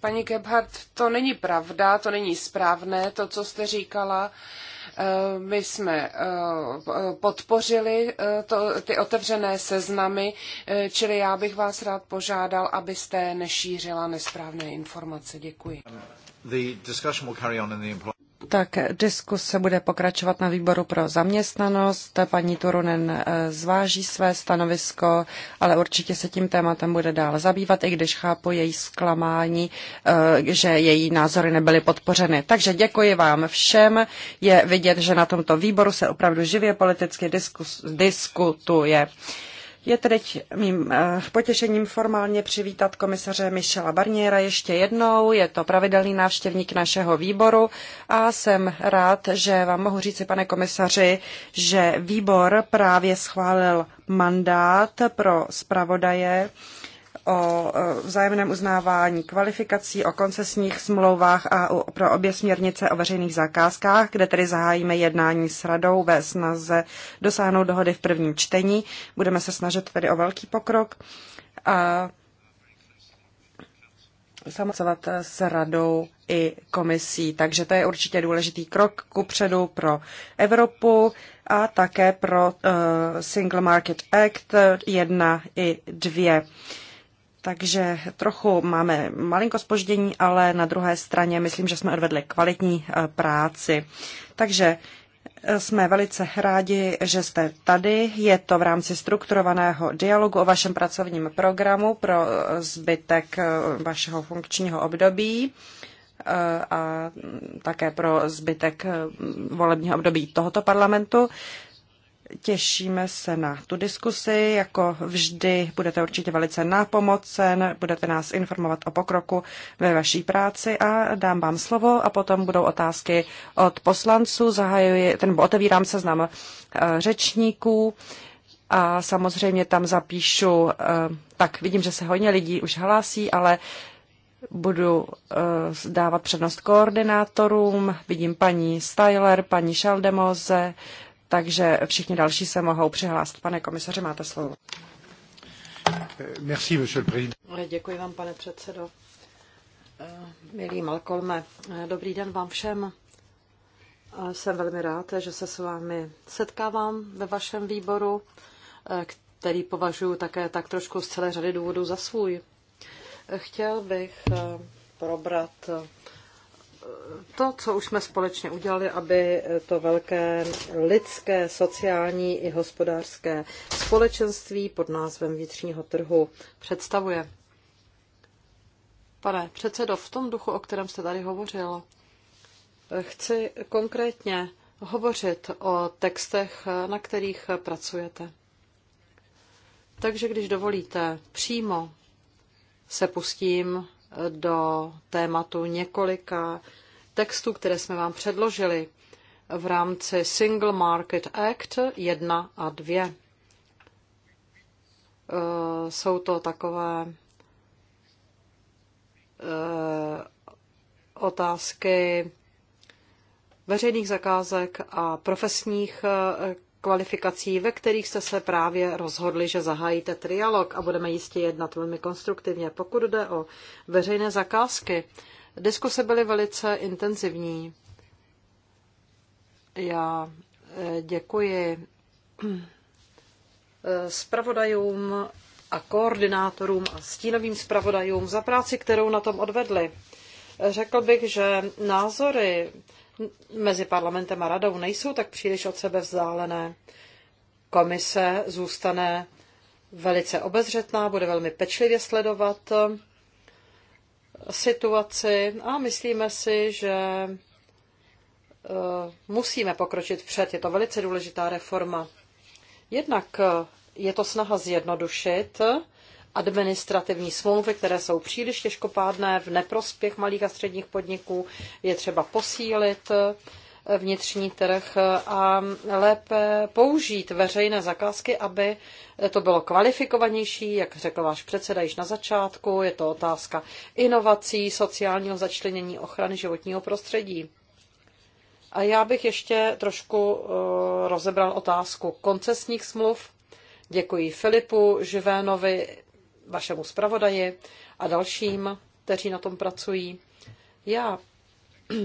Paní Gebhardt, to není pravda, to není správné, to, co jste říkala. Eh, my jsme eh, podpořili eh, to, ty otevřené seznamy, čili já bych vás rád požádal, abyste nešířila nesprávné informace. Děkuji. Um, tak diskuse bude pokračovat na výboru pro zaměstnanost. Paní Turunen eh, zváží své stanovisko, ale určitě se tím tématem bude dál zabývat, i když chápu její zklamání, eh, že její názory nebyly podpořeny. Takže děkuji vám všem. Je vidět, že na tomto výboru se opravdu živě politicky diskus, diskutuje. Je tedy mým eh, potěšením formálně přivítat komisaře Michela Barniera ještě jednou. Je to pravidelný návštěvník našeho výboru a jsem rád, že vám mohu říci, pane komisaři, že výbor právě schválil mandát pro zpravodaje o vzájemném uznávání kvalifikací, o koncesních smlouvách a pro obě směrnice o veřejných zakázkách, kde tedy zahájíme jednání s radou ve snaze dosáhnout dohody v prvním čtení. Budeme se snažit tedy o velký pokrok a samocovat s radou i komisí. Takže to je určitě důležitý krok ku předu pro Evropu a také pro uh, Single Market Act 1 i 2. Takže trochu máme malinko spoždění, ale na druhé straně myslím, že jsme odvedli kvalitní eh, práci. Takže eh, jsme velice rádi, že jste tady. Je to v rámci strukturovaného dialogu o vašem pracovním programu pro eh, zbytek vašeho funkčního období a také pro zbytek volebního období tohoto parlamentu. Těšíme se na tu diskusi. Jako vždy budete určitě velice nápomocen, budete nás informovat o pokroku ve vaší práci a dám vám slovo a potom budou otázky od poslanců. Zahajuji, ten, otevírám seznam eh, řečníků a samozřejmě tam zapíšu, eh, tak vidím, že se hodně lidí už hlásí, ale budu eh, dávat přednost koordinátorům. Vidím paní Styler, paní Šaldemoze, takže všichni další se mohou přihlásit. Pane komisaře máte slovo. Merci, monsieur le Děkuji vám, pane předsedo. Eh, milý Malcolme, eh, dobrý den vám všem. Eh, jsem velmi rád, že se s vámi setkávám ve vašem výboru, který považuji také tak trošku z celé řady důvodů za svůj. Chtěl bych probrat to, co už jsme společně udělali, aby to velké lidské, sociální i hospodářské společenství pod názvem vnitřního trhu představuje. Pane předsedo, v tom duchu, o kterém jste tady hovořil, chci konkrétně hovořit o textech, na kterých pracujete. Takže když dovolíte, přímo se pustím do tématu několika textů, které jsme vám předložili v rámci Single Market Act 1 a 2. E, jsou to takové e, otázky veřejných zakázek a profesních e, kvalifikací, ve kterých jste se právě rozhodli, že zahájíte trialog a budeme jistě jednat velmi konstruktivně. Pokud jde o veřejné zakázky, diskuse byly velice intenzivní. Já eh, děkuji eh, zpravodajům a koordinátorům a stínovým zpravodajům za práci, kterou na tom odvedli. Řekl bych, že názory mezi parlamentem a radou nejsou tak příliš od sebe vzdálené. Komise zůstane velice obezřetná, bude velmi pečlivě sledovat eh, situaci a myslíme si, že eh, musíme pokročit před. Je to velice důležitá reforma. Jednak eh, je to snaha zjednodušit administrativní smlouvy, které jsou příliš těžkopádné v neprospěch malých a středních podniků. Je třeba posílit eh, vnitřní trh a lépe použít veřejné zakázky, aby to bylo kvalifikovanější, jak řekl váš předseda již na začátku, je to otázka inovací, sociálního začlenění, ochrany životního prostředí. A já bych ještě trošku eh, rozebral otázku koncesních smluv. Děkuji Filipu Živénovi vašemu zpravodaji a dalším, kteří na tom pracují. Já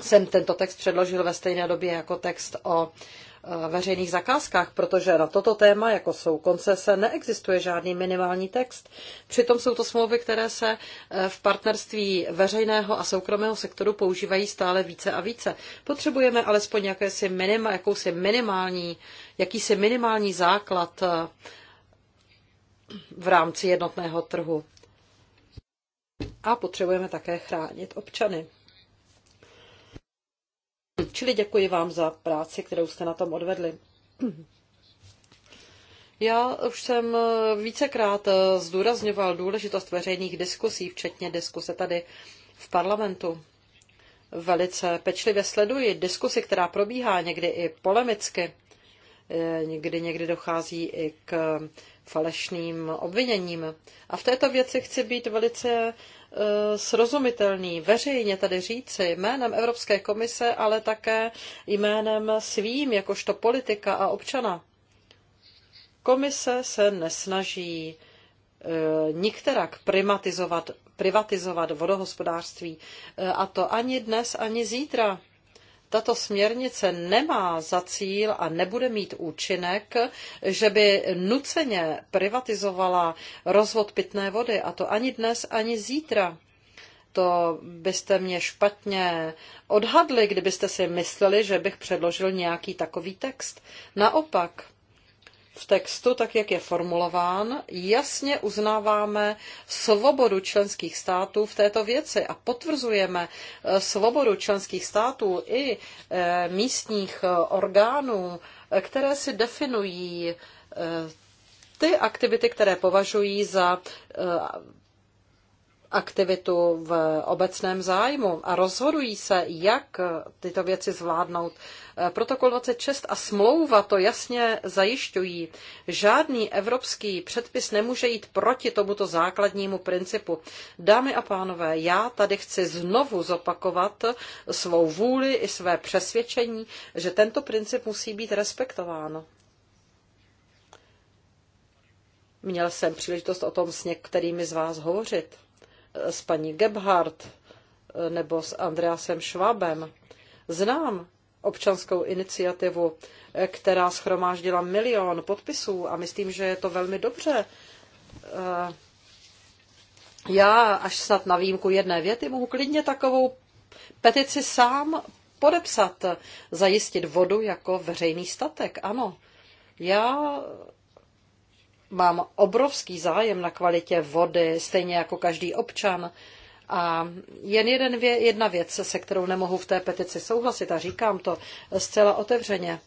jsem tento text předložil ve stejné době jako text o e, veřejných zakázkách, protože na toto téma, jako jsou koncese, neexistuje žádný minimální text. Přitom jsou to smlouvy, které se e, v partnerství veřejného a soukromého sektoru používají stále více a více. Potřebujeme alespoň minima, jakousi minimální, jakýsi minimální základ e, v rámci jednotného trhu. A potřebujeme také chránit občany. Čili děkuji vám za práci, kterou jste na tom odvedli. Já už jsem vícekrát zdůrazňoval důležitost veřejných diskusí, včetně diskuse tady v parlamentu. Velice pečlivě sleduji diskusy, která probíhá někdy i polemicky. Eh, někdy, někdy dochází i k falešným obviněním. A v této věci chci být velice eh, srozumitelný, veřejně tady říci jménem Evropské komise, ale také jménem svým, jakožto politika a občana. Komise se nesnaží eh, nikterak primatizovat, privatizovat vodohospodářství, eh, a to ani dnes, ani zítra tato směrnice nemá za cíl a nebude mít účinek, že by nuceně privatizovala rozvod pitné vody, a to ani dnes, ani zítra. To byste mě špatně odhadli, kdybyste si mysleli, že bych předložil nějaký takový text. Naopak, v textu, tak jak je formulován, jasně uznáváme svobodu členských států v této věci a potvrzujeme eh, svobodu členských států i eh, místních eh, orgánů, které si definují ty aktivity, které považují za aktivitu v obecném zájmu a rozhodují se, jak tyto věci zvládnout. Protokol 26 a smlouva to jasně zajišťují. Žádný evropský předpis nemůže jít proti tomuto základnímu principu. Dámy a pánové, já tady chci znovu zopakovat svou vůli i své přesvědčení, že tento princip musí být respektován. Měl jsem příležitost o tom s některými z vás hovořit s paní Gebhardt eh, nebo s Andreasem Schwabem. Znám občanskou iniciativu, eh, která schromáždila milion podpisů a myslím, že je to velmi dobře. Eh, já až snad na výjimku jedné věty mohu klidně takovou petici sám podepsat, zajistit vodu jako veřejný statek. Ano, já mám obrovský zájem na kvalitě vody, stejně jako každý občan. A jen jeden vě, jedna věc, se kterou nemohu v té petici souhlasit, a říkám to zcela otevřeně.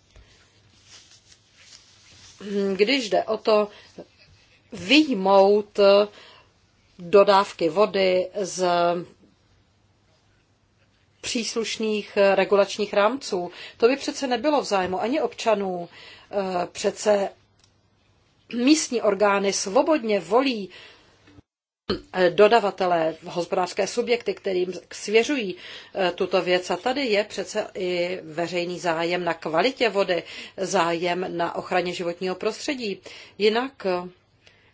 Když jde o to vyjmout dodávky vody z příslušných regulačních rámců. To by přece nebylo v zájmu ani občanů. Eh, přece místní orgány svobodně volí eh, dodavatele, hospodářské subjekty, kterým svěřují eh, tuto věc. A tady je přece i veřejný zájem na kvalitě vody, zájem na ochraně životního prostředí. Jinak eh,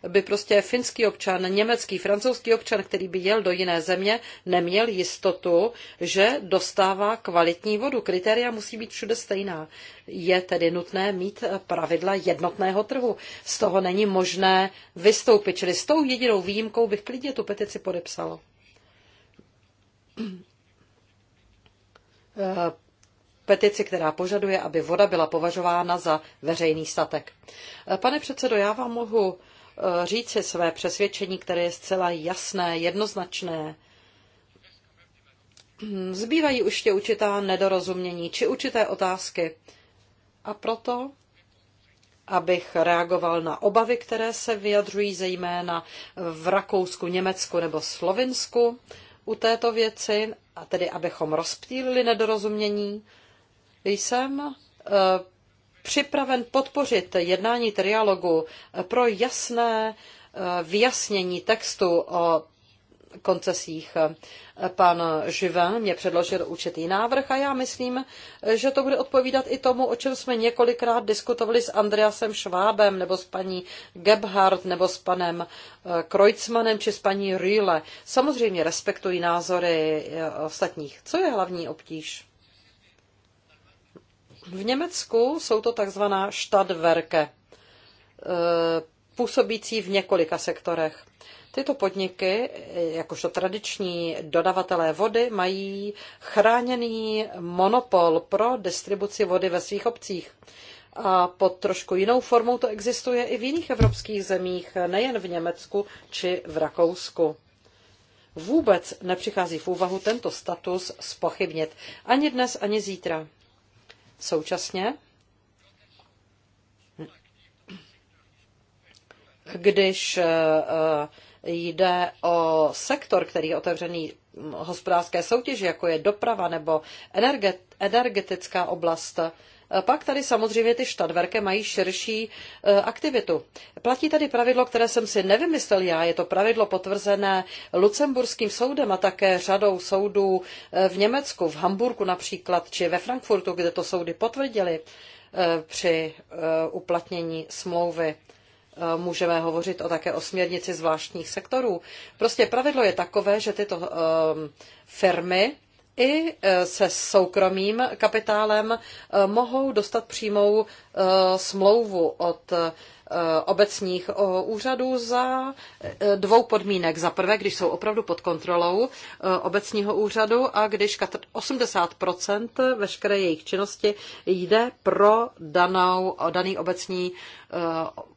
by prostě finský občan, německý, francouzský občan, který by jel do jiné země, neměl jistotu, že dostává kvalitní vodu. Kritéria musí být všude stejná. Je tedy nutné mít pravidla jednotného trhu. Z toho není možné vystoupit. Čili s tou jedinou výjimkou bych klidně tu petici podepsala. Eh, petici, která požaduje, aby voda byla považována za veřejný statek. Eh, pane předsedo, já vám mohu Eh, říci své přesvědčení, které je zcela jasné, jednoznačné. Hmm, zbývají už tě určitá nedorozumění či určité otázky. A proto, abych reagoval na obavy, které se vyjadřují zejména v Rakousku, Německu nebo Slovinsku u této věci, a tedy abychom rozptýlili nedorozumění, jsem eh, připraven podpořit jednání trialogu pro jasné eh, vyjasnění textu o koncesích. Pan Živin mě předložil určitý návrh a já myslím, že to bude odpovídat i tomu, o čem jsme několikrát diskutovali s Andreasem Švábem nebo s paní Gebhardt nebo s panem eh, Kreutzmanem či s paní Rühle. Samozřejmě respektují názory eh, ostatních. Co je hlavní obtíž? V Německu jsou to takzvaná Stadtwerke, e, působící v několika sektorech. Tyto podniky, jakožto tradiční dodavatelé vody, mají chráněný monopol pro distribuci vody ve svých obcích. A pod trošku jinou formou to existuje i v jiných evropských zemích, nejen v Německu či v Rakousku. Vůbec nepřichází v úvahu tento status spochybnit ani dnes, ani zítra současně, když eh, eh, jde o sektor, který je otevřený hm, hospodářské soutěži, jako je doprava nebo energetická oblast, pak tady samozřejmě ty štadverke mají širší e, aktivitu. Platí tady pravidlo, které jsem si nevymyslel já, je to pravidlo potvrzené Lucemburským soudem a také řadou soudů e, v Německu, v Hamburgu například, či ve Frankfurtu, kde to soudy potvrdili e, při uplatnění smlouvy můžeme hovořit o také o směrnici zvláštních sektorů. Prostě pravidlo je takové, že tyto firmy i e, se soukromým kapitálem e, mohou dostat přímou e, smlouvu od Eh, obecních eh, úřadů za eh, dvou podmínek. Za prvé, když jsou opravdu pod kontrolou obecního úřadu a když 80 veškeré jejich činnosti jde pro danou, daný obecní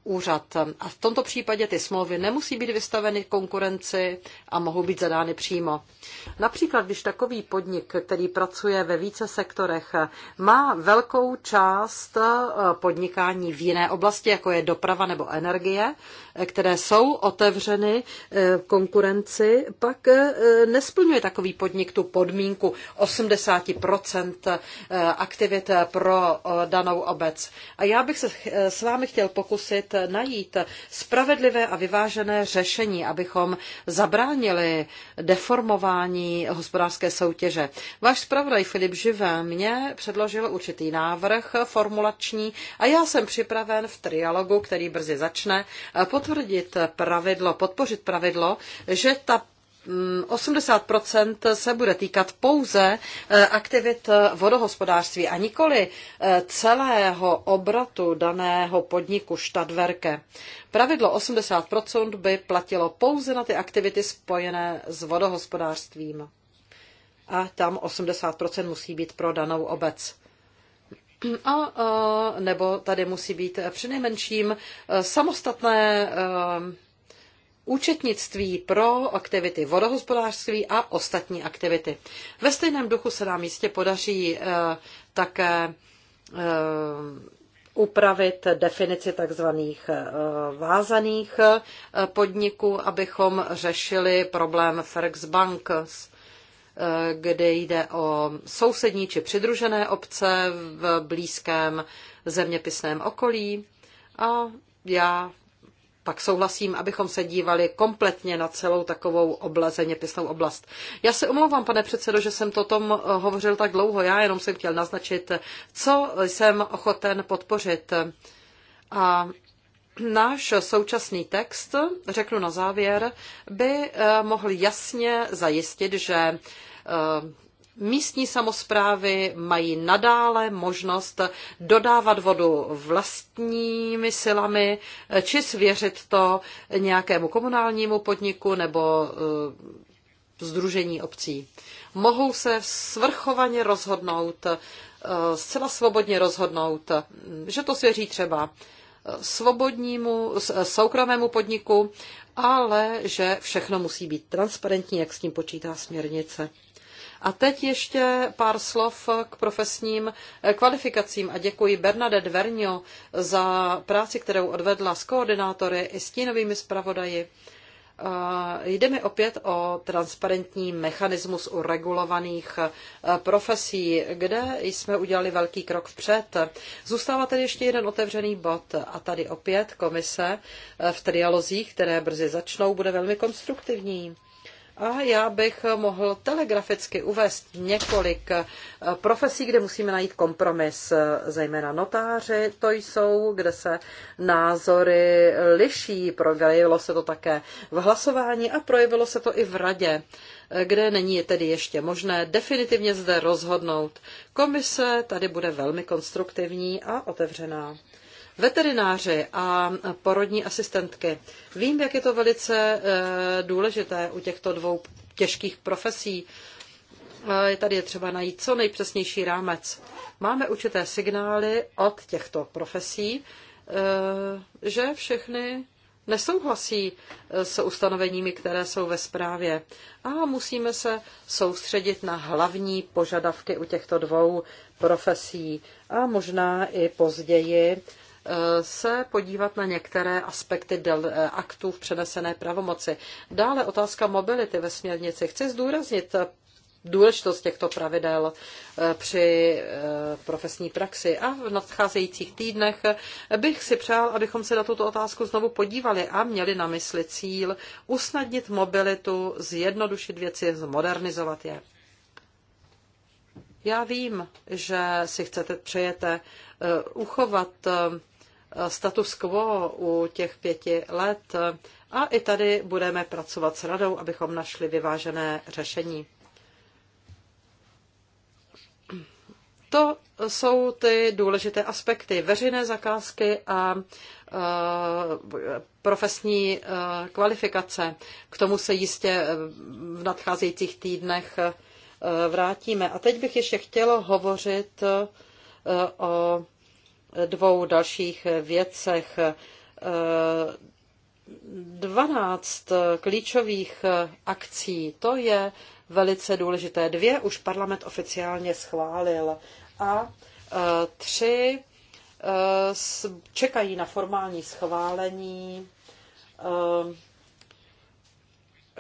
úřad. A v tomto případě ty smlouvy nemusí být vystaveny konkurenci a mohou být zadány přímo. Například, když takový podnik, který pracuje ve více sektorech, má velkou část podnikání v jiné oblasti, jako je doprava, doprava nebo energie, které jsou otevřeny eh, konkurenci, pak eh, nesplňuje takový podnik tu podmínku 80% eh, aktivit pro danou obec. A já bych se s vámi chtěl pokusit najít spravedlivé a vyvážené řešení, abychom zabránili deformování hospodářské soutěže. Váš zpravodaj Filip Živé mě předložil určitý návrh formulační a já jsem připraven v trialogu, který brzy začne, pod potvrdit pravidlo, podpořit pravidlo, že ta 80 mm, se bude týkat pouze eh, aktivit eh, vodohospodářství a nikoli eh, celého obratu daného podniku Štadverke. Pravidlo 80 by platilo pouze na ty aktivity spojené s vodohospodářstvím. A tam 80 musí být pro danou obec. A, nebo tady musí být přinejmenším e, samostatné e, účetnictví pro aktivity vodohospodářství a ostatní aktivity. Ve stejném duchu se nám jistě podaří e, také upravit definici takzvaných vázaných podniků, abychom řešili problém Ferx Bank s kde jde o sousední či přidružené obce v blízkém zeměpisném okolí. A já pak souhlasím, abychom se dívali kompletně na celou takovou oblast, zeměpisnou oblast. Já se omlouvám, pane předsedo, že jsem to tom eh, hovořil tak dlouho. Já jenom jsem chtěl naznačit, co jsem ochoten podpořit. A Náš současný text, řeknu na závěr, by eh, mohl jasně zajistit, že eh, místní samozprávy mají nadále možnost dodávat vodu vlastními silami eh, či svěřit to nějakému komunálnímu podniku nebo Združení obcí. Mohou se svrchovaně rozhodnout, zcela svobodně rozhodnout, že to svěří třeba svobodnímu, soukromému podniku, ale že všechno musí být transparentní, jak s tím počítá směrnice. A teď ještě pár slov k profesním eh, kvalifikacím a děkuji Bernadette Vernio za práci, kterou odvedla s koordinátory i stínovými zpravodaji Jde mi opět o transparentní mechanismus u regulovaných e, profesí, kde jsme udělali velký krok vpřed. Zůstává tady ještě jeden otevřený bod a tady opět komise e, v trialozích, které brzy začnou, bude velmi konstruktivní. A já bych mohl telegraficky uvést několik eh, profesí, kde musíme najít kompromis, eh, zejména notáři, to jsou, kde se názory liší, projevilo se to také v hlasování a projevilo se to i v radě, eh, kde není tedy ještě možné definitivně zde rozhodnout. Komise tady bude velmi konstruktivní a otevřená. Veterináři a porodní asistentky. Vím, jak je to velice eh, důležité u těchto dvou těžkých profesí. Eh, tady je třeba najít co nejpřesnější rámec. Máme určité signály od těchto profesí, eh, že všechny nesouhlasí s ustanoveními, které jsou ve zprávě. A musíme se soustředit na hlavní požadavky u těchto dvou profesí a možná i později se podívat na některé aspekty eh, aktů v přenesené pravomoci. Dále otázka mobility ve směrnici. Chci zdůraznit eh, důležitost těchto pravidel eh, při profesní praxi. A v nadcházejících týdnech bych si přál, abychom se na tuto otázku znovu podívali a měli na mysli cíl usnadnit mobilitu, zjednodušit věci, zmodernizovat je. Já vím, že si chcete, přejete uchovat status quo u těch pěti let a i tady budeme pracovat s radou, abychom našli vyvážené řešení. To jsou ty důležité aspekty veřejné zakázky a eh, profesní eh, kvalifikace. K tomu se jistě eh, v nadcházejících týdnech vrátíme. A teď bych ještě chtěla hovořit o dvou dalších věcech. 12 klíčových akcí, to je velice důležité. Dvě už parlament oficiálně schválil a e, tři e, čekají na formální schválení e,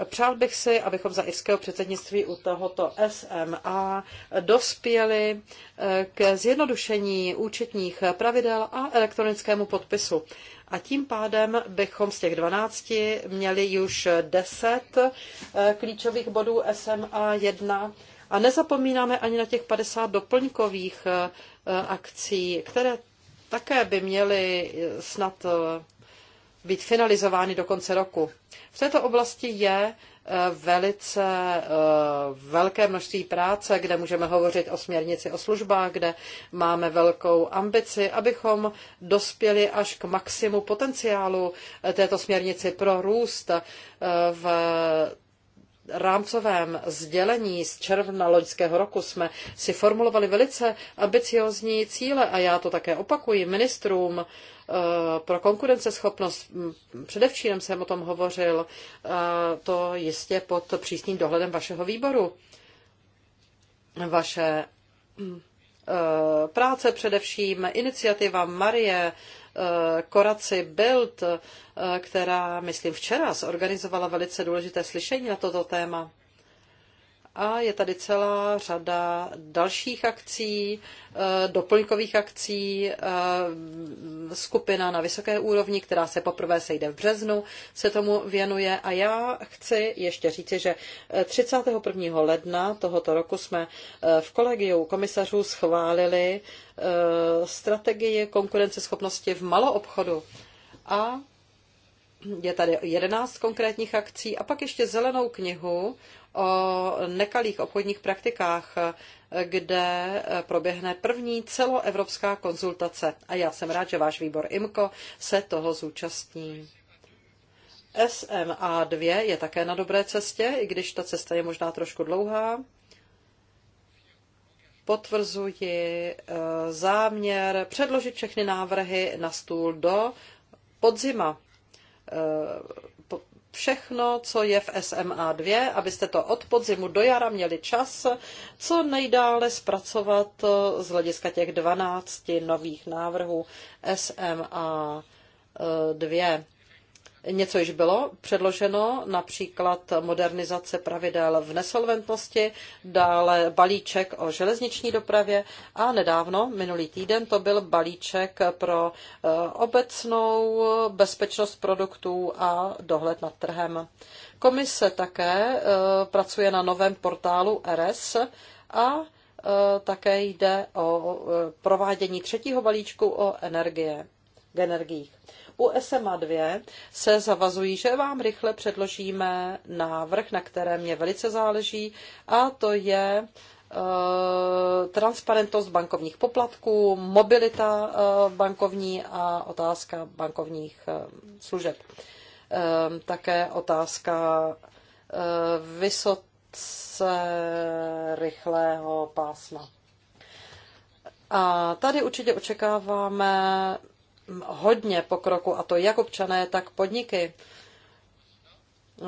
Přál bych si, abychom za irského předsednictví u tohoto SMA dospěli eh, k zjednodušení účetních pravidel a elektronickému podpisu. A tím pádem bychom z těch 12 měli už 10 eh, klíčových bodů SMA 1 a nezapomínáme ani na těch 50 doplňkových eh, akcí, které také by měly snad být finalizovány do konce roku. V této oblasti je eh, velice eh, velké množství práce, kde můžeme hovořit o směrnici o službách, kde máme velkou ambici, abychom dospěli až k maximu potenciálu eh, této směrnici pro růst v rámcovém sdělení z června loňského roku jsme si formulovali velice ambiciozní cíle a já to také opakuji ministrům Eh, pro konkurenceschopnost, hm, předevčírem jsem o tom hovořil, to jistě pod přísným dohledem vašeho výboru. Vaše hm, eh, práce především, iniciativa Marie, eh, Koraci Bild, která, myslím, včera zorganizovala velice důležité slyšení na toto téma. A je tady celá řada dalších akcí, eh, doplňkových akcí. Eh, skupina na vysoké úrovni, která se poprvé sejde v březnu, se tomu věnuje. A já chci ještě říci, že 31. Eh, ledna tohoto roku jsme v kolegiu komisařů schválili strategii konkurenceschopnosti v maloobchodu. A je tady 11 konkrétních akcí a pak ještě zelenou knihu o nekalých obchodních praktikách, kde proběhne první celoevropská konzultace. A já jsem rád, že váš výbor IMCO se toho zúčastní. SMA 2 je také na dobré cestě, i když ta cesta je možná trošku dlouhá. Potvrzuji eh, záměr předložit všechny návrhy na stůl do podzima eh, všechno, co je v SMA 2, abyste to od podzimu do jara měli čas, co nejdále zpracovat eh, z hlediska těch 12 nových návrhů SMA 2. Eh, Něco již bylo předloženo, například modernizace pravidel v nesolventnosti, dále balíček o železniční dopravě a nedávno, minulý týden, to byl balíček pro eh, obecnou bezpečnost produktů a dohled nad trhem. Komise také eh, pracuje na novém portálu RS a eh, také jde o provádění třetího balíčku o energie, energiích. U SMA 2 se zavazují, že vám rychle předložíme návrh, na kterém mě velice záleží, a to je eh, transparentnost bankovních poplatků, mobilita eh, bankovní a otázka bankovních eh, služeb. Také otázka vysoce rychlého pásma. A tady určitě očekáváme hodně pokroku, a to jak občané, tak podniky.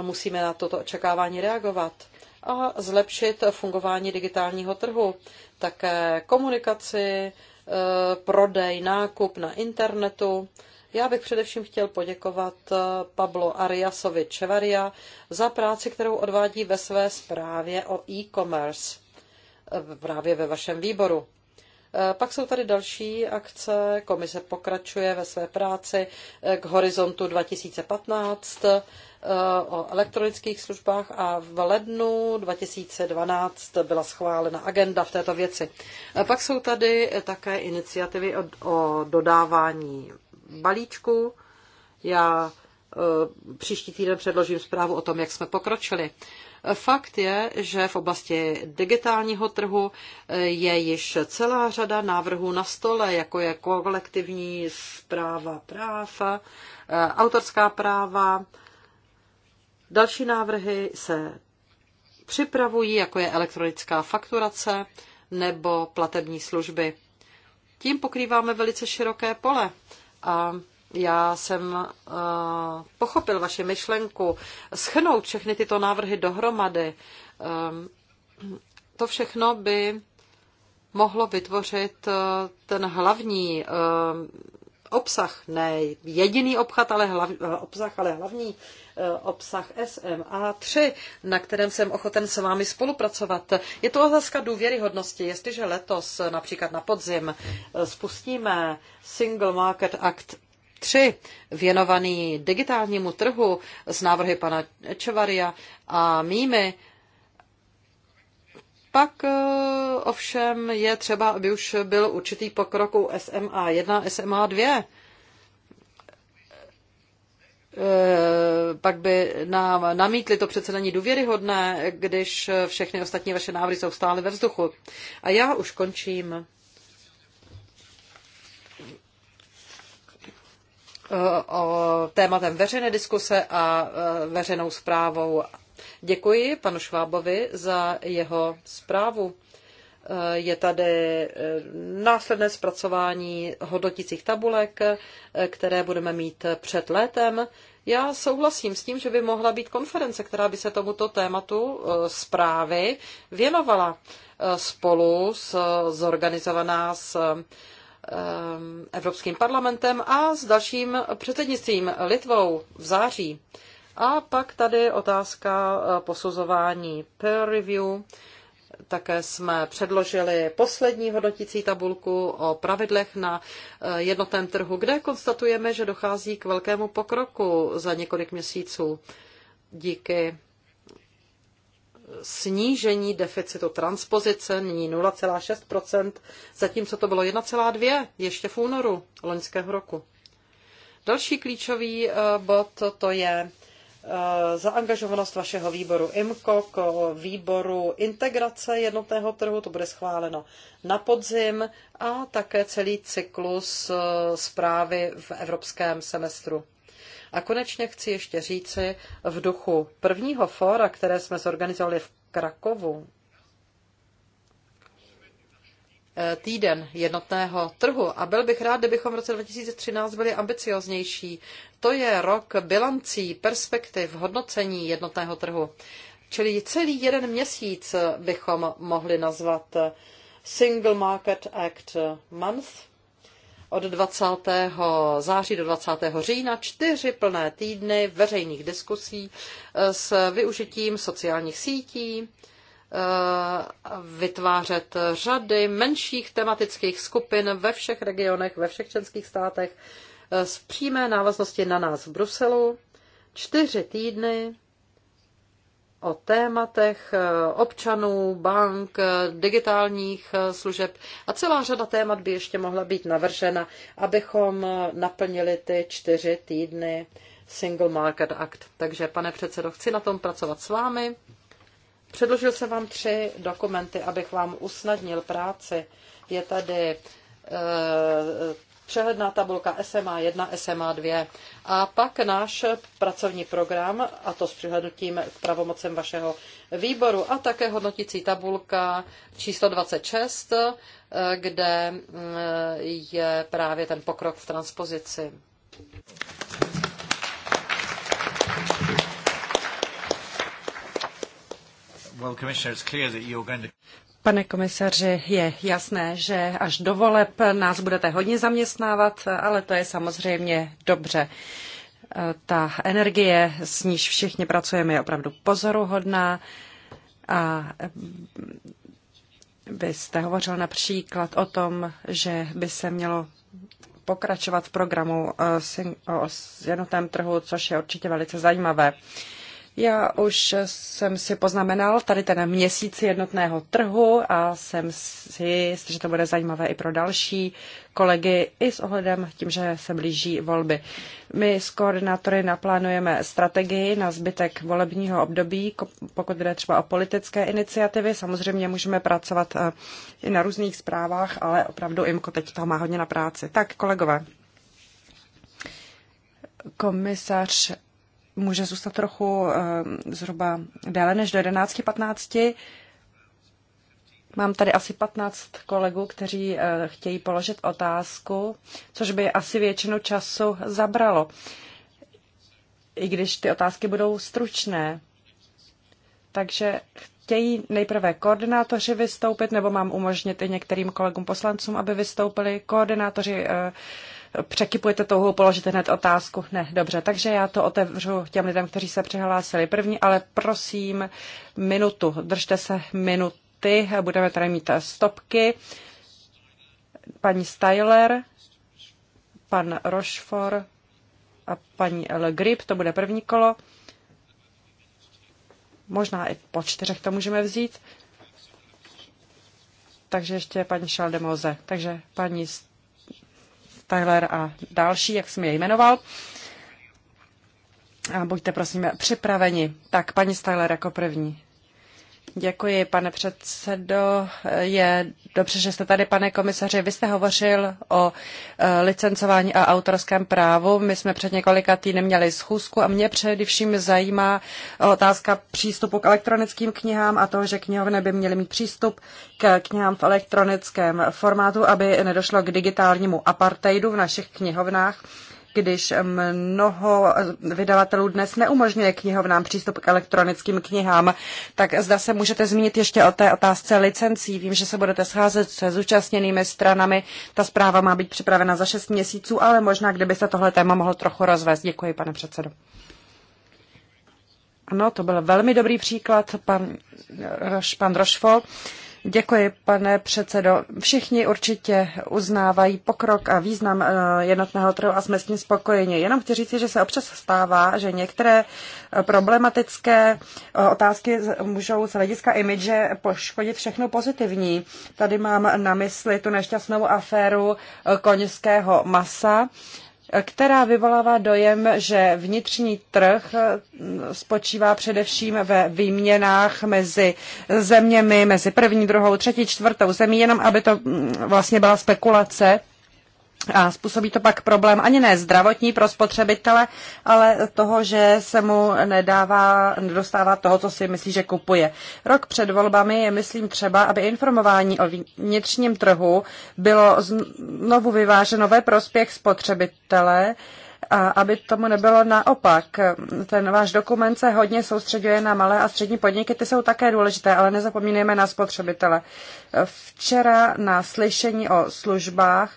Musíme na toto očekávání reagovat a zlepšit fungování digitálního trhu, také komunikaci, e, prodej, nákup na internetu. Já bych především chtěl poděkovat e, Pablo Ariasovi Čevaria za práci, kterou odvádí ve své zprávě o e-commerce e, právě ve vašem výboru. Eh, pak jsou tady další akce. Komise pokračuje ve své práci eh, k horizontu 2015 eh, o elektronických službách a v lednu 2012 byla schválena agenda v této věci. Pak jsou tady také iniciativy o, o dodávání balíčku. Já příští týden předložím zprávu o tom, jak jsme pokročili. Fakt je, že v oblasti digitálního trhu eh, je již celá řada návrhů na stole, jako je kolektivní zpráva práv, eh, autorská práva. Další návrhy se připravují, jako je elektronická fakturace nebo platební služby. Tím pokrýváme velice široké pole a já jsem uh, pochopil vaši myšlenku schnout všechny tyto návrhy dohromady. Um, to všechno by mohlo vytvořit uh, ten hlavní uh, obsah, ne jediný obchat, ale hlav, obsah, ale hlavní obsah SMA3, na kterém jsem ochoten s vámi spolupracovat. Je to otázka důvěryhodnosti. Jestliže letos, například na podzim, spustíme Single Market Act 3 věnovaný digitálnímu trhu s návrhy pana Čevaria a mými, pak eh, ovšem je třeba, aby už byl určitý pokrok u SMA 1, SMA 2. Pak by nám namítli, to přece není důvěryhodné, když všechny ostatní vaše návrhy jsou stále ve vzduchu. A já už končím. tématem veřejné diskuse a e, veřejnou zprávou. Děkuji panu Švábovi za jeho zprávu. E, je tady e, následné zpracování hodnotících tabulek, které budeme mít před létem. Já souhlasím s tím, že by mohla být konference, která by se tomuto tématu zprávy věnovala spolu s zorganizovaná s Ehm, Evropským parlamentem a s dalším předsednictvím Litvou v září. A pak tady otázka eh, posuzování peer review. Také jsme předložili poslední hodnotící tabulku o pravidlech na eh, jednotném trhu, kde konstatujeme, že dochází k velkému pokroku za několik měsíců díky snížení deficitu transpozice, nyní 0,6%, zatímco to bylo 1,2% ještě v únoru loňského roku. Další klíčový eh, bod to je eh, zaangažovanost vašeho výboru IMCO k výboru integrace jednotného trhu, to bude schváleno na podzim a také celý cyklus eh, zprávy v evropském semestru. A konečně chci ještě říci v duchu prvního fóra, které jsme zorganizovali v Krakovu, eh, týden jednotného trhu a byl bych rád, kdybychom v roce 2013 byli ambicioznější. To je rok bilancí, perspektiv, hodnocení jednotného trhu. Čili celý jeden měsíc bychom mohli nazvat Single Market Act Month, od 20. září do 20. října čtyři plné týdny veřejných diskusí eh, s využitím sociálních sítí, eh, vytvářet řady menších tematických skupin ve všech regionech, ve všech členských státech s eh, přímé návaznosti na nás v Bruselu. Čtyři týdny o tématech eh, občanů, bank, eh, digitálních eh, služeb a celá řada témat by ještě mohla být navržena, abychom naplnili ty čtyři týdny Single Market Act. Takže, pane předsedo, chci na tom pracovat s vámi. Předložil jsem vám tři dokumenty, abych vám usnadnil práci. Je tady přehledná tabulka SMA 1, SMA 2. A pak náš pracovní program, a to s přihlednutím k pravomocem vašeho výboru, a také hodnotící tabulka číslo 26, eh, kde mm, je právě ten pokrok v transpozici. Pane komisaři, je jasné, že až do voleb nás budete hodně zaměstnávat, ale to je samozřejmě dobře. Ta energie, s níž všichni pracujeme, je opravdu pozoruhodná. A vy jste hovořil například o tom, že by se mělo pokračovat v programu o jednotném trhu, což je určitě velice zajímavé. Já už jsem si poznamenal tady ten měsíc jednotného trhu a jsem si že to bude zajímavé i pro další kolegy, i s ohledem tím, že se blíží volby. My s koordinátory naplánujeme strategii na zbytek volebního období, pokud jde třeba o politické iniciativy. Samozřejmě můžeme pracovat eh, i na různých zprávách, ale opravdu IMKO teď toho má hodně na práci. Tak, kolegové. Komisař může zůstat trochu ehm, zhruba déle než do 11.15. Mám tady asi 15 kolegů, kteří eh, chtějí položit otázku, což by asi většinu času zabralo, i když ty otázky budou stručné. Takže chtějí nejprve koordinátoři vystoupit, nebo mám umožnit i některým kolegům poslancům, aby vystoupili koordinátoři. Uh, překypujete touhou, položíte hned otázku. Ne, dobře, takže já to otevřu těm lidem, kteří se přihlásili první, ale prosím minutu, držte se minuty, budeme tady mít stopky. Paní Styler, pan Rošfor a paní L. Grip, to bude první kolo. Možná i po čtyřech to můžeme vzít. Takže ještě paní Šaldemoze. Takže paní Tyler a další, jak jsem je jmenoval. A buďte prosím připraveni. Tak, paní Styler jako první. Děkuji, pane předsedo. Je dobře, že jste tady, pane komisaři. Vy jste hovořil o e, licencování a autorském právu. My jsme před několika týdny měli schůzku a mě především zajímá otázka přístupu k elektronickým knihám a to, že knihovny by měly mít přístup k knihám v elektronickém formátu, aby nedošlo k digitálnímu apartheidu v našich knihovnách když mnoho vydavatelů dnes neumožňuje knihovnám přístup k elektronickým knihám, tak zda se můžete zmínit ještě o té otázce licencí. Vím, že se budete scházet se zúčastněnými stranami. Ta zpráva má být připravena za 6 měsíců, ale možná, kdyby se tohle téma mohlo trochu rozvést. Děkuji, pane předsedo. Ano, to byl velmi dobrý příklad, pan, pan Rošfo. Děkuji, pane předsedo. Všichni určitě uznávají pokrok a význam eh, jednotného trhu a jsme s ním spokojeni. Jenom chci říct, že se občas stává, že některé eh, problematické eh, otázky můžou z hlediska imidže poškodit všechno pozitivní. Tady mám na mysli tu nešťastnou aféru koňského masa která vyvolává dojem, že vnitřní trh spočívá především ve výměnách mezi zeměmi, mezi první, druhou, třetí, čtvrtou zemí, jenom aby to mm, vlastně byla spekulace a způsobí to pak problém ani ne zdravotní pro spotřebitele, ale toho, že se mu nedává, nedostává toho, co si myslí, že kupuje. Rok před volbami je, myslím, třeba, aby informování o vnitřním trhu bylo znovu vyváženo ve prospěch spotřebitele, a aby tomu nebylo naopak. Ten váš dokument se hodně soustředuje na malé a střední podniky, ty jsou také důležité, ale nezapomínejme na spotřebitele. Včera na slyšení o službách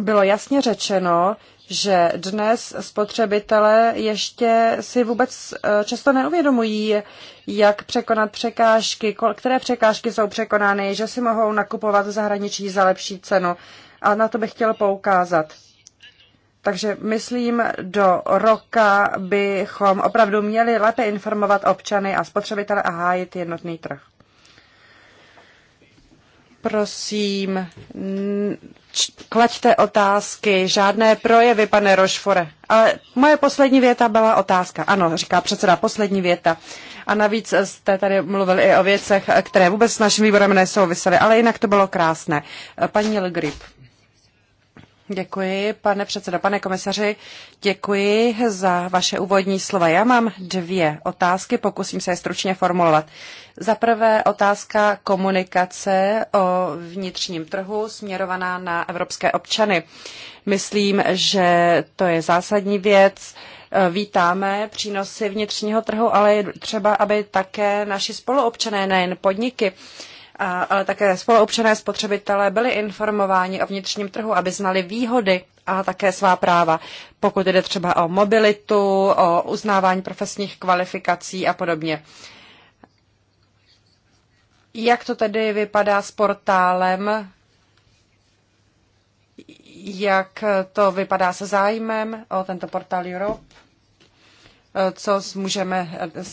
bylo jasně řečeno, že dnes spotřebitelé ještě si vůbec eh, často neuvědomují, jak překonat překážky, které překážky jsou překonány, že si mohou nakupovat v zahraničí za lepší cenu. A na to bych chtěl poukázat. Takže myslím, do roka bychom opravdu měli lépe informovat občany a spotřebitele a hájit jednotný trh. Prosím, klaďte otázky, žádné projevy, pane Rošfore. Ale moje poslední věta byla otázka. Ano, říká předseda, poslední věta. A navíc jste tady mluvili i o věcech, které vůbec s naším výborem nesouvisely, ale jinak to bylo krásné. Paní Legrip. Děkuji, pane předsedo, pane komisaři, děkuji za vaše úvodní slova. Já mám dvě otázky, pokusím se je stručně formulovat. Za prvé otázka komunikace o vnitřním trhu směrovaná na evropské občany. Myslím, že to je zásadní věc. Vítáme přínosy vnitřního trhu, ale je třeba, aby také naši spoluobčané, nejen podniky, ale také spoluobčané spotřebitelé byli informováni o vnitřním trhu, aby znali výhody a také svá práva, pokud jde třeba o mobilitu, o uznávání profesních kvalifikací a podobně. Jak to tedy vypadá s portálem? Jak to vypadá se zájmem o tento portál Europe? co můžeme eh,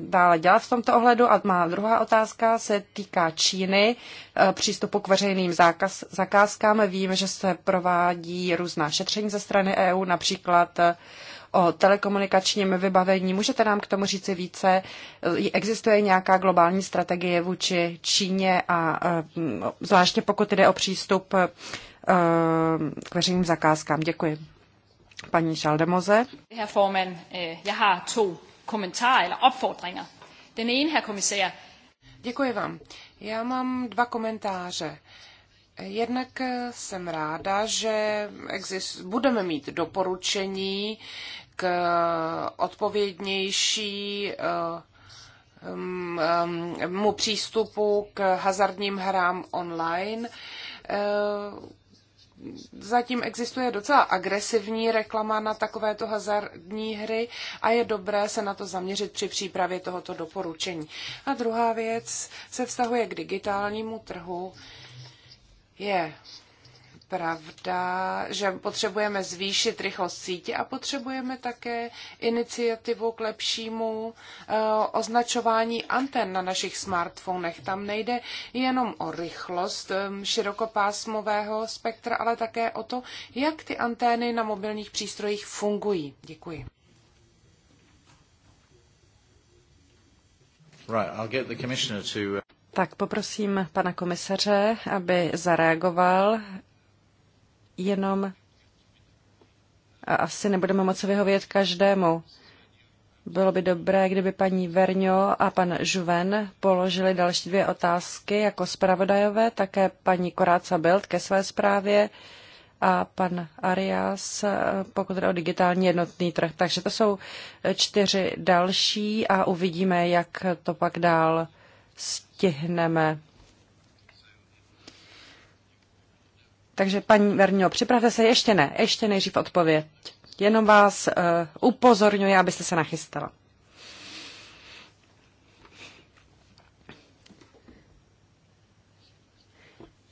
dále dělat v tomto ohledu. A má druhá otázka se týká Číny, eh, přístupu k veřejným zákaz, zakázkám. Vím, že se provádí různá šetření ze strany EU, například eh, o telekomunikačním vybavení. Můžete nám k tomu říci více? Existuje nějaká globální strategie vůči Číně a zvláště pokud jde o přístup k veřejným zakázkám? Děkuji. Paní Šaldemoze. Herr forman, øh, já har to komentáře eller opfordringer. Den ene, herr Děkuji vám. Já mám dva komentáře. Jednak eh, jsem ráda, že exist, budeme mít doporučení k eh, odpovědnější eh, mm, mm, mu přístupu k hazardním hrám online zatím existuje docela agresivní reklama na takovéto hazardní hry a je dobré se na to zaměřit při přípravě tohoto doporučení. A druhá věc se vztahuje k digitálnímu trhu. Je pravda, že potřebujeme zvýšit rychlost sítě a potřebujeme také iniciativu k lepšímu eh, označování anten na našich smartfonech. Tam nejde jenom o rychlost ehm, širokopásmového spektra, ale také o to, jak ty antény na mobilních přístrojích fungují. Děkuji. Right, I'll get the commissioner to... Eh, tak poprosím pana komisaře, aby zareagoval jenom a asi nebudeme moci vyhovět každému. Bylo by dobré, kdyby paní Verňo a pan Žuven položili další dvě otázky jako zpravodajové, také paní Koráca Bild ke své zprávě a pan Arias, eh, pokud jde o digitální jednotný trh. Takže to jsou eh, čtyři další a uvidíme, jak to pak dál stihneme. Takže paní Verňo, připravte se ještě ne, ještě nejdřív odpověď. Jenom vás uh, upozorňuji, abyste se nachystala.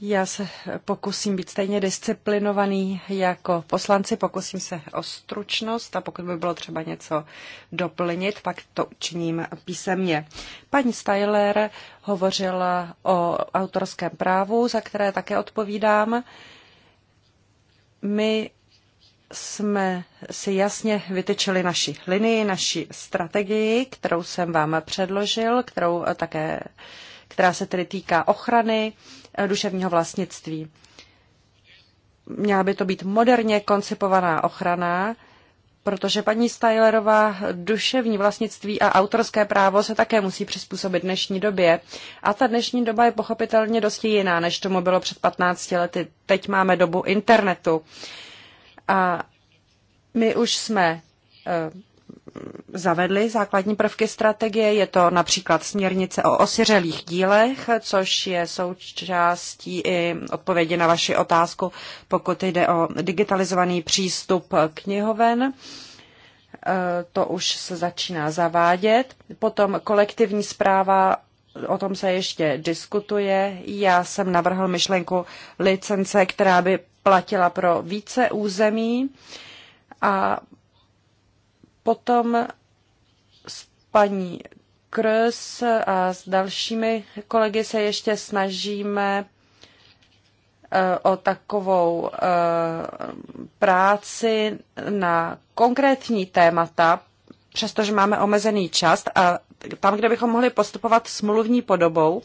Já se pokusím být stejně disciplinovaný jako poslanci, pokusím se o stručnost a pokud by bylo třeba něco doplnit, pak to učiním písemně. Paní Styler hovořila o autorském právu, za které také odpovídám. My jsme si jasně vytyčili naši linii, naši strategii, kterou jsem vám předložil, kterou eh, také, která se tedy týká ochrany Eh, duševního vlastnictví. Měla by to být moderně koncipovaná ochrana, protože paní Stylerová duševní vlastnictví a autorské právo se také musí přizpůsobit dnešní době. A ta dnešní doba je pochopitelně dosti jiná, než tomu bylo před 15 lety. Teď máme dobu internetu. A my už jsme eh, zavedly základní prvky strategie. Je to například směrnice o osiřelých dílech, což je součástí i odpovědi na vaši otázku, pokud jde o digitalizovaný přístup knihoven. E, to už se začíná zavádět. Potom kolektivní zpráva o tom se ještě diskutuje. Já jsem navrhl myšlenku licence, která by platila pro více území a Potom s paní Krös a s dalšími kolegy se ještě snažíme eh, o takovou eh, práci na konkrétní témata, přestože máme omezený čas a tam, kde bychom mohli postupovat smluvní podobou,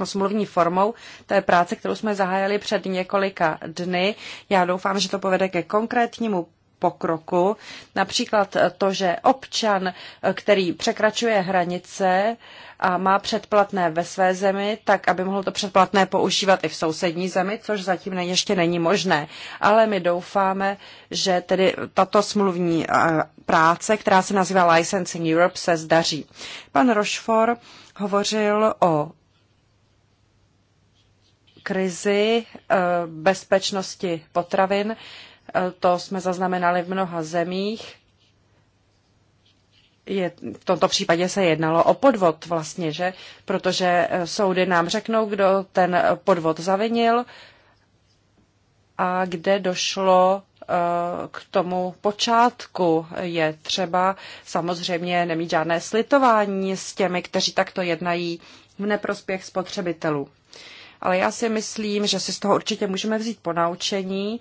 no, smluvní formou té práce, kterou jsme zahájili před několika dny. Já doufám, že to povede ke konkrétnímu pokroku. Například to, že občan, který překračuje hranice a má předplatné ve své zemi, tak aby mohl to předplatné používat i v sousední zemi, což zatím ještě není možné. Ale my doufáme, že tedy tato smluvní práce, která se nazývá Licensing Europe, se zdaří. Pan Rochefort hovořil o krizi e, bezpečnosti potravin. To jsme zaznamenali v mnoha zemích. Je, v tomto případě se jednalo o podvod vlastně, že? Protože eh, soudy nám řeknou, kdo ten podvod zavinil a kde došlo eh, k tomu počátku. Je třeba samozřejmě nemít žádné slitování s těmi, kteří takto jednají v neprospěch spotřebitelů. Ale já si myslím, že si z toho určitě můžeme vzít ponaučení,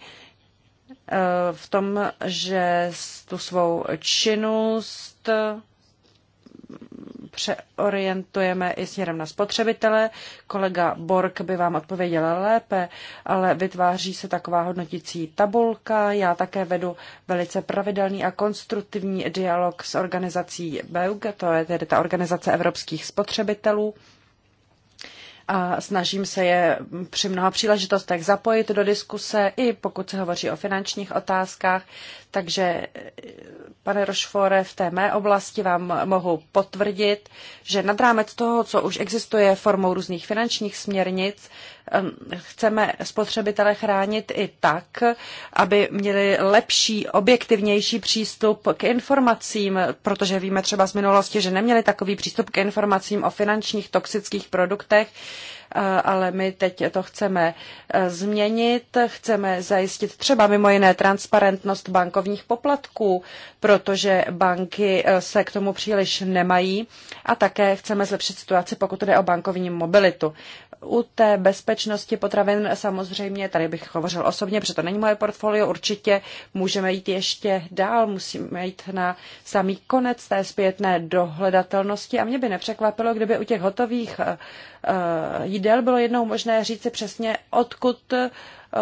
Eh, v tom, že tu svou činnost mm, přeorientujeme i směrem na spotřebitele. Kolega Bork by vám odpověděl lépe, ale vytváří se taková hodnotící tabulka. Já také vedu velice pravidelný a konstruktivní dialog s organizací BEUG, to je tedy ta organizace evropských spotřebitelů a snažím se je při mnoha příležitostech zapojit do diskuse, i pokud se hovoří o finančních otázkách. Takže, pane Rošfore, v té mé oblasti vám mohu potvrdit, že nad rámec toho, co už existuje formou různých finančních směrnic, chceme spotřebitele chránit i tak, aby měli lepší, objektivnější přístup k informacím, protože víme třeba z minulosti, že neměli takový přístup k informacím o finančních toxických produktech, Eh, ale my teď to chceme eh, změnit. Chceme zajistit třeba mimo jiné transparentnost bankovních poplatků, protože banky eh, se k tomu příliš nemají a také chceme zlepšit situaci, pokud jde o bankovní mobilitu. U té bezpečnosti potravin samozřejmě, tady bych hovořil osobně, protože to není moje portfolio, určitě můžeme jít ještě dál, musíme jít na samý konec té zpětné dohledatelnosti a mě by nepřekvapilo, kdyby u těch hotových uh, jídel bylo jednou možné říci přesně, odkud eh,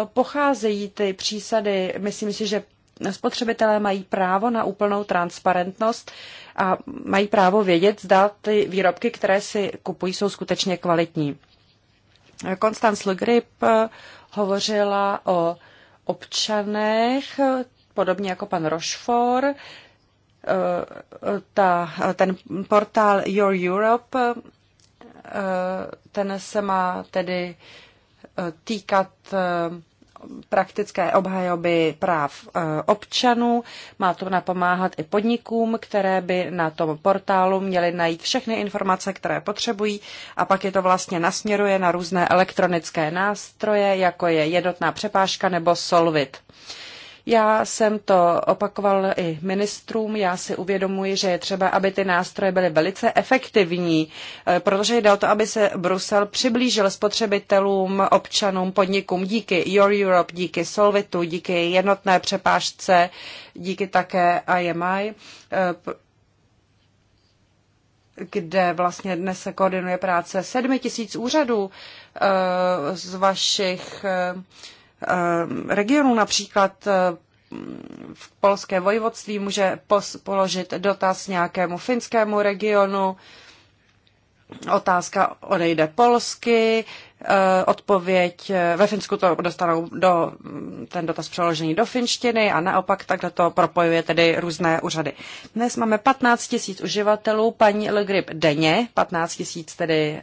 pocházejí ty přísady. Myslím si, že spotřebitelé mají právo na úplnou transparentnost a mají právo vědět, zda ty výrobky, které si kupují, jsou skutečně kvalitní. Konstanz Le eh, hovořila o občanech, podobně jako pan Rochefort. Eh, ta, ten portál Your Europe ten se má tedy eh, týkat eh, praktické obhajoby práv eh, občanů. Má to napomáhat i podnikům, které by na tom portálu měly najít všechny informace, které potřebují a pak je to vlastně nasměruje na různé elektronické nástroje, jako je jednotná přepážka nebo Solvit. Já jsem to opakoval i ministrům. Já si uvědomuji, že je třeba, aby ty nástroje byly velice efektivní, eh, protože jde o to, aby se Brusel přiblížil spotřebitelům, občanům, podnikům díky Your Europe, díky Solvitu, díky jednotné přepážce, díky také IMI eh, kde vlastně dnes se koordinuje práce sedmi tisíc úřadů eh, z vašich Eh, regionu, například eh, v polské vojvodství může položit dotaz nějakému finskému regionu, otázka odejde polsky, eh, odpověď ve Finsku to dostanou do, ten dotaz přeložený do finštiny a naopak takhle to propojuje tedy různé úřady. Dnes máme 15 tisíc uživatelů, paní Legrip denně, 15 tisíc tedy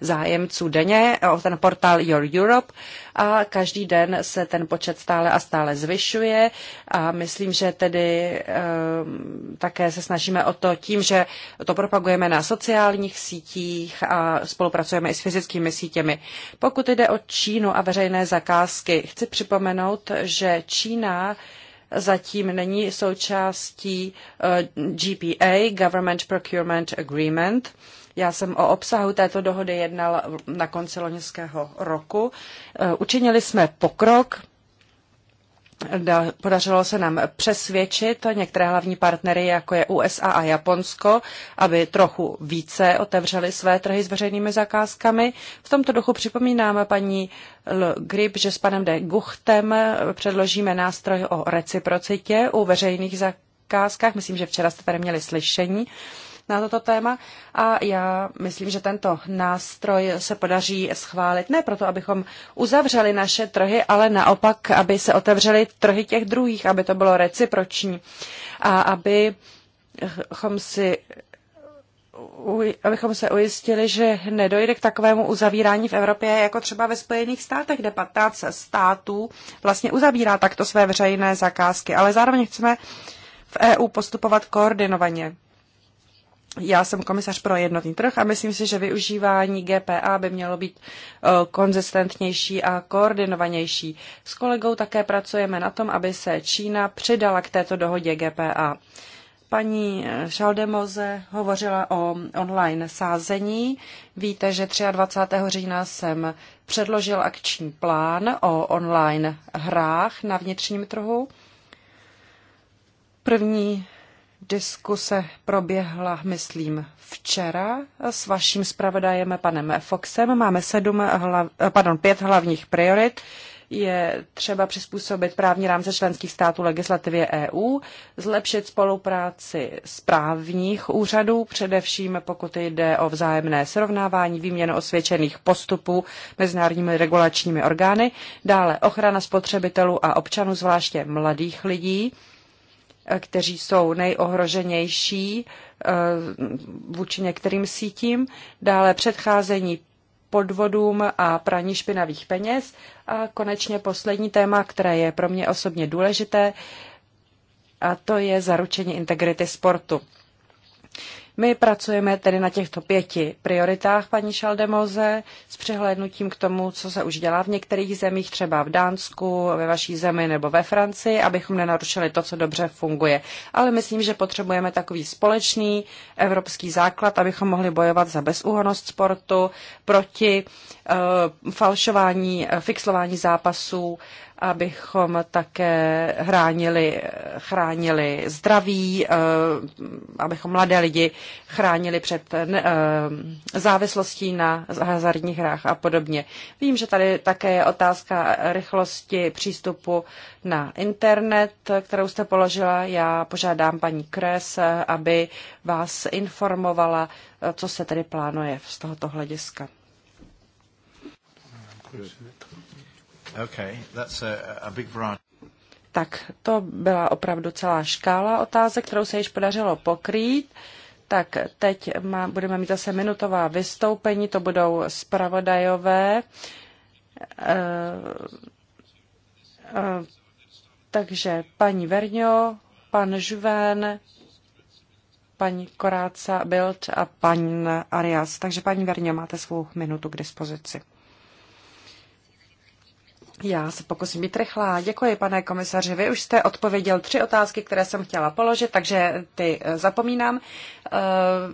zájemců denně o ten portál Your Europe a každý den se ten počet stále a stále zvyšuje a myslím, že tedy ehm, také se snažíme o to tím, že to propagujeme na sociálních sítích a spolupracujeme i s fyzickými sítěmi. Pokud jde o Čínu a veřejné zakázky, chci připomenout, že Čína zatím není součástí eh, GPA, Government Procurement Agreement, já jsem o obsahu této dohody jednal na konci loňského roku. E, učinili jsme pokrok, Podařilo se nám přesvědčit některé hlavní partnery, jako je USA a Japonsko, aby trochu více otevřeli své trhy s veřejnými zakázkami. V tomto duchu připomínáme paní L. Grip, že s panem de Guchtem předložíme nástroj o reciprocitě u veřejných zakázkách. Myslím, že včera jste tady měli slyšení na toto téma a já myslím, že tento nástroj se podaří schválit ne proto, abychom uzavřeli naše trhy, ale naopak, aby se otevřely trhy těch druhých, aby to bylo reciproční a abychom si abychom se ujistili, že nedojde k takovému uzavírání v Evropě, jako třeba ve Spojených státech, kde 15 států vlastně uzavírá takto své veřejné zakázky, ale zároveň chceme v EU postupovat koordinovaně. Já jsem komisař pro jednotný trh a myslím si, že využívání GPA by mělo být eh, konzistentnější a koordinovanější. S kolegou také pracujeme na tom, aby se Čína přidala k této dohodě GPA. Paní eh, Šaldemoze hovořila o online sázení. Víte, že 23. října jsem předložil akční plán o online hrách na vnitřním trhu. První Diskuse proběhla, myslím, včera s vaším zpravodajem panem Foxem. Máme sedm hlav, pardon, pět hlavních priorit. Je třeba přizpůsobit právní rámce členských států legislativě EU, zlepšit spolupráci správních úřadů, především pokud jde o vzájemné srovnávání výměnu osvědčených postupů mezinárodními regulačními orgány, dále ochrana spotřebitelů a občanů, zvláště mladých lidí, kteří jsou nejohroženější eh, vůči některým sítím, dále předcházení podvodům a praní špinavých peněz a konečně poslední téma, které je pro mě osobně důležité, a to je zaručení integrity sportu. My pracujeme tedy na těchto pěti prioritách, paní Šaldemoze, s přihlédnutím k tomu, co se už dělá v některých zemích, třeba v Dánsku, ve vaší zemi nebo ve Francii, abychom nenarušili to, co dobře funguje. Ale myslím, že potřebujeme takový společný evropský základ, abychom mohli bojovat za bezúhonost sportu, proti uh, falšování, uh, eh, fixování zápasů, uh, abychom také chránili, chránili zdraví, eh, abychom mladé lidi chránili před eh, závislostí na hazardních hrách a podobně. Vím, že tady také je otázka rychlosti přístupu na internet, kterou jste položila. Já požádám paní Kres, aby vás informovala, eh, co se tedy plánuje z tohoto hlediska. Okay, that's a, a big variety. Tak to byla opravdu celá škála otázek, kterou se již podařilo pokrýt. Tak teď má, budeme mít zase minutová vystoupení, to budou zpravodajové. Uh, uh, takže paní Verňo, pan Žuven, paní Koráca Bild a pan Arias. Takže paní Verňo, máte svou minutu k dispozici. Já se pokusím být rychlá. Děkuji, pane komisaři. Vy už jste odpověděl tři otázky, které jsem chtěla položit, takže ty eh, zapomínám. Eh,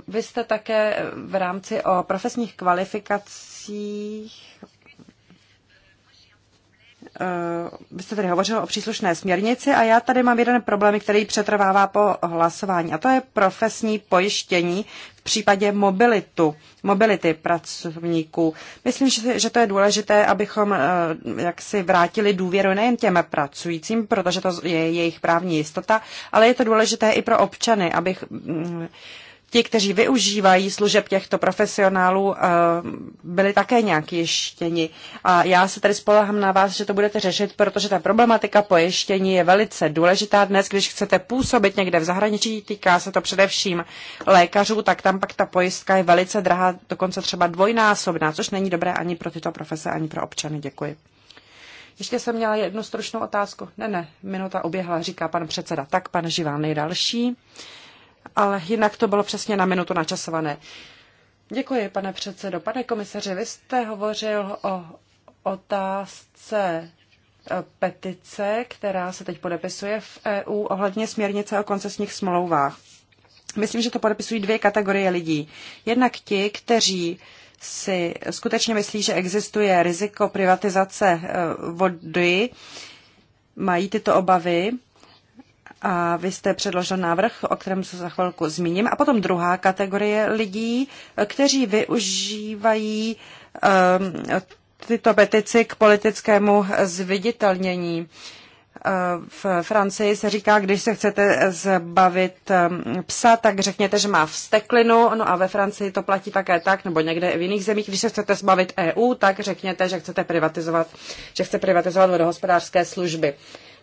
vy jste také v rámci o profesních kvalifikacích Eh, vy jste tady hovořil o příslušné směrnici a já tady mám jeden problém, který přetrvává po hlasování a to je profesní pojištění v případě mobilitu, mobility pracovníků. Myslím, že to je důležité, abychom eh, jaksi vrátili důvěru nejen těm pracujícím, protože to je jejich právní jistota, ale je to důležité i pro občany, abych mm, ti, kteří využívají služeb těchto profesionálů, eh, byli také nějak jištěni. A já se tady spolehám na vás, že to budete řešit, protože ta problematika pojištění je velice důležitá dnes, když chcete působit někde v zahraničí, týká se to především lékařů, tak tam pak ta pojistka je velice drahá, dokonce třeba dvojnásobná, což není dobré ani pro tyto profese, ani pro občany. Děkuji. Ještě jsem měla jednu stručnou otázku. Ne, ne, minuta oběhla, říká pan předseda. Tak, pan Živán je další. Uh, ale jinak to bylo přesně na minutu načasované. Děkuji, pane předsedo. Pane komisaři, vy jste hovořil o otázce e, petice, která se teď podepisuje v EU ohledně směrnice o koncesních smlouvách. Myslím, že to podepisují dvě kategorie lidí. Jednak ti, kteří si skutečně myslí, že existuje riziko privatizace e, vody, mají tyto obavy a vy jste předložil návrh, o kterém se za chvilku zmíním. A potom druhá kategorie lidí, kteří využívají um, tyto petici k politickému zviditelnění. Ehm, v Francii se říká, když se chcete zbavit ehm, psa, tak řekněte, že má vsteklinu, no a ve Francii to platí také tak, nebo někde v jiných zemích, když se chcete zbavit EU, tak řekněte, že chcete privatizovat, že chce privatizovat vodohospodářské služby.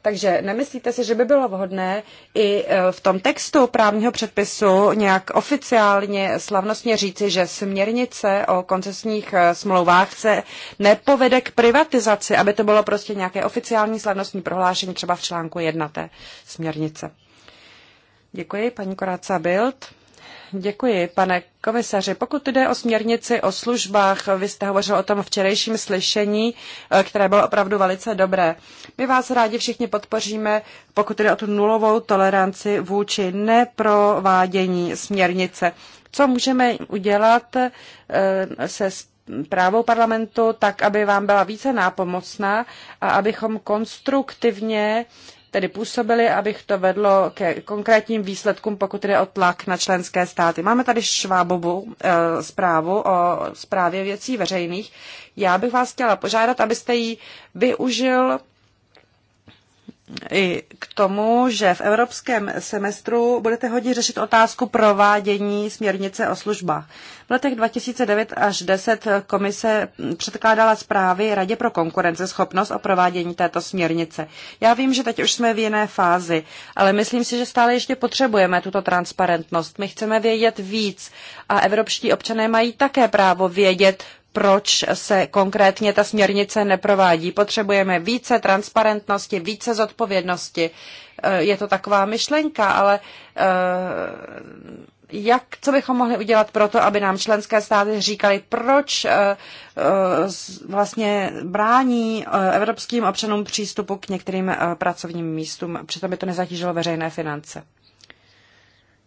Takže nemyslíte si, že by bylo vhodné i e, v tom textu právního předpisu nějak oficiálně, slavnostně říci, že směrnice o koncesních e, smlouvách se nepovede k privatizaci, aby to bylo prostě nějaké oficiální slavnostní prohlášení třeba v článku 1 té směrnice. Děkuji, paní Koráca Bild. Děkuji, pane komisaři. Pokud jde o směrnici o službách, vy jste hovořil o tom včerejším slyšení, eh, které bylo opravdu velice dobré. My vás rádi všichni podpoříme, pokud jde o tu nulovou toleranci vůči neprovádění směrnice. Co můžeme udělat eh, se právou parlamentu, tak aby vám byla více nápomocná a abychom konstruktivně tedy působili, abych to vedlo ke konkrétním výsledkům, pokud jde o tlak na členské státy. Máme tady Švábovu e, zprávu o zprávě věcí veřejných. Já bych vás chtěla požádat, abyste ji využil i k tomu, že v evropském semestru budete hodně řešit otázku provádění směrnice o službách. V letech 2009 až 10 komise předkládala zprávy Radě pro konkurenceschopnost o provádění této směrnice. Já vím, že teď už jsme v jiné fázi, ale myslím si, že stále ještě potřebujeme tuto transparentnost. My chceme vědět víc a evropští občané mají také právo vědět, proč se konkrétně ta směrnice neprovádí. Potřebujeme více transparentnosti, více zodpovědnosti. Eh, je to taková myšlenka, ale eh, jak, co bychom mohli udělat pro to, aby nám členské státy říkali, proč eh, vlastně brání evropským občanům přístupu k některým pracovním místům, přitom by to nezatížilo veřejné finance.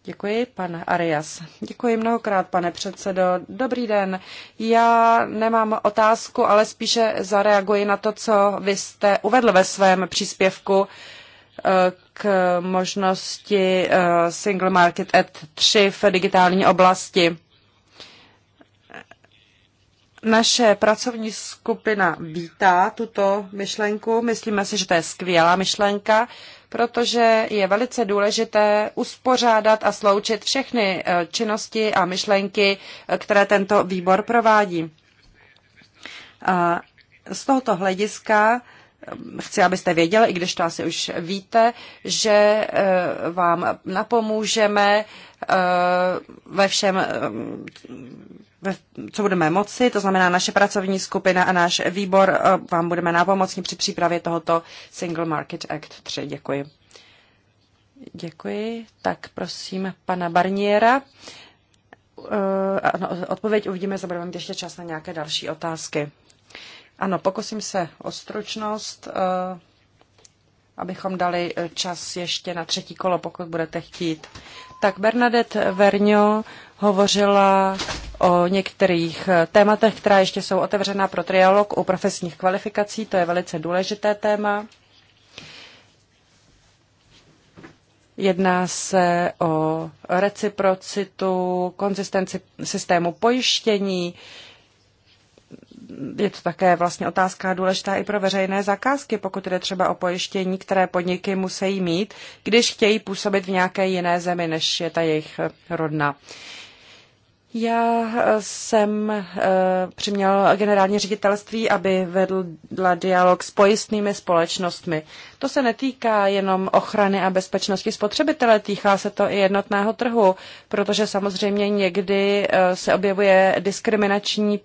Děkuji, pan Arias. Děkuji mnohokrát, pane předsedo. Dobrý den. Já nemám otázku, ale spíše zareaguji na to, co vy jste uvedl ve svém příspěvku eh, k možnosti eh, Single Market at 3 v digitální oblasti. Naše pracovní skupina vítá tuto myšlenku. Myslíme si, že to je skvělá myšlenka protože je velice důležité uspořádat a sloučit všechny eh, činnosti a myšlenky, eh, které tento výbor provádí. A z tohoto hlediska eh, chci, abyste věděli, i když to asi už víte, že vám napomůžeme ve všem, co budeme moci, to znamená naše pracovní skupina a náš výbor eh, vám budeme nápomocní při přípravě tohoto Single Market Act 3. Děkuji. Děkuji. Tak prosím pana Barniera. Eh, ano, odpověď uvidíme, zda budeme mít ještě čas na nějaké další otázky. Ano, pokusím se o stručnost, eh, abychom dali čas ještě na třetí kolo, pokud budete chtít. Tak Bernadette Verňo hovořila o některých eh, tématech, která ještě jsou otevřená pro trialog u profesních kvalifikací. To je velice důležité téma. Jedná se o reciprocitu, konzistenci systému pojištění, je to také vlastně otázka důležitá i pro veřejné zakázky, pokud jde třeba o pojištění, které podniky musí mít, když chtějí působit v nějaké jiné zemi, než je ta jejich eh, rodna. Já eh, jsem eh, přiměl generální ředitelství, aby vedla dialog s pojistnými společnostmi. To se netýká jenom ochrany a bezpečnosti spotřebitele, týká se to i jednotného trhu, protože samozřejmě někdy se objevuje diskriminační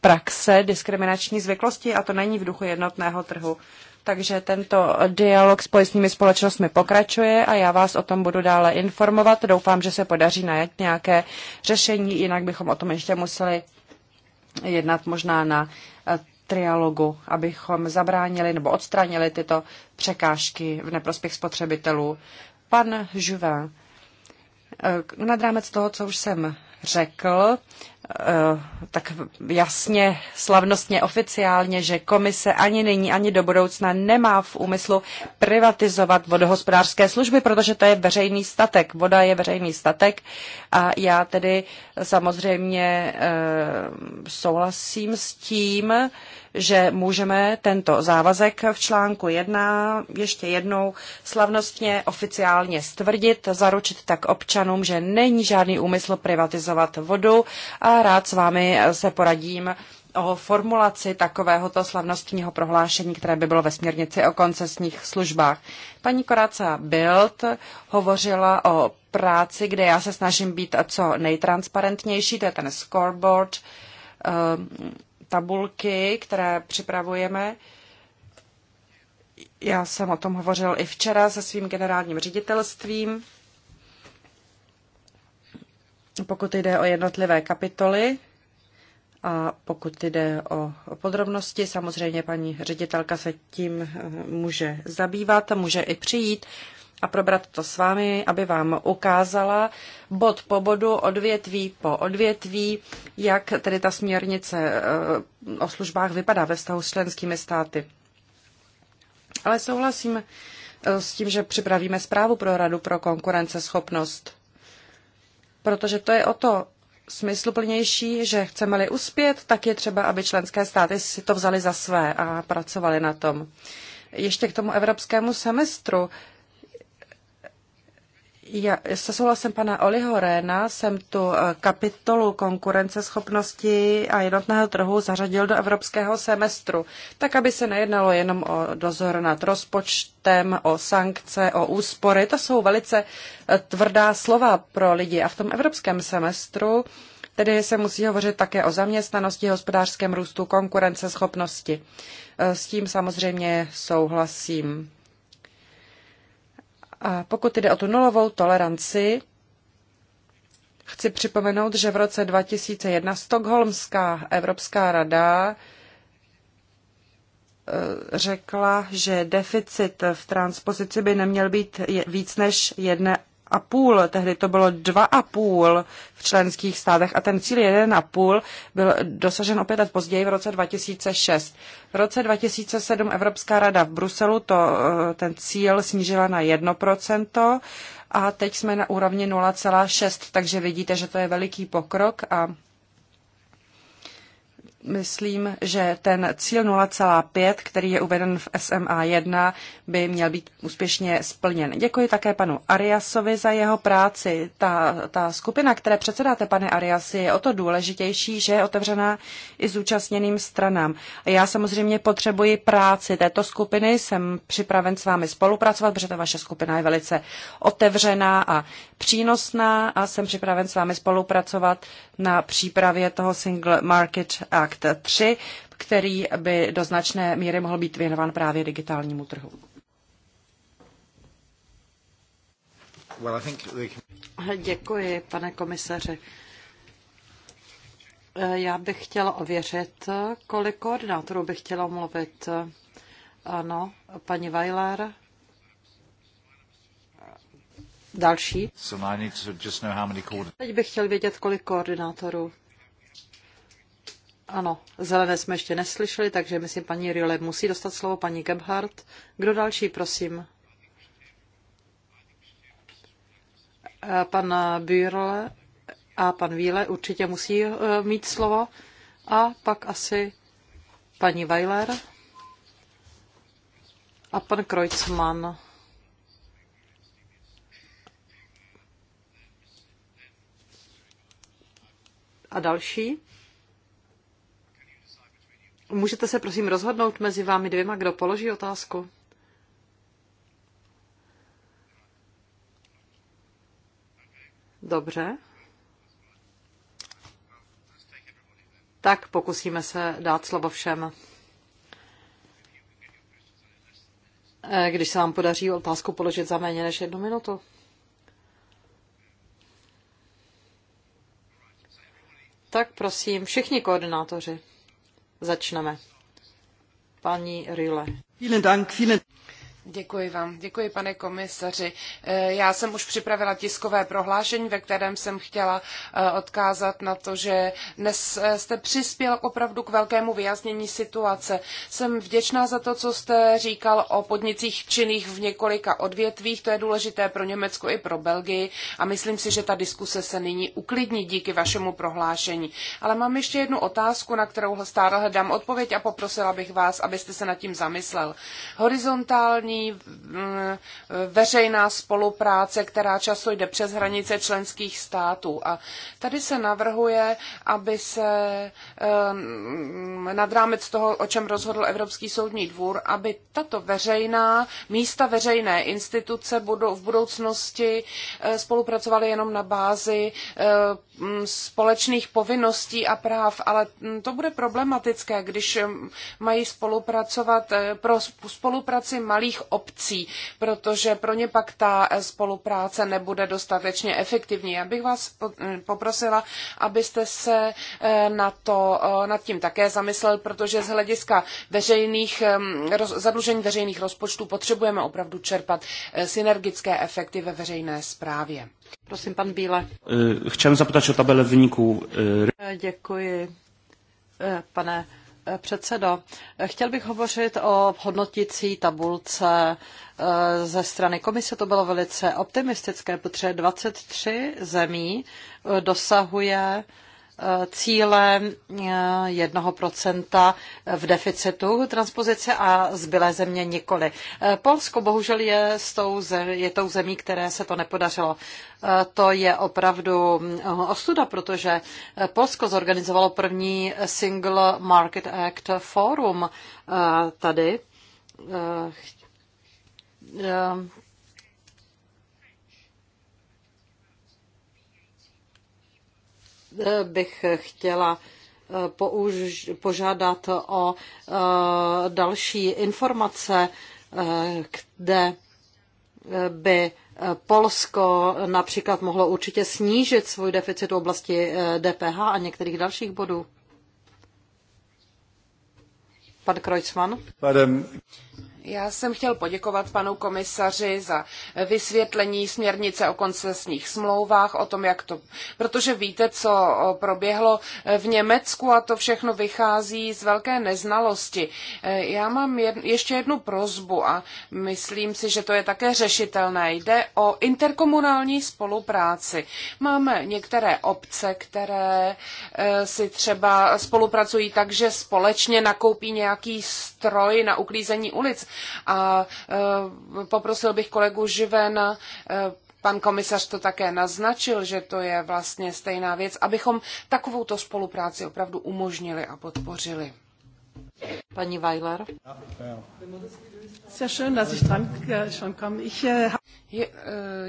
praxe diskriminační zvyklosti a to není v duchu jednotného trhu. Takže tento dialog s pojistnými společnostmi pokračuje a já vás o tom budu dále informovat. Doufám, že se podaří najít nějaké řešení, jinak bychom o tom ještě museli jednat možná na eh, trialogu, abychom zabránili nebo odstranili tyto překážky v neprospěch spotřebitelů. Pan Juvin, eh, nad rámec toho, co už jsem řekl, Eh, tak jasně, slavnostně, oficiálně, že komise ani nyní, ani do budoucna nemá v úmyslu privatizovat vodohospodářské služby, protože to je veřejný statek. Voda je veřejný statek a já tedy samozřejmě eh, souhlasím s tím, že můžeme tento závazek v článku 1 ještě jednou slavnostně oficiálně stvrdit, zaručit tak občanům, že není žádný úmysl privatizovat vodu a rád s vámi se poradím o formulaci takovéhoto slavnostního prohlášení, které by bylo ve směrnici o koncesních službách. Paní Koráca Bild hovořila o práci, kde já se snažím být co nejtransparentnější, to je ten scoreboard, ehm, tabulky, které připravujeme. Já jsem o tom hovořil i včera se svým generálním ředitelstvím pokud jde o jednotlivé kapitoly a pokud jde o podrobnosti, samozřejmě paní ředitelka se tím eh, může zabývat, může i přijít a probrat to s vámi, aby vám ukázala bod po bodu, odvětví po odvětví, jak tedy ta směrnice eh, o službách vypadá ve vztahu s členskými státy. Ale souhlasím eh, s tím, že připravíme zprávu pro Radu pro konkurenceschopnost protože to je o to smysluplnější, že chceme-li uspět, tak je třeba, aby členské státy si to vzali za své a pracovali na tom. Ještě k tomu evropskému semestru. Já se souhlasím pana Oliho Réna jsem tu eh, kapitolu konkurenceschopnosti a jednotného trhu zařadil do evropského semestru, tak aby se nejednalo jenom o dozor nad rozpočtem, o sankce, o úspory. To jsou velice eh, tvrdá slova pro lidi a v tom evropském semestru Tedy se musí hovořit také o zaměstnanosti, hospodářském růstu, konkurenceschopnosti. Eh, s tím samozřejmě souhlasím. A pokud jde o tu nulovou toleranci, chci připomenout, že v roce 2001 Stockholmská Evropská rada eh, řekla, že deficit v transpozici by neměl být víc než 1 a půl, tehdy to bylo dva a půl v členských státech a ten cíl jeden a půl byl dosažen opět let později v roce 2006. V roce 2007 Evropská rada v Bruselu to, eh, ten cíl snížila na 1% a teď jsme na úrovni 0,6, takže vidíte, že to je veliký pokrok a myslím, že ten cíl 0,5, který je uveden v SMA 1, by měl být úspěšně splněn. Děkuji také panu Ariasovi za jeho práci. Ta, ta skupina, které předsedáte, pane Ariasi, je o to důležitější, že je otevřená i zúčastněným stranám. Já samozřejmě potřebuji práci této skupiny, jsem připraven s vámi spolupracovat, protože ta vaše skupina je velice otevřená a přínosná a jsem připraven s vámi spolupracovat na přípravě toho Single Market Act Compact 3, který by do značné míry mohl být věnován právě digitálnímu trhu. Děkuji, pane komisaři. Já bych chtěla ověřit, kolik koordinátorů bych chtěla mluvit. Ano, paní Weiler. Další. Teď bych chtěl vědět, kolik koordinátorů. Ano, zelené jsme ještě neslyšeli, takže myslím, paní Riole musí dostat slovo paní Gebhardt. Kdo další, prosím? Eh, pan Bürle a pan Víle určitě musí eh, mít slovo. A pak asi paní Weiler a pan Kreutzmann. A další? Můžete se prosím rozhodnout mezi vámi dvěma, kdo položí otázku? Dobře. Tak pokusíme se dát slovo všem. Eh, když se vám podaří otázku položit za méně než jednu minutu. Tak prosím, všichni koordinátoři začneme. paní rühle. Děkuji vám. Děkuji, pane komisaři. Eh, já jsem už připravila tiskové prohlášení, ve kterém jsem chtěla eh, odkázat na to, že dnes eh, jste přispěl opravdu k velkému vyjasnění situace. Jsem vděčná za to, co jste říkal o podnicích činných v několika odvětvích. To je důležité pro Německo i pro Belgii a myslím si, že ta diskuse se nyní uklidní díky vašemu prohlášení. Ale mám ještě jednu otázku, na kterou stále hledám odpověď a poprosila bych vás, abyste se nad tím zamyslel. Horizontální veřejná spolupráce, která často jde přes hranice členských států. A tady se navrhuje, aby se eh, nad rámec toho, o čem rozhodl Evropský soudní dvůr, aby tato veřejná, místa veřejné instituce budou v budoucnosti eh, spolupracovaly jenom na bázi eh, společných povinností a práv, ale hm, to bude problematické, když hm, mají spolupracovat pro spolupráci malých obcí, protože pro ně pak ta eh, spolupráce nebude dostatečně efektivní. Já bych vás mm, poprosila, abyste se eh, na to, eh, nad tím také zamyslel, protože z hlediska veřejných, zadlužení veřejných rozpočtů potřebujeme opravdu čerpat synergické efekty ve veřejné správě. Prosím, pan Bíle. Chcem zapytat o tabele vyniků. Děkuji, pane předsedo. Chtěl bych hovořit o hodnotící tabulce eh, ze strany komise. To bylo velice optimistické, protože 23 zemí eh, dosahuje cíle 1% eh, v deficitu transpozice a zbylé země nikoli. Eh, Polsko bohužel je, s tou, je tou zemí, které se to nepodařilo. Eh, to je opravdu hm, ostuda, protože Polsko zorganizovalo první Single Market Act Forum tady bych chtěla eh, použ- požádat o eh, další informace, eh, kde by Polsko například mohlo určitě snížit svůj deficit v oblasti DPH a některých dalších bodů. Pan Kreuzmann. Pardon. Já jsem chtěl poděkovat panu komisaři za vysvětlení směrnice o koncesních smlouvách, o tom, jak to, protože víte, co proběhlo e, v Německu a to všechno vychází z velké neznalosti. E, já mám jed, ještě jednu prozbu a myslím si, že to je také řešitelné. Jde o interkomunální spolupráci. Máme některé obce, které e, si třeba spolupracují tak, že společně nakoupí nějaký stroj na uklízení ulic. A eh, poprosil bych kolegu Živena, eh, pan komisař to také naznačil, že to je vlastně stejná věc, abychom takovouto spolupráci opravdu umožnili a podpořili. Paní Weiler. Äh, äh, eh,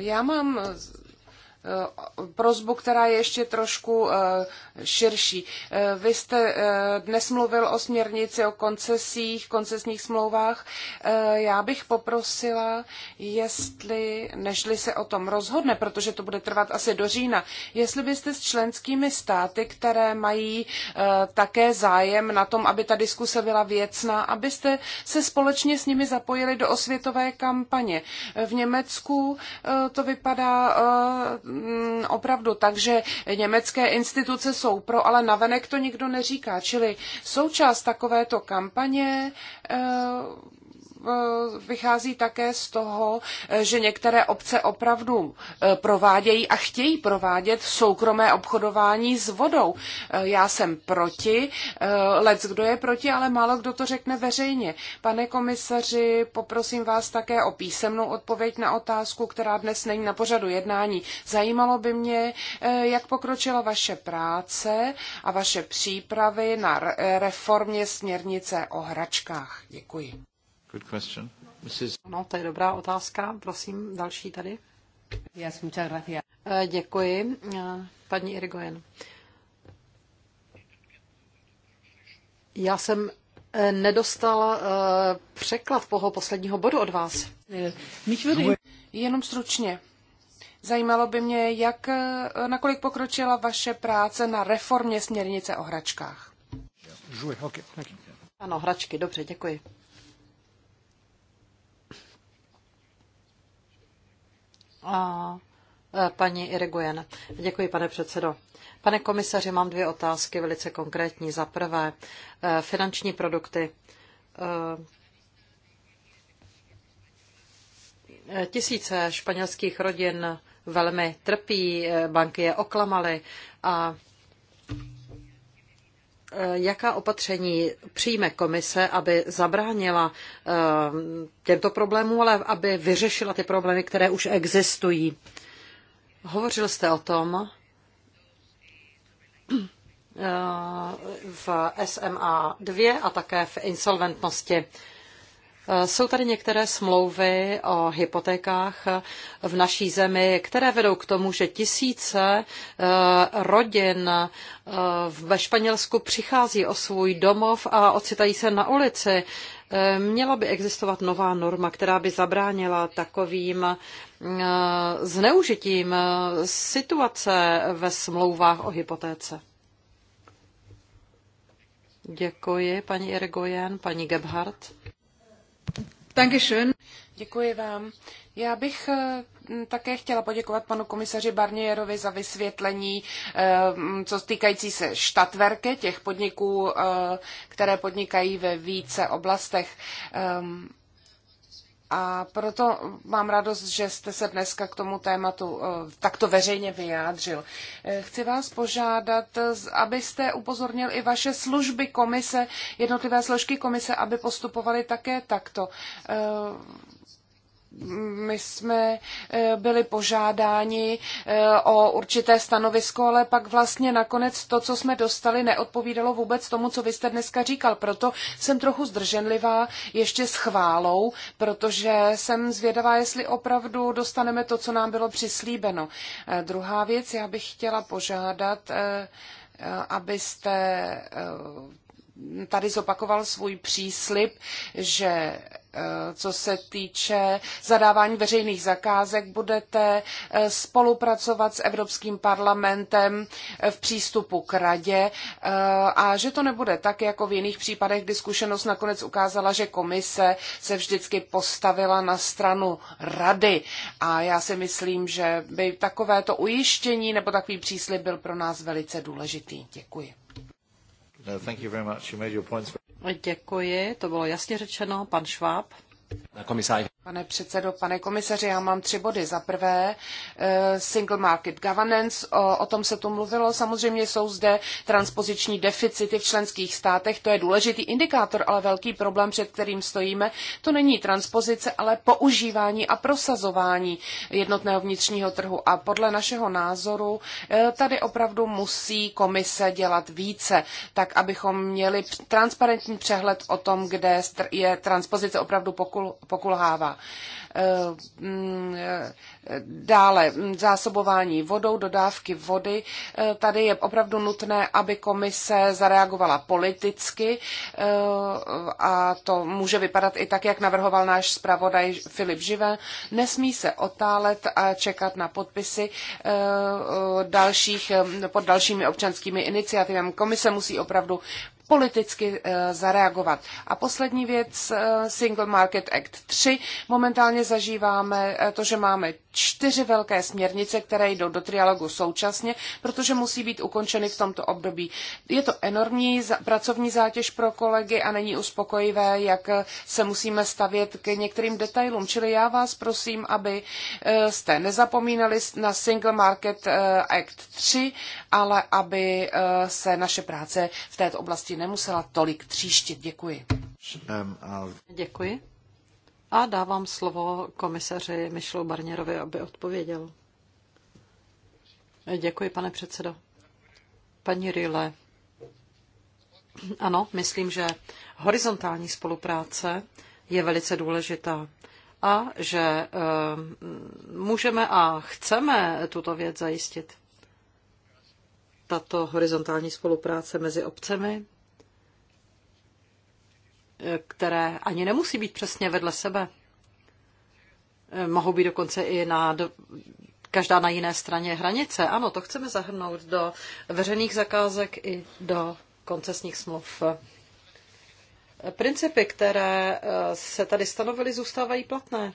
já mám Eh, prozbu, která je ještě trošku eh, širší. Eh, vy jste dnes mluvil o směrnici, o koncesích, koncesních smlouvách. Já bych poprosila, jestli, nežli se o tom rozhodne, protože to bude trvat asi do října, jestli byste s členskými státy, které mají také zájem na tom, aby ta diskuse byla věcná, abyste se společně s nimi zapojili do osvětové kampaně. V Německu to vypadá Mm, opravdu tak, že německé instituce jsou pro, ale navenek to nikdo neříká. Čili součást takovéto kampaně e, Eh, vychází také z toho, eh, že některé obce opravdu eh, provádějí a chtějí provádět soukromé obchodování s vodou. Já jsem proti, lec kdo je proti, ale málo kdo to řekne veřejně. Pane komisaři, poprosím vás také o písemnou odpověď na otázku, která dnes není na pořadu jednání. Zajímalo by mě, jak pokročila vaše práce a vaše přípravy na reformě směrnice o hračkách. Děkuji. Good question. Mrs. No, to je dobrá otázka. Prosím, další tady. Yes, muchas gracias. Eh, děkuji, eh, paní Irigoyen. Já jsem eh, nedostal překlad toho posledního bodu od vás. Jenom stručně. Zajímalo by mě, jak nakolik pokročila vaše práce na reformě směrnice o hračkách. Ano, hračky, dobře, děkuji. A e, paní Irigoyen. Děkuji, pane předsedo. Pane komisaři, mám dvě otázky velice konkrétní. Za prvé, e, finanční produkty. E, tisíce španělských rodin velmi trpí, banky je oklamaly a Eh, jaká opatření přijme komise, aby zabránila eh, těmto problémům, ale aby vyřešila ty problémy, které už existují. Hovořil jste o tom eh, v SMA 2 a také v insolventnosti. Jsou tady některé smlouvy o hypotékách v naší zemi, které vedou k tomu, že tisíce eh, rodin eh, ve Španělsku přichází o svůj domov a ocitají se na ulici. Eh, měla by existovat nová norma, která by zabránila takovým zneužitím situace ve smlouvách o hypotéce. Děkuji, paní Irgojen, paní Gebhardt. Dankeschön. Děkuji vám. Já bych eh, také chtěla poděkovat panu komisaři Barnierovi za vysvětlení, eh, co týkající se štatverke těch podniků, eh, které podnikají ve více oblastech. Ehm, a proto mám radost, že jste se dneska k tomu tématu eh, takto veřejně vyjádřil. Eh, chci vás požádat, abyste upozornil i vaše služby komise, jednotlivé složky komise, aby postupovaly také takto eh, my jsme eh, byli požádáni eh, o určité stanovisko, ale pak vlastně nakonec to, co jsme dostali, neodpovídalo vůbec tomu, co vy jste dneska říkal. Proto jsem trochu zdrženlivá ještě s chválou, protože jsem zvědavá, jestli opravdu dostaneme to, co nám bylo přislíbeno. Eh, druhá věc, já bych chtěla požádat abyste tady zopakoval svůj příslip, že e, co se týče zadávání veřejných zakázek, budete e, spolupracovat s Evropským parlamentem e, v přístupu k radě a že to nebude tak, jako v jiných případech, kdy zkušenost nakonec ukázala, že komise se vždycky postavila na stranu rady. A já si myslím, že by takovéto ujištění nebo takový příslip byl pro nás velice důležitý. Děkuji. Děkuji, to bylo jasně řečeno. Pan Schwab. Komisář. Pane předsedo, pane komisaři, já mám tři body. Za prvé, eh, single market governance, o, o tom se tu mluvilo. Samozřejmě jsou zde transpoziční deficity v členských státech, to je důležitý indikátor, ale velký problém, před kterým stojíme, to není transpozice, ale používání a prosazování jednotného vnitřního trhu. A podle našeho názoru eh, tady opravdu musí komise dělat více, tak abychom měli transparentní přehled o tom, kde je transpozice opravdu pokul, pokulhává. Eh, mm, eh, dále mm, zásobování vodou, dodávky vody. Eh, tady je opravdu nutné, aby komise zareagovala politicky a to může vypadat i tak, jak navrhoval náš zpravodaj Filip Živé. Nesmí se otálet a čekat na podpisy dalších, pod dalšími občanskými iniciativami. Komise musí opravdu politicky eh, zareagovat. A poslední věc, eh, Single Market Act 3. Momentálně zažíváme eh, to, že máme čtyři velké směrnice, které jdou do trialogu současně, protože musí být ukončeny v tomto období. Je to enormní pracovní zátěž pro kolegy a není uspokojivé, jak se musíme stavět k některým detailům. Čili já vás prosím, aby jste nezapomínali na Single Market Act 3, ale aby se naše práce v této oblasti nemusela tolik tříštit. Děkuji. Um, Děkuji. A dávám slovo komisaři Michelu Barnierovi, aby odpověděl. Děkuji, pane předsedo. Paní Rile. Ano, myslím, že horizontální spolupráce je velice důležitá a že um, můžeme a chceme tuto věc zajistit. Tato horizontální spolupráce mezi obcemi, které ani nemusí být přesně vedle sebe. Eh, mohou být dokonce i na každá na jiné straně hranice. Ano, to chceme zahrnout do veřejných zakázek i do koncesních smluv. Principy, které eh, se tady stanovily, zůstávají platné.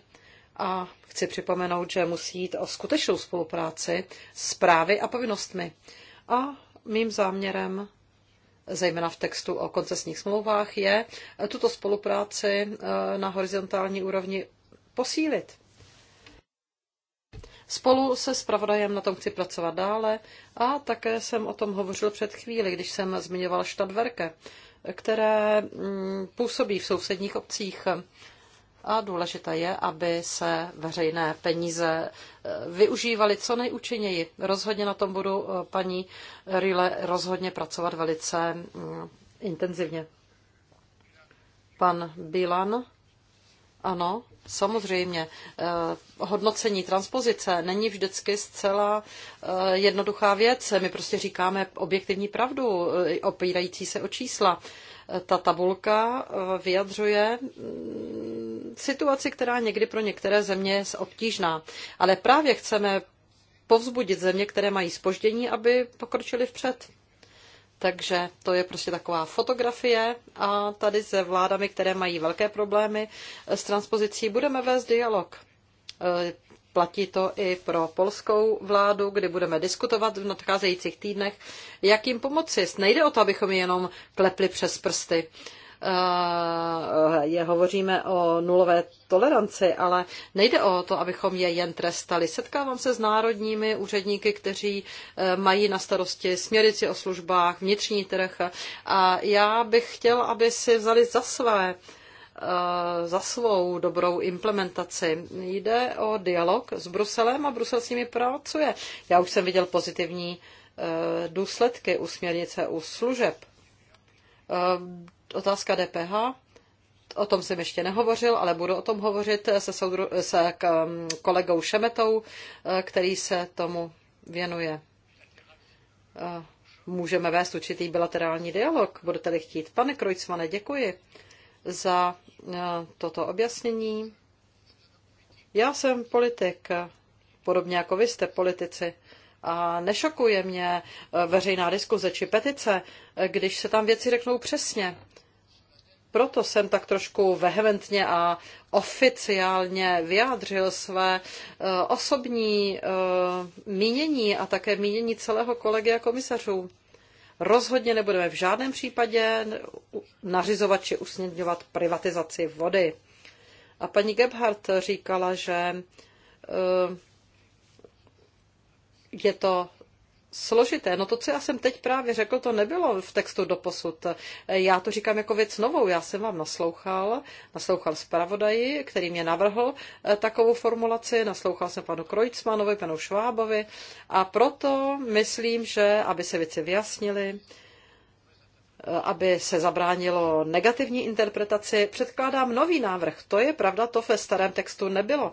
A chci připomenout, že musí jít o skutečnou spolupráci s právy a povinnostmi. A mým záměrem zejména v textu o koncesních smlouvách, je tuto spolupráci eh, na horizontální úrovni posílit. Spolu se spravodajem na tom chci pracovat dále a také jsem o tom hovořil před chvíli, když jsem zmiňoval Stadtwerke, které mm, působí v sousedních obcích a důležité je, aby se veřejné peníze eh, využívaly co nejúčinněji. Rozhodně na tom budu eh, paní Rile rozhodně pracovat velice mm, intenzivně. Pan Bilan. Ano, samozřejmě. Eh, hodnocení transpozice není vždycky zcela jednoduchá věc. My prostě říkáme objektivní pravdu, opírající se o čísla. Ta tabulka eh, vyjadřuje mm, situaci, která někdy pro některé země je obtížná. Ale právě chceme povzbudit země, které mají spoždění, aby pokročili vpřed. Takže to je prostě taková fotografie a tady se vládami, které mají velké problémy s transpozicí, budeme vést dialog eh, Platí to i pro polskou vládu, kdy budeme diskutovat v nadcházejících týdnech, jak jim pomoci. Nejde o to, abychom jenom klepli přes prsty. Eh, je, hovoříme o nulové toleranci, ale nejde o to, abychom je jen trestali. Setkávám se s národními úředníky, kteří eh, mají na starosti směrnici o službách, vnitřní trh a já bych chtěl, aby si vzali za své Eh, za svou dobrou implementaci. Jde o dialog s Bruselem a Brusel s nimi pracuje. Já už jsem viděl pozitivní eh, důsledky u směrnice u služeb. Eh, otázka DPH. O tom jsem ještě nehovořil, ale budu o tom hovořit se, soudru, se mm, kolegou Šemetou, který se tomu věnuje můžeme vést určitý bilaterální dialog. Budete-li chtít. Pane Krojcmane, děkuji za e, toto objasnění. Já jsem politik, podobně jako vy jste politici. A nešokuje mě e, veřejná diskuze či petice, e, když se tam věci řeknou přesně. Proto jsem tak trošku vehementně a oficiálně vyjádřil své osobní mínění a také mínění celého kolegy a komisařů. Rozhodně nebudeme v žádném případě nařizovat či usměrňovat privatizaci vody. A paní Gebhardt říkala, že eh, je to složité. No to, co já jsem teď právě řekl, to nebylo v textu doposud. Já to říkám jako věc novou. Já jsem vám naslouchal, naslouchal zpravodaji, který mě navrhl eh, takovou formulaci, naslouchal jsem panu Krojcmanovi, panu Švábovi a proto myslím, že aby se věci vyjasnily, eh, aby se zabránilo negativní interpretaci, předkládám nový návrh. To je pravda, to ve starém textu nebylo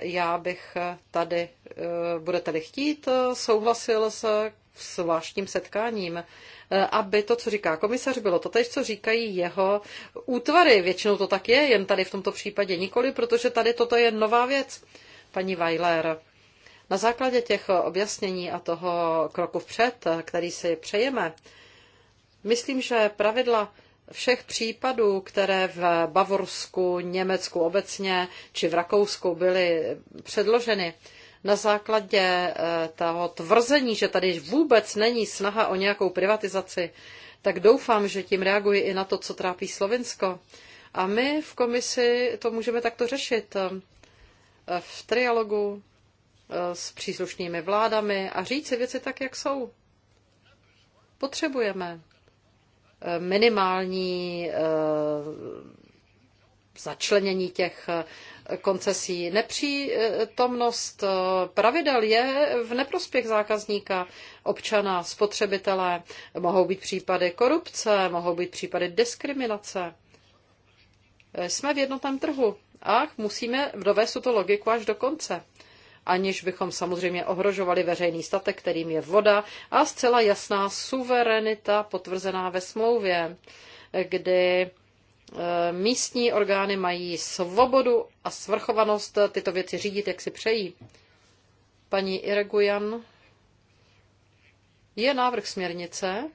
já bych tady, eh, budete-li chtít, eh, souhlasil s zvláštním setkáním, eh, aby to, co říká komisař, bylo to tež, co říkají jeho útvary. Většinou to tak je, jen tady v tomto případě nikoli, protože tady toto je nová věc, paní Weiler. Na základě těch objasnění a toho kroku vpřed, který si přejeme, myslím, že pravidla všech případů, které v Bavorsku, Německu obecně či v Rakousku byly předloženy, na základě eh, toho tvrzení, že tady vůbec není snaha o nějakou privatizaci, tak doufám, že tím reaguji i na to, co trápí Slovinsko. A my v komisi to můžeme takto řešit eh, v trialogu eh, s příslušnými vládami a říct si věci tak, jak jsou. Potřebujeme minimální eh, začlenění těch eh, koncesí. Nepřítomnost eh, pravidel je v neprospěch zákazníka, občana, spotřebitele. Mohou být případy korupce, mohou být případy diskriminace. Jsme v jednotném trhu a musíme dovést tuto logiku až do konce aniž bychom samozřejmě ohrožovali veřejný statek, kterým je voda a zcela jasná suverenita potvrzená ve smlouvě, kdy eh, místní orgány mají svobodu a svrchovanost tyto věci řídit, jak si přejí. Paní Iregujan, je návrh směrnice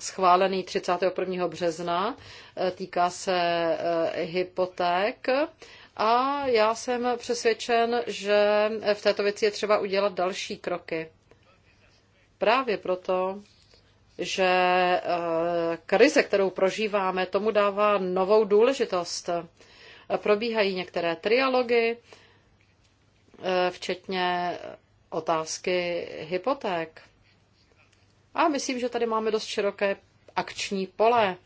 schválený 31. března, eh, týká se eh, hypoték a já jsem přesvědčen, že v této věci je třeba udělat další kroky. Právě proto, že eh, krize, kterou prožíváme, tomu dává novou důležitost. Probíhají některé trialogy, eh, včetně otázky hypoték. A myslím, že tady máme dost široké akční pole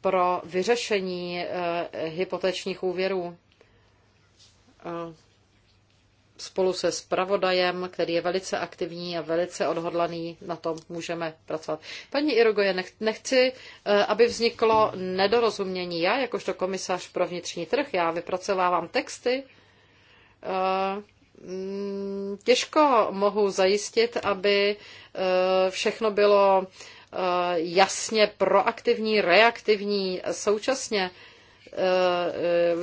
pro vyřešení eh, hypotečních úvěrů spolu se spravodajem, který je velice aktivní a velice odhodlaný, na tom můžeme pracovat. Paní Irogoje, nechci, eh, aby vzniklo nedorozumění. Já, jakožto komisař pro vnitřní trh, já vypracovávám texty, eh, mm, těžko mohu zajistit, aby eh, všechno bylo jasně proaktivní, reaktivní současně. Eh,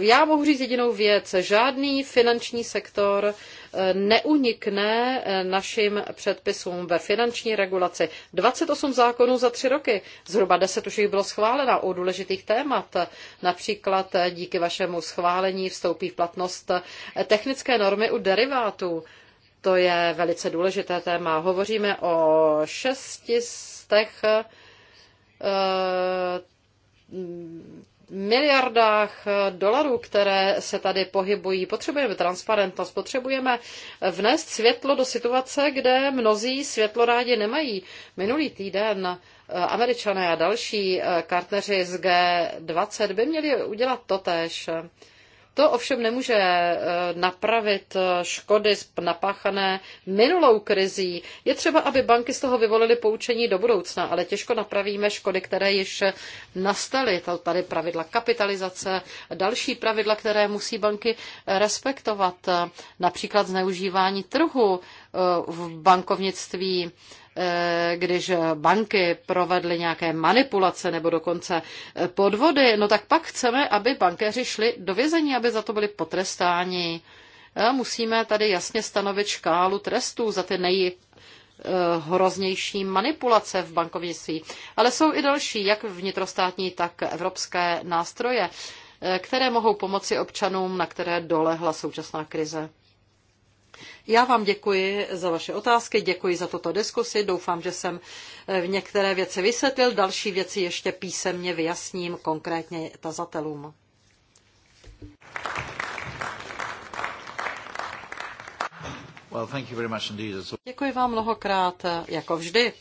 eh, já mohu říct jedinou věc. Žádný finanční sektor eh, neunikne našim předpisům ve finanční regulaci. 28 zákonů za tři roky, zhruba 10 už jich bylo schváleno o důležitých témat. Například díky vašemu schválení vstoupí v platnost technické normy u derivátů. To je velice důležité téma. Hovoříme o šestistech miliardách eh, dolarů, které se tady pohybují. Potřebujeme transparentnost, potřebujeme vnést světlo do situace, kde mnozí světlo rádi nemají. Minulý týden eh, američané a další eh, partneři z G20 by měli udělat totéž. To ovšem nemůže eh, napravit eh, škody napáchané minulou krizí. Je třeba, aby banky z toho vyvolily poučení do budoucna, ale těžko napravíme škody, které již nastaly. Tady pravidla kapitalizace, další pravidla, které musí banky respektovat, například zneužívání trhu eh, v bankovnictví Eh, když banky provedly nějaké manipulace nebo dokonce eh, podvody, no tak pak chceme, aby bankéři šli do vězení, aby za to byli potrestáni. Eh, musíme tady jasně stanovit škálu trestů za ty nej hroznější manipulace v bankovnictví. Ale jsou i další, jak vnitrostátní, tak evropské nástroje, které mohou pomoci občanům, na které dolehla současná krize. Já vám děkuji za vaše otázky, děkuji za toto diskusy, doufám, že jsem eh, v některé věci vysvětlil, další věci ještě písemně vyjasním konkrétně tazatelům. Děkuji vám mnohokrát, eh, jako vždy.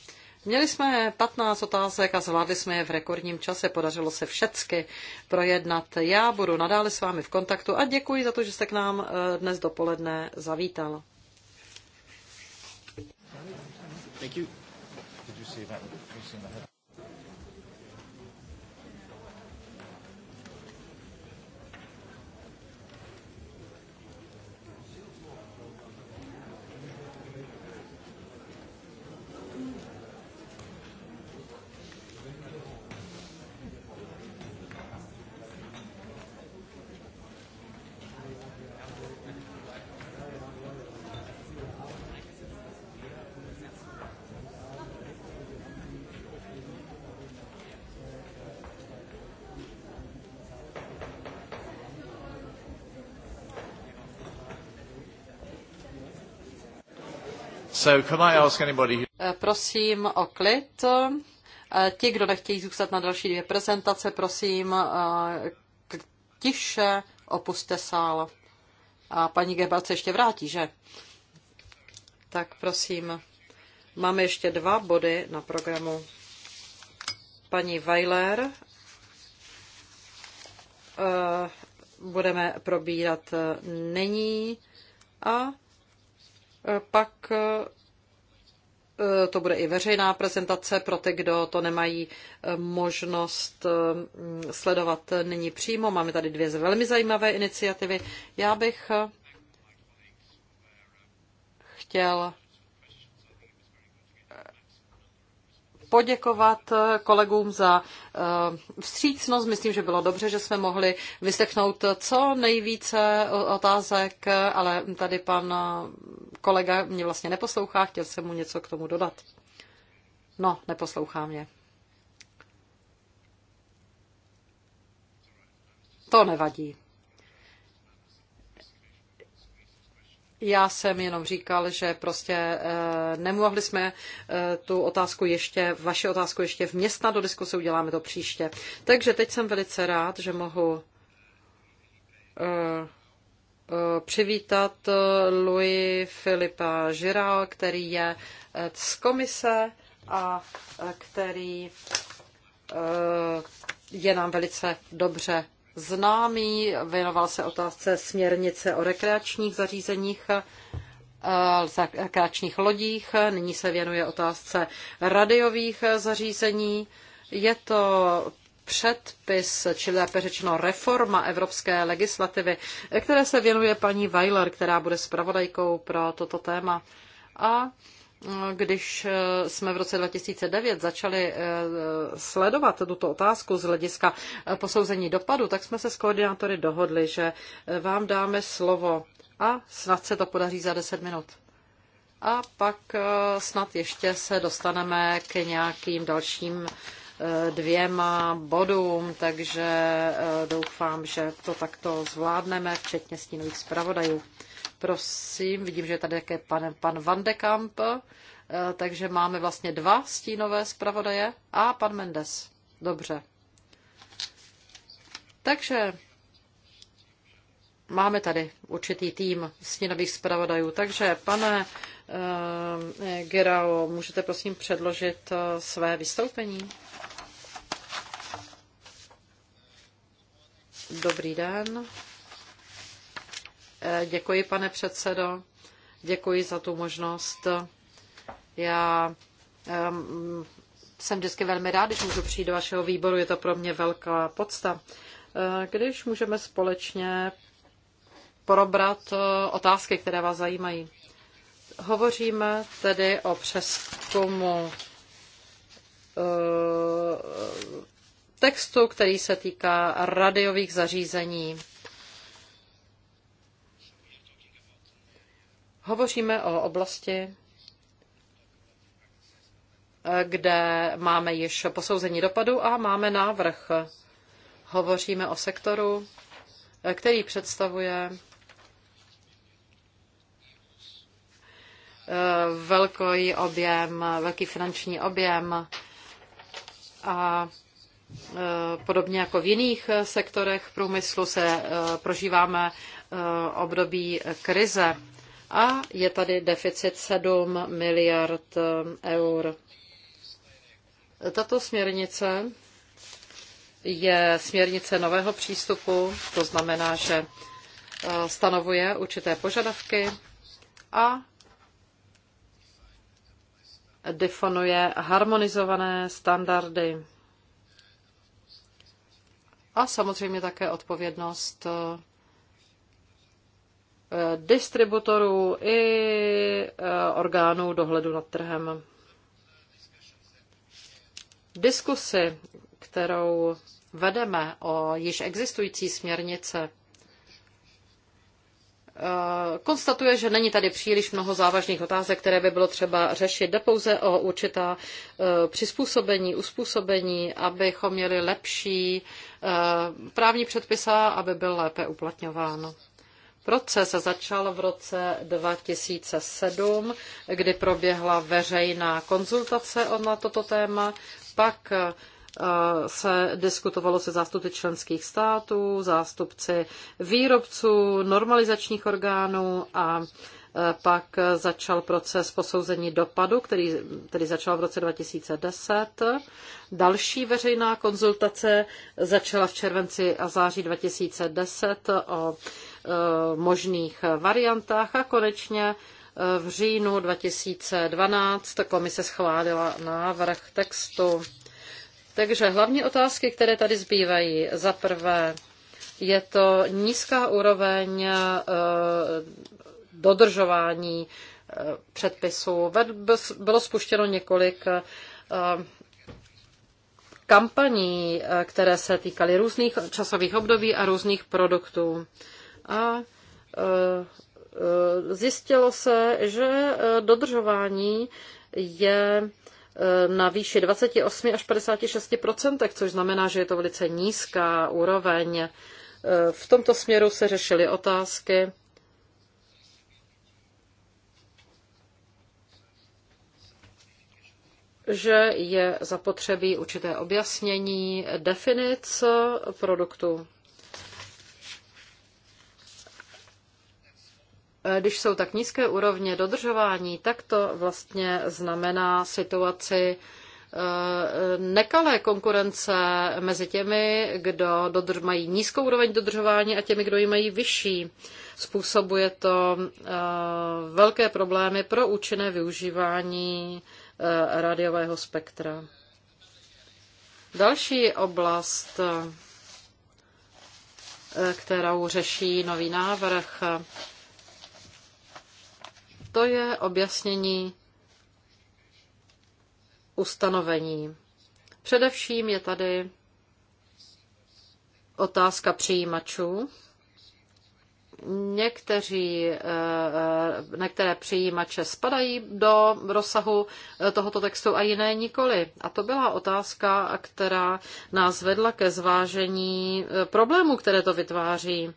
Měli jsme 15 otázek a zvládli jsme je v rekordním čase. Podařilo se všecky projednat. Já budu nadále s vámi v kontaktu a děkuji za to, že jste k nám eh, dnes dopoledne zavítal. Thank you. Did you see that? So can I ask anybody... Eh, prosím o klid. Eh, ti, kdo nechtějí zůstat na další dvě prezentace, prosím, eh, tiše opuste sál. A paní Gebel se ještě vrátí, že? Tak prosím, máme ještě dva body na programu. Paní Weiler, budeme probírat nyní a pak eh, to bude i veřejná prezentace pro ty, kdo to nemají eh, možnost eh, sledovat nyní přímo. Máme tady dvě velmi zajímavé iniciativy. Já bych chtěl poděkovat eh, kolegům za eh, vstřícnost. Myslím, že bylo dobře, že jsme mohli vyslechnout co nejvíce otázek, ale tady pan eh, kolega mě vlastně neposlouchá, chtěl jsem mu něco k tomu dodat. No, neposlouchá mě. To nevadí. Já jsem jenom říkal, že prostě eh, nemohli jsme eh, tu otázku ještě, vaši otázku ještě vměstna do diskuse, uděláme to příště. Takže teď jsem velice rád, že mohu eh, přivítat Louis Filipa Žira, který je z komise a který je nám velice dobře známý, věnoval se otázce směrnice o rekreačních zařízeních eh, rekreačních lodích, nyní se věnuje otázce radiových zařízení. Je to předpis, či lépe řečeno reforma evropské legislativy, které se věnuje paní Weiler, která bude zpravodajkou pro toto téma. A když eh, jsme v roce 2009 začali eh, sledovat tuto otázku z hlediska eh, posouzení dopadu, tak jsme se s koordinátory dohodli, že vám dáme slovo a snad se to podaří za 10 minut. A pak snad ještě se dostaneme k nějakým dalším dvěma bodům, takže doufám, že to takto zvládneme, včetně stínových zpravodajů. Prosím, vidím, že je tady také pan, pan Van de Kamp, eh, takže máme vlastně dva stínové zpravodaje a pan Mendes. Dobře. Takže máme tady určitý tým stínových zpravodajů. Takže, pane uh, Gerao, můžete prosím předložit eh, své vystoupení? Dobrý den. Děkuji, pane předsedo. Děkuji za tu možnost. Já jsem vždycky velmi rád, když můžu přijít do vašeho výboru. Je to pro mě velká podsta. Eh, když můžeme společně probrat eh, otázky, které vás zajímají. Hovoříme tedy o přeskumu eh, textu, který se týká radiových zařízení. Hovoříme o oblasti, eh, kde máme již posouzení dopadu a máme návrh. Hovoříme o sektoru, eh, který představuje eh, velký objem, velký finanční objem a podobně jako v jiných sektorech průmyslu se prožíváme období krize a je tady deficit 7 miliard eh, eur. Tato směrnice je směrnice nového přístupu, to znamená, že eh, stanovuje určité požadavky a definuje harmonizované standardy a samozřejmě také odpovědnost eh, Eh, distributorů i eh, orgánů dohledu nad trhem. Diskusy, kterou vedeme o již existující směrnice, eh, konstatuje, že není tady příliš mnoho závažných otázek, které by bylo třeba řešit. Jde pouze o určitá přizpůsobení, uspůsobení, abychom měli lepší právní předpisa, aby byl lépe uplatňován. Proces začal v roce 2007, kdy proběhla veřejná konzultace na toto téma, pak eh, se diskutovalo se zástupci členských států, zástupci výrobců, normalizačních orgánů a eh, pak začal proces posouzení dopadu, který, který začal v roce 2010. Další veřejná konzultace začala v červenci a září 2010 o Eh, možných variantách a konečně eh, v říjnu 2012 komise schválila návrh textu. Takže hlavní otázky, které tady zbývají, za prvé je to nízká úroveň eh, dodržování předpisů. Bylo spuštěno několik kampaní, které se týkaly různých časových období a různých produktů a e, e, zjistilo se, že e, dodržování je na výši 28 až 56 což znamená, že je to velice nízká úroveň. V tomto směru se řešily otázky. že je zapotřebí určité objasnění definic produktu. Eh, když jsou tak nízké úrovně dodržování, tak to vlastně znamená situaci eh, nekalé konkurence mezi těmi, kdo dodrž, mají nízkou úroveň dodržování a těmi, kdo ji mají vyšší. Způsobuje to eh, velké problémy pro účinné využívání rádiového spektra. Další oblast, kterou řeší nový návrh, to je objasnění ustanovení. Především je tady otázka přijímačů. Někteří, eh, eh, některé přijímače spadají do rozsahu eh, tohoto textu a jiné nikoli. A to byla otázka, která nás vedla ke zvážení problémů, které to vytváří.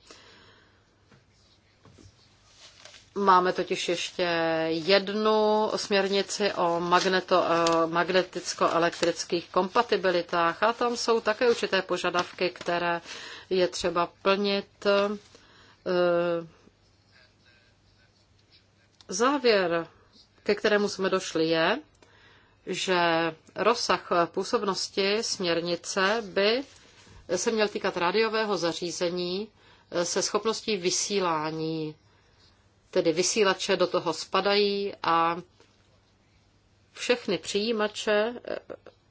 Máme totiž ještě jednu směrnici o magneto, eh, magneticko-elektrických kompatibilitách a tam jsou také určité požadavky, které je třeba plnit. Eh, závěr, ke kterému jsme došli, je, že rozsah působnosti směrnice by se měl týkat rádiového zařízení se schopností vysílání tedy vysílače do toho spadají a všechny přijímače e,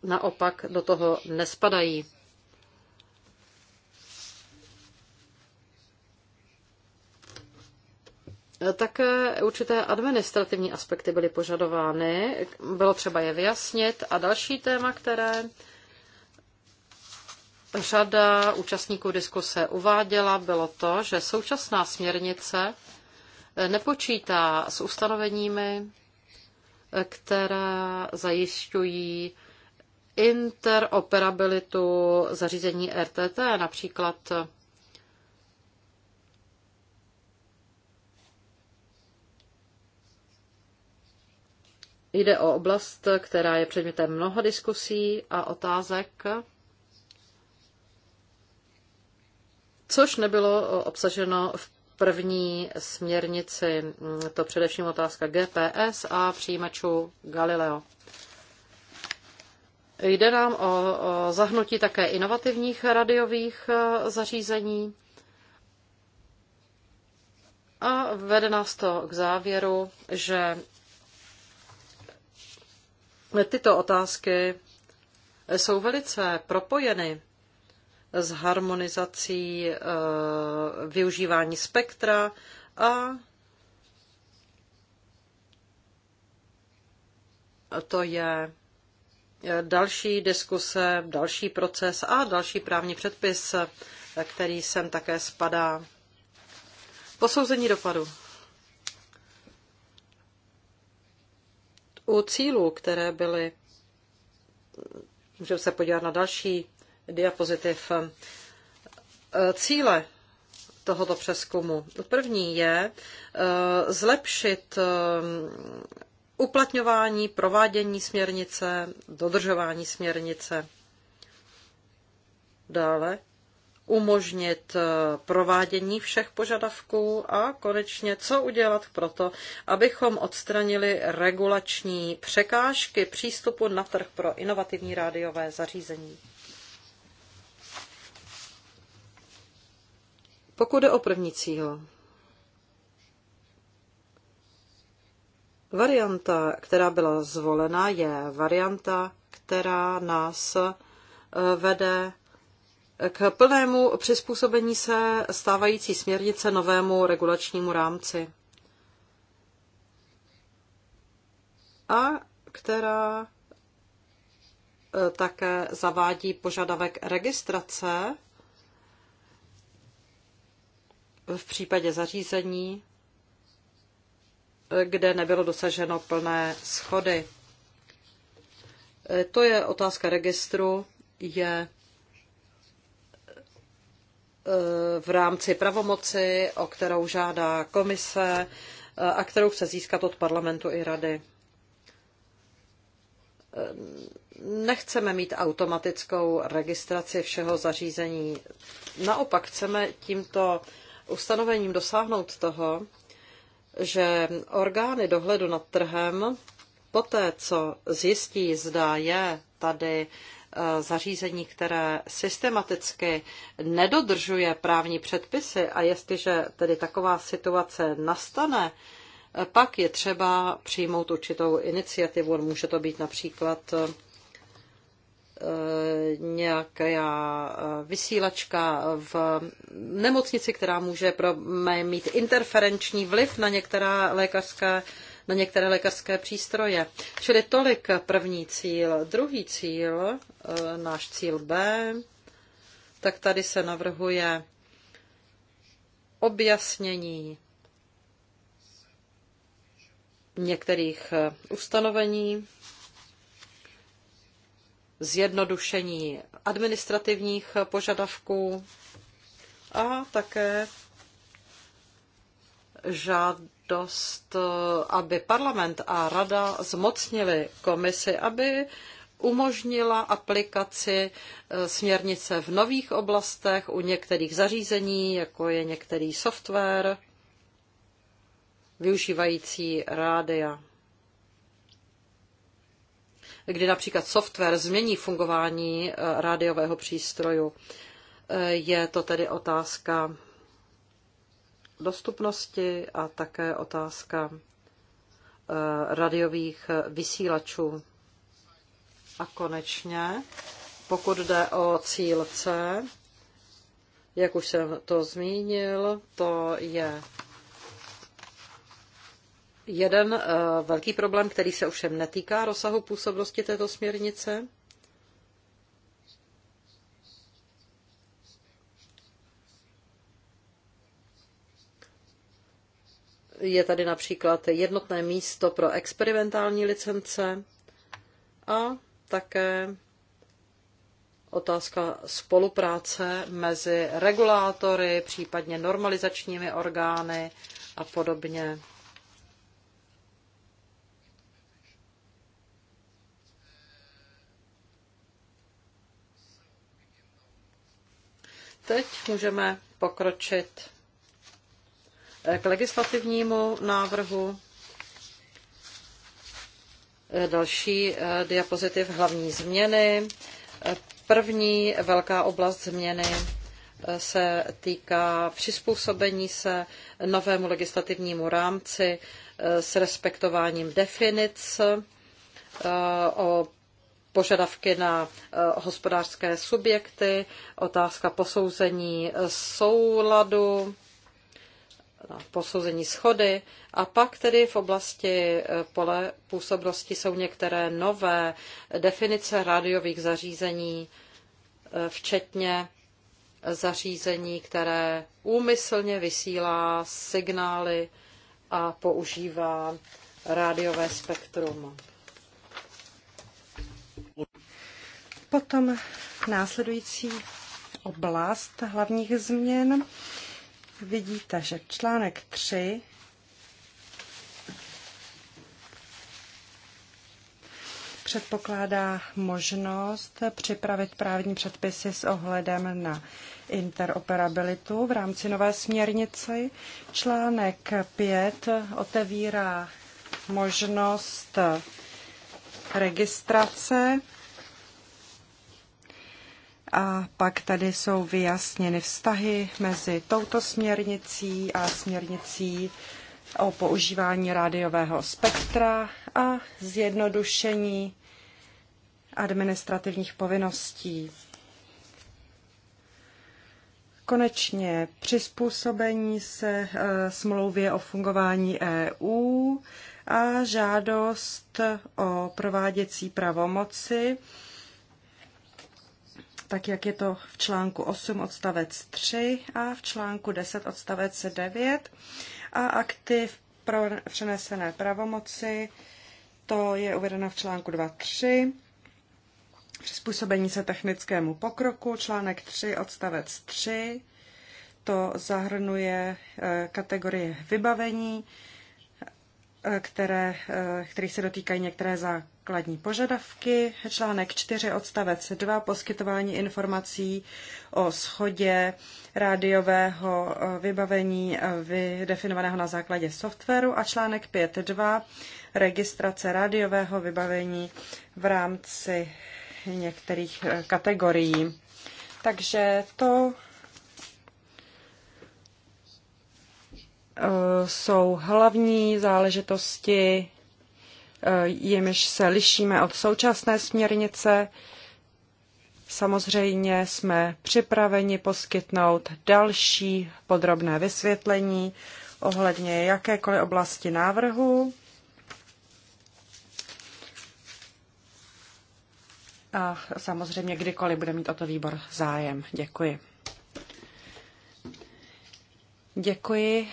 naopak do toho nespadají. E, také určité administrativní aspekty byly požadovány, bylo třeba je vyjasnit. A další téma, které řada účastníků diskuse uváděla, bylo to, že současná směrnice nepočítá s ustanoveními, která zajišťují interoperabilitu zařízení RTT, například Jde o oblast, která je předmětem mnoha diskusí a otázek, což nebylo obsaženo v první směrnici, mm, to především otázka GPS a přijímačů Galileo. Jde nám o, o zahnutí také inovativních radiových e, zařízení a vede nás to k závěru, že tyto otázky jsou velice propojeny s harmonizací eh, využívání spektra a to je eh, další diskuse, další proces a další právní předpis, eh, který sem také spadá. Posouzení dopadu. U cílů, které byly, můžeme se podívat na další diapozitiv. Cíle tohoto přeskumu. První je eh, zlepšit eh, uplatňování, provádění směrnice, dodržování směrnice. Dále umožnit eh, provádění všech požadavků a konečně co udělat pro to, abychom odstranili regulační překážky přístupu na trh pro inovativní rádiové zařízení. Pokud jde o první cíl, varianta, která byla zvolena, je varianta, která nás eh, vede k plnému přizpůsobení se stávající směrnice novému regulačnímu rámci. A která eh, také zavádí požadavek registrace v případě zařízení, kde nebylo dosaženo plné schody. To je otázka registru, je eh, v rámci pravomoci, o kterou žádá komise eh, a kterou chce získat od parlamentu i rady. Eh, nechceme mít automatickou registraci všeho zařízení. Naopak chceme tímto ustanovením dosáhnout toho, že orgány dohledu nad trhem poté, co zjistí, zda je tady e, zařízení, které systematicky nedodržuje právní předpisy a jestliže tedy taková situace nastane, e, pak je třeba přijmout určitou iniciativu. Může to být například Eh, nějaká vysílačka v nemocnici, která může pro mé mít interferenční vliv na některá lékařská na některé lékařské přístroje. Čili tolik první cíl. Druhý cíl, eh, náš cíl B, tak tady se navrhuje objasnění některých ustanovení zjednodušení administrativních požadavků a také žádost, aby parlament a rada zmocnili komisi, aby umožnila aplikaci e, směrnice v nových oblastech u některých zařízení, jako je některý software využívající rádia kdy například software změní fungování eh, rádiového přístroju. Eh, je to tedy otázka dostupnosti a také otázka eh, radiových vysílačů. A konečně, pokud jde o cíl C, jak už jsem to zmínil, to je Jeden eh, velký problém, který se ovšem netýká rozsahu působnosti této směrnice, je tady například jednotné místo pro experimentální licence a také otázka spolupráce mezi regulátory, případně normalizačními orgány a podobně. Teď můžeme pokročit eh, k legislativnímu návrhu. Eh, další eh, diapozitiv hlavní změny. První velká oblast změny se týká přizpůsobení se novému legislativnímu rámci s respektováním definic o požadavky na eh, hospodářské subjekty, otázka posouzení eh, souladu, posouzení schody a pak tedy v oblasti eh, pole působnosti jsou některé nové definice rádiových zařízení, včetně zařízení, které úmyslně vysílá signály a používá rádiové spektrum. Potom následující oblast hlavních změn. Vidíte, že článek 3 předpokládá možnost připravit právní předpisy s ohledem na interoperabilitu v rámci nové směrnice. Článek 5 otevírá možnost registrace a pak tady jsou vyjasněny vztahy mezi touto směrnicí a směrnicí o používání rádiového spektra a zjednodušení administrativních povinností. Konečně přizpůsobení se eh, smlouvě o fungování EU a žádost o prováděcí pravomoci tak jak je to v článku 8 odstavec 3 a v článku 10 odstavec 9. A aktiv pro přenesené pravomoci, to je uvedeno v článku 2.3. Přizpůsobení se technickému pokroku, článek 3 odstavec 3. To zahrnuje eh, kategorie vybavení, které, eh, který se dotýkají některé základní požadavky. Článek 4 odstavec 2 poskytování informací o schodě rádiového eh, vybavení eh, vydefinovaného na základě softwaru a článek 2 registrace rádiového vybavení v rámci některých kategorií. Takže to Eh, jsou hlavní záležitosti, eh, jimiž se lišíme od současné směrnice. Samozřejmě jsme připraveni poskytnout další podrobné vysvětlení ohledně jakékoliv oblasti návrhu. A samozřejmě kdykoliv bude mít o to výbor zájem. Děkuji. Děkuji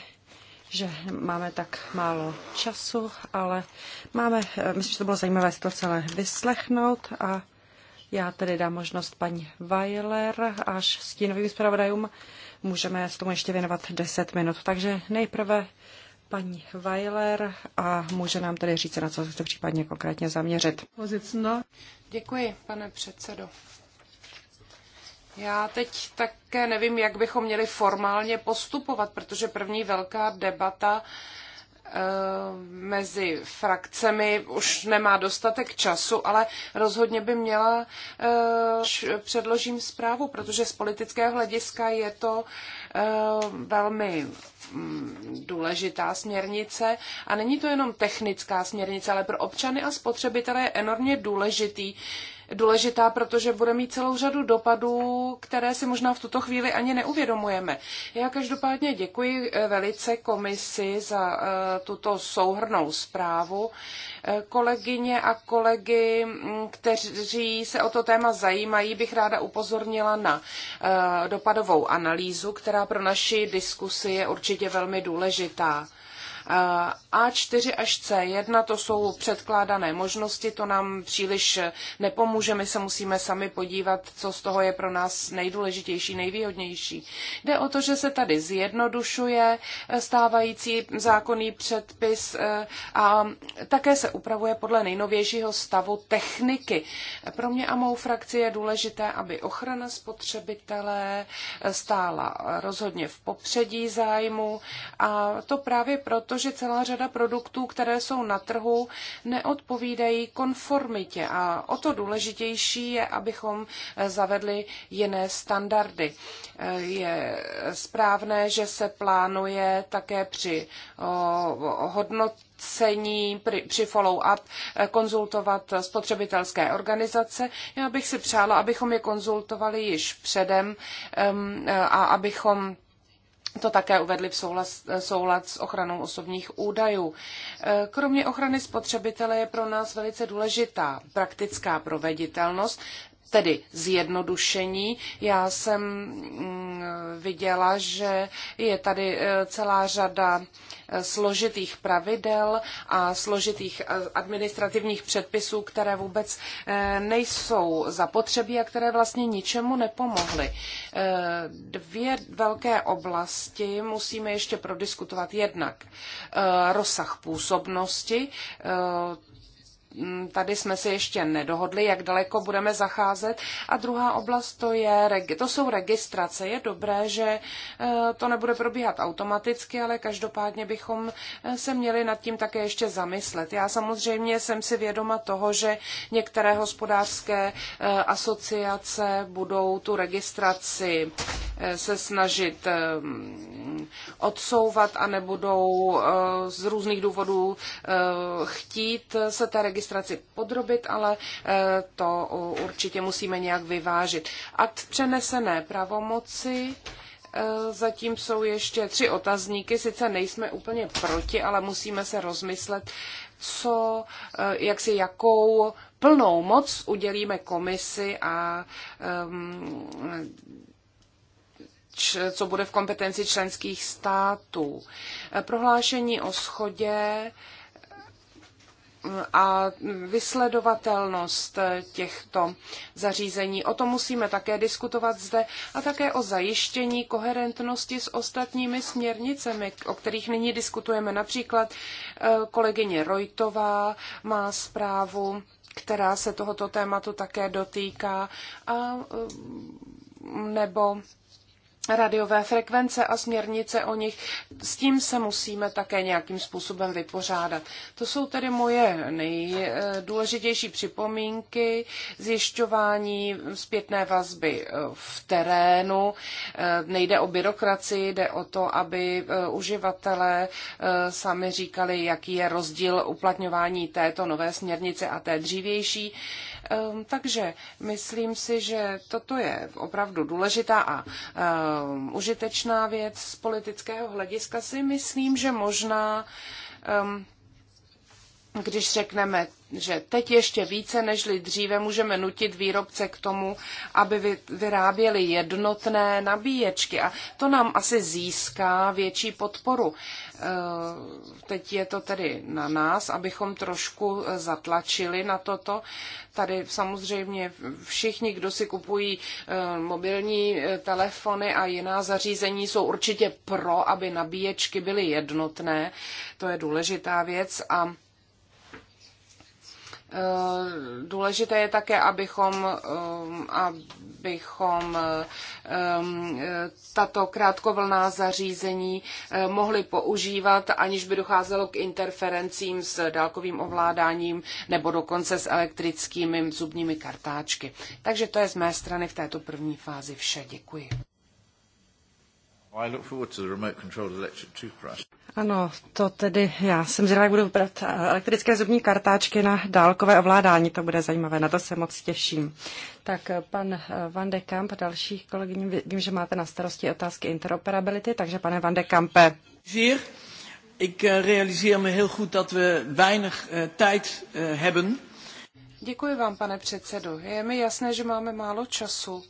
že máme tak málo času, ale máme, eh, myslím, že to bylo zajímavé si to celé vyslechnout a já tedy dám možnost paní Weiler až tím zpravodajům. Můžeme s tomu ještě věnovat 10 minut. Takže nejprve paní Weiler a může nám tedy říct, na co se chce případně konkrétně zaměřit. No. Děkuji, pane předsedo. Já teď také nevím, jak bychom měli formálně postupovat, protože první velká debata eh, mezi frakcemi už nemá dostatek času, ale rozhodně by měla, eh, předložím zprávu, protože z politického hlediska je to eh, velmi mm, důležitá směrnice a není to jenom technická směrnice, ale pro občany a spotřebitele je enormně důležitý důležitá, protože bude mít celou řadu dopadů, které si možná v tuto chvíli ani neuvědomujeme. Já každopádně děkuji eh, velice komisi za eh, tuto souhrnou zprávu. Eh, kolegyně a kolegy, mm, kteří se o to téma zajímají, bych ráda upozornila na dopadovou analýzu, která pro naši diskusi je určitě velmi důležitá. A4 až C1 to jsou předkládané možnosti, to nám příliš nepomůže, my se musíme sami podívat, co z toho je pro nás nejdůležitější, nejvýhodnější. Jde o to, že se tady zjednodušuje eh, stávající zákonný předpis eh, a také se upravuje podle nejnovějšího stavu techniky. Pro mě a mou frakci je důležité, aby ochrana spotřebitele eh, stála rozhodně v popředí zájmu a to právě proto, protože celá řada produktů, které jsou na trhu, neodpovídají konformitě a o to důležitější je, abychom eh, zavedli jiné standardy. Eh, je správné, že se plánuje také při hodnot cení při follow-up eh, konzultovat spotřebitelské organizace. Já bych si přála, abychom je konzultovali již předem a abychom to také uvedli v soulad s ochranou osobních údajů. E, kromě ochrany spotřebitele je pro nás velice důležitá praktická proveditelnost, tedy zjednodušení. Já jsem mm, viděla, že je tady e, celá řada e, složitých pravidel a složitých e, administrativních předpisů, které vůbec nejsou zapotřebí a které vlastně ničemu nepomohly. Dvě velké oblasti musíme ještě prodiskutovat. Jednak rozsah působnosti, Mm, tady jsme se ještě nedohodli, jak daleko budeme zacházet. A druhá oblast to, je, to jsou registrace. Je dobré, že eh, to nebude probíhat automaticky, ale každopádně bychom eh, se měli nad tím také ještě zamyslet. Já samozřejmě jsem si vědoma toho, že některé hospodářské eh, asociace budou tu registraci se snažit ehm, odsouvat a nebudou eh, z různých důvodů eh, chtít se té registraci podrobit, ale eh, to určitě musíme nějak vyvážit. Akt přenesené pravomoci zatím jsou ještě tři otazníky. Sice nejsme úplně proti, ale musíme se rozmyslet, co, jak si jakou plnou moc udělíme komisi a um, co bude v kompetenci členských států. Prohlášení o schodě mm, a vysledovatelnost těchto zařízení. O tom musíme také diskutovat zde a také o zajištění koherentnosti s ostatními směrnicemi, o kterých nyní diskutujeme. Například e, kolegyně Rojtová má zprávu, která se tohoto tématu také dotýká, a e, nebo radiové frekvence a směrnice o nich. S tím se musíme také nějakým způsobem vypořádat. To jsou tedy moje nejdůležitější připomínky, zjišťování zpětné vazby eh, v terénu. Eh, nejde o byrokracii, jde o to, aby eh, uživatelé sami říkali, jaký je rozdíl uplatňování této nové směrnice a té dřívější. Ehm, takže myslím si, že toto je opravdu důležitá a ehm, užitečná věc z politického hlediska. Si myslím, že možná um, když řekneme, že teď ještě více než dříve můžeme nutit výrobce k tomu, aby vyráběli jednotné nabíječky. A to nám asi získá větší podporu. E, teď je to tedy na nás, abychom trošku e, zatlačili na toto. Tady samozřejmě všichni, kdo si kupují e, mobilní telefony a jiná zařízení, jsou určitě pro, aby nabíječky byly jednotné. To je důležitá věc a Eh, důležité je také, abychom, eh, abychom eh, tato krátkovlná zařízení mohli používat, aniž by docházelo k interferencím s dálkovým ovládáním nebo dokonce s elektrickými zubními kartáčky. Takže to je z mé strany v této první fázi vše. Děkuji. Ano, to tedy já jsem zvědavá, jak budu brát eh, elektrické zubní kartáčky na dálkové ovládání, to bude zajímavé, na to se moc těším. Tak eh, pan eh, Van de Kamp, další kolegyně, vím, že máte na starosti otázky interoperability, takže pane Van de Kampe. Ik realiseer me heel goed dat we weinig tijd hebben. Děkuji vám, pane předsedo. Je mi jasné, že máme málo času.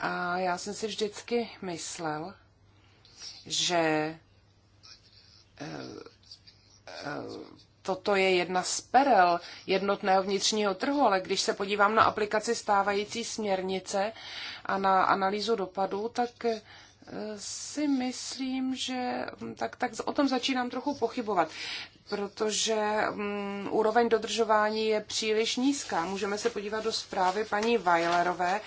A já jsem si vždycky myslel, že eh, eh, toto je jedna z perel jednotného vnitřního trhu, ale když se podívám na aplikaci stávající směrnice a na analýzu dopadů, tak eh, si myslím, že tak, tak o tom začínám trochu pochybovat protože um, úroveň dodržování je příliš nízká. Můžeme se podívat do zprávy paní Weilerové,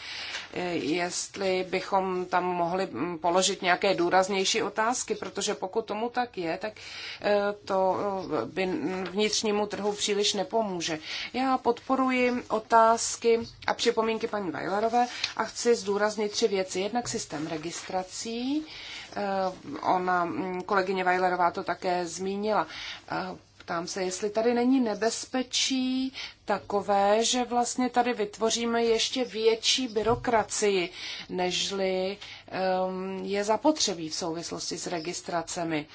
e, jestli bychom tam mohli mm, položit nějaké důraznější otázky, protože pokud tomu tak je, tak e, to e, by vnitřnímu trhu příliš nepomůže. Já podporuji otázky a připomínky paní Weilerové a chci zdůraznit tři věci. Jednak systém registrací, Eh, ona mm, kolegyně Weilerová to také zmínila. Eh, ptám se, jestli tady není nebezpečí takové, že vlastně tady vytvoříme ještě větší byrokracii, nežli um, je zapotřebí v souvislosti s registracemi.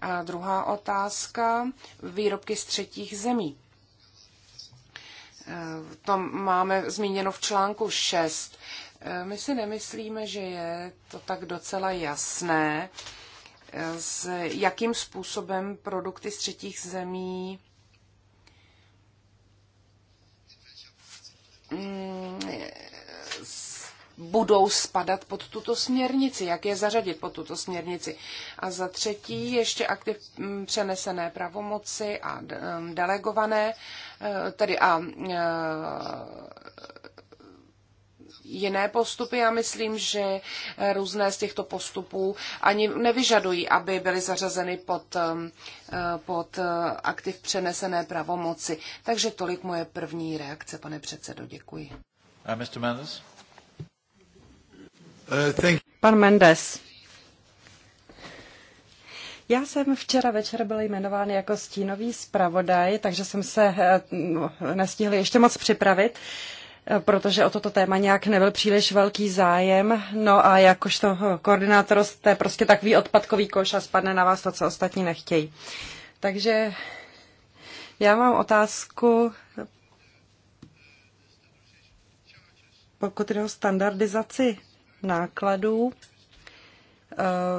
A druhá otázka, výrobky z třetích zemí. To máme zmíněno v článku 6. Eh, my si nemyslíme, že je to tak docela jasné, eh, s jakým způsobem produkty z třetích zemí mm, budou spadat pod tuto směrnici, jak je zařadit pod tuto směrnici. A za třetí ještě aktiv mm, přenesené pravomoci a mm, delegované, eh, tedy a jiné postupy. Já myslím, že eh, různé z těchto postupů ani nevyžadují, aby byly zařazeny pod, eh, pod eh, aktiv přenesené pravomoci. Takže tolik moje první reakce, pane předsedo. Děkuji. Uh, Mr. Mendes? Uh, thank Pan Mendes. Já jsem včera večer byl jmenován jako stínový zpravodaj, takže jsem se nestihl ještě moc připravit. Uh, protože o toto téma nějak nebyl příliš velký zájem. No a jakožto koordinátor jste prostě takový odpadkový koš a spadne na vás to, co ostatní nechtějí. Takže já mám otázku, pokud jde o standardizaci nákladů, eh,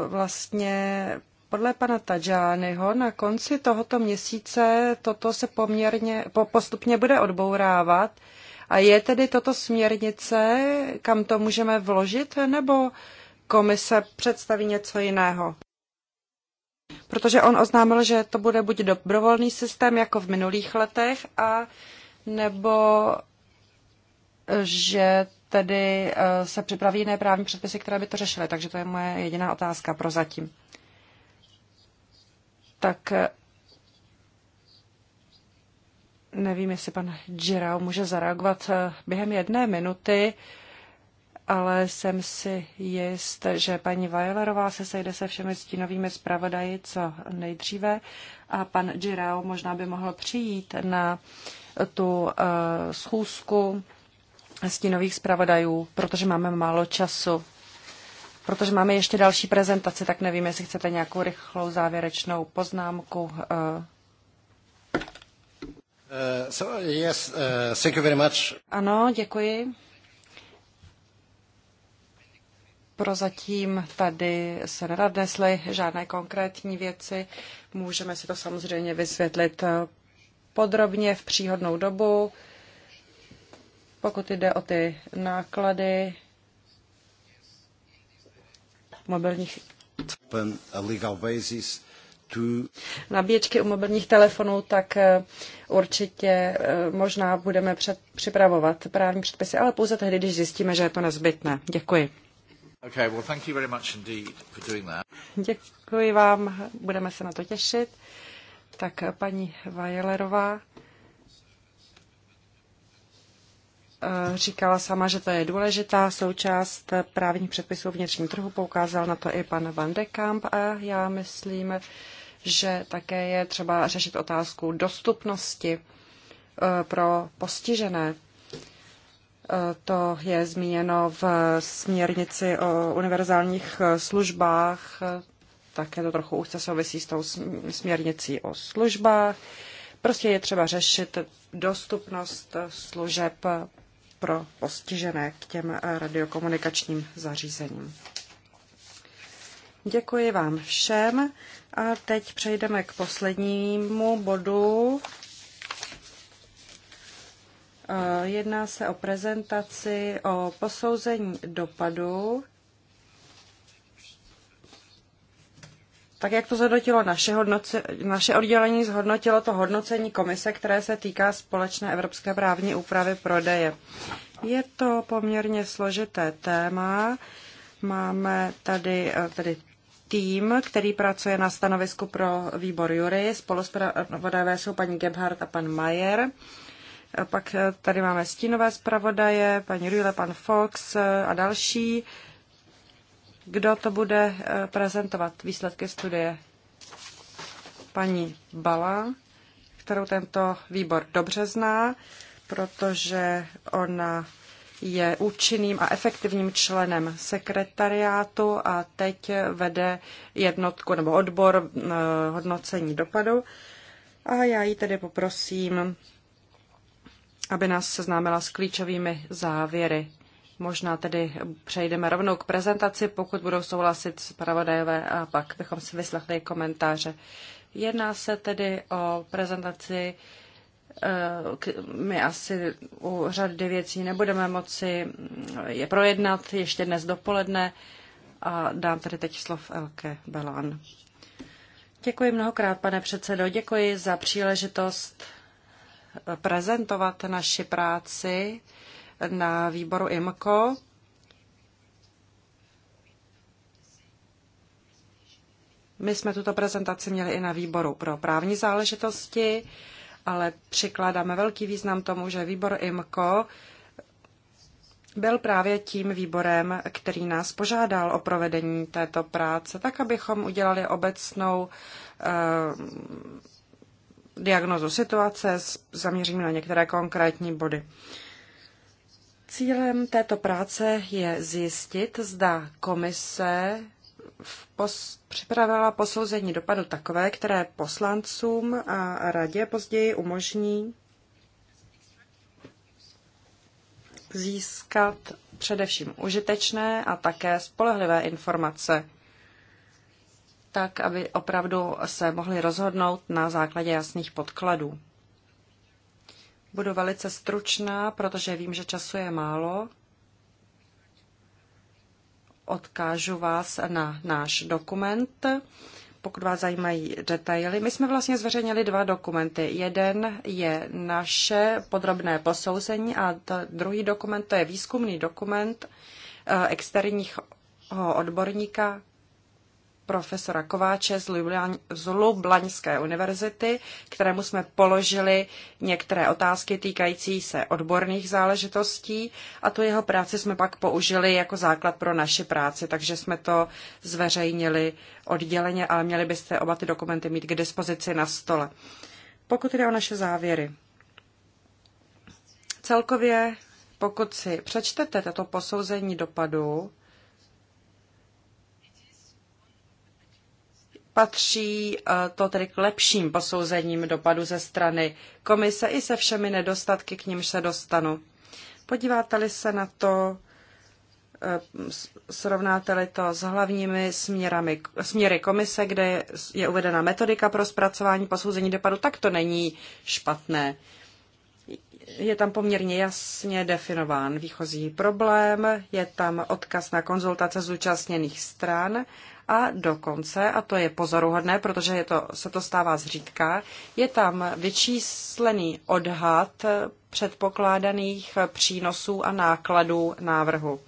vlastně podle pana Tajányho na konci tohoto měsíce toto se poměrně postupně bude odbourávat a je tedy toto směrnice, kam to můžeme vložit, nebo komise představí něco jiného? Protože on oznámil, že to bude buď dobrovolný systém, jako v minulých letech, a nebo že tedy eh, se připraví jiné právní předpisy, které by to řešily. Takže to je moje jediná otázka prozatím. Tak eh, Nevím, jestli pan Girau může zareagovat eh, během jedné minuty, ale jsem si jist, že paní Vajlerová se sejde se všemi stínovými zpravodaji co nejdříve a pan Girau možná by mohl přijít na tu uh, schůzku stínových zpravodajů, protože máme málo času. Protože máme ještě další prezentaci, tak nevím, jestli chcete nějakou rychlou závěrečnou poznámku. Uh, Uh, so, yes, uh, thank you very much. Ano, děkuji. Prozatím tady se nenadnesly žádné konkrétní věci. Můžeme si to samozřejmě vysvětlit eh, podrobně v příhodnou dobu. Pokud jde o ty náklady mobilních nabíječky u mobilních telefonů, tak eh, určitě eh, možná budeme před, připravovat právní předpisy, ale pouze tehdy, když zjistíme, že je to nezbytné. Děkuji. Okay, well, thank you very much indeed for doing that. Děkuji vám, budeme se na to těšit. Tak eh, paní Vajelerová říkala sama, že to je důležitá součást právních předpisů vnitřním trhu, poukázal na to i pan Van de Kamp a já myslím, že také je třeba řešit otázku dostupnosti e, pro postižené. E, to je zmíněno v směrnici o univerzálních e, službách, také to trochu úzce souvisí s tou směrnicí o službách. Prostě je třeba řešit dostupnost služeb pro postižené k těm radiokomunikačním zařízením. Děkuji vám všem a teď přejdeme k poslednímu bodu. Jedná se o prezentaci o posouzení dopadu. Tak jak to zhodnotilo naše, hodnoce, naše oddělení, zhodnotilo to hodnocení komise, které se týká společné evropské právní úpravy prodeje. Je to poměrně složité téma. Máme tady, eh, tady tým, který pracuje na stanovisku pro výbor Jury. Spoluzpravodajové jsou paní Gebhardt a pan Mayer. Pak tady máme stínové zpravodaje, paní Rühle, pan Fox a další. Kdo to bude eh, prezentovat? Výsledky studie paní Bala, kterou tento výbor dobře zná, protože ona je účinným a efektivním členem sekretariátu a teď vede jednotku nebo odbor eh, hodnocení dopadu. A já ji tedy poprosím, aby nás seznámila s klíčovými závěry. Možná tedy přejdeme rovnou k prezentaci, pokud budou souhlasit zpravodajové a pak bychom si vyslechli komentáře. Jedná se tedy o prezentaci Eh, my asi u řady věcí nebudeme moci mm, je projednat ještě dnes dopoledne a dám tady teď slov Elke Belán. Děkuji mnohokrát, pane předsedo. Děkuji za příležitost eh, prezentovat naši práci na výboru IMCO. My jsme tuto prezentaci měli i na výboru pro právní záležitosti ale přikládáme velký význam tomu, že výbor IMCO byl právě tím výborem, který nás požádal o provedení této práce, tak abychom udělali obecnou eh, diagnozu situace, zaměříme na některé konkrétní body. Cílem této práce je zjistit, zda komise pos- připravila posouzení dopadu takové, které poslancům a radě později umožní získat především užitečné a také spolehlivé informace, tak aby opravdu se mohli rozhodnout na základě jasných podkladů. Budu velice stručná, protože vím, že času je málo odkážu vás na náš dokument, pokud vás zajímají detaily. My jsme vlastně zveřejnili dva dokumenty. Jeden je naše podrobné posouzení a druhý dokument to je výzkumný dokument eh, externích odborníka profesora Kováče z Lublaňské univerzity, kterému jsme položili některé otázky týkající se odborných záležitostí a tu jeho práci jsme pak použili jako základ pro naši práci, takže jsme to zveřejnili odděleně, ale měli byste oba ty dokumenty mít k dispozici na stole. Pokud jde o naše závěry. Celkově, pokud si přečtete toto posouzení dopadu, patří eh, to tedy k lepším posouzením dopadu ze strany komise i se všemi nedostatky, k nimž se dostanu. Podíváte-li se na to, eh, srovnáte-li to s hlavními směrami, směry komise, kde je uvedena metodika pro zpracování posouzení dopadu, tak to není špatné. Je tam poměrně jasně definován výchozí problém, je tam odkaz na konzultace zúčastněných stran a dokonce, a to je pozoruhodné, protože je to, se to stává zřídka, je tam vyčíslený odhad předpokládaných přínosů a nákladů návrhu.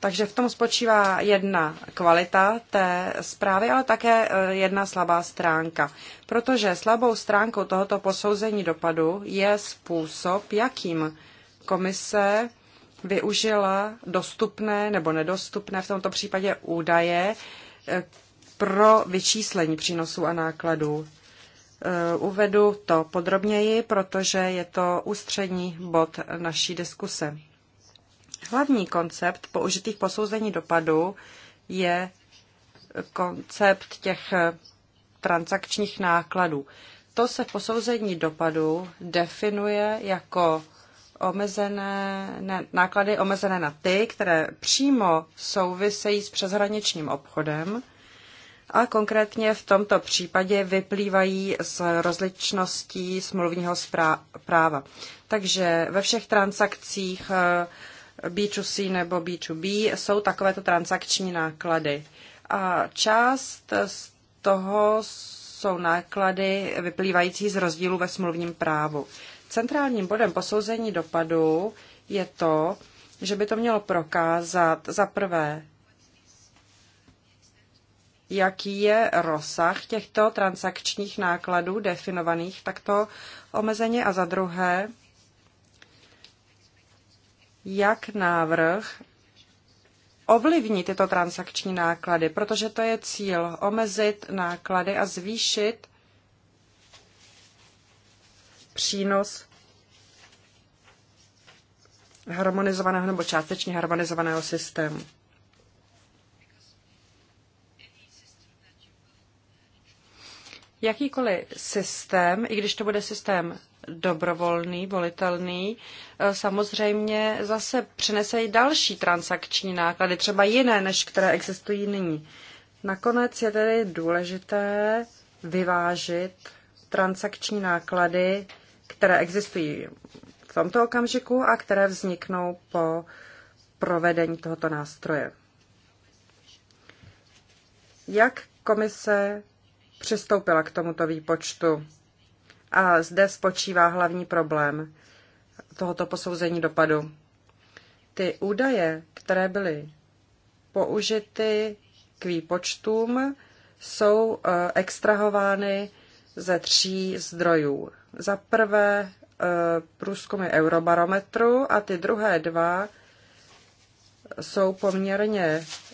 Takže v tom spočívá jedna kvalita té zprávy, ale také e, jedna slabá stránka. Protože slabou stránkou tohoto posouzení dopadu je způsob, jakým komise využila dostupné nebo nedostupné v tomto případě údaje eh, pro vyčíslení přínosů a nákladů. Eh, uvedu to podrobněji, protože je to ústřední bod naší diskuse. Hlavní koncept použitých posouzení dopadu je koncept těch transakčních nákladů. To se v posouzení dopadu definuje jako omezené, náklady omezené na ty, které přímo souvisejí s přeshraničním obchodem a konkrétně v tomto případě vyplývají z rozličností smluvního práva. Takže ve všech transakcích eh, B2C nebo B2B jsou takovéto transakční náklady. A část z toho jsou náklady vyplývající z rozdílu ve smluvním právu. Centrálním bodem posouzení dopadu je to, že by to mělo prokázat za prvé, jaký je rozsah těchto transakčních nákladů definovaných takto omezeně a za druhé, jak návrh ovlivní tyto transakční náklady, protože to je cíl omezit náklady a zvýšit přínos harmonizovaného nebo částečně harmonizovaného systému. Jakýkoliv systém, i když to bude systém dobrovolný, volitelný, eh, samozřejmě zase přinese i další transakční náklady, třeba jiné, než které existují nyní. Nakonec je tedy důležité vyvážit transakční náklady které existují v tomto okamžiku a které vzniknou po provedení tohoto nástroje. Jak komise přistoupila k tomuto výpočtu? A zde spočívá hlavní problém tohoto posouzení dopadu. Ty údaje, které byly použity k výpočtům, jsou eh, extrahovány ze tří zdrojů. Za prvé e, průzkumy Eurobarometru a ty druhé dva jsou poměrně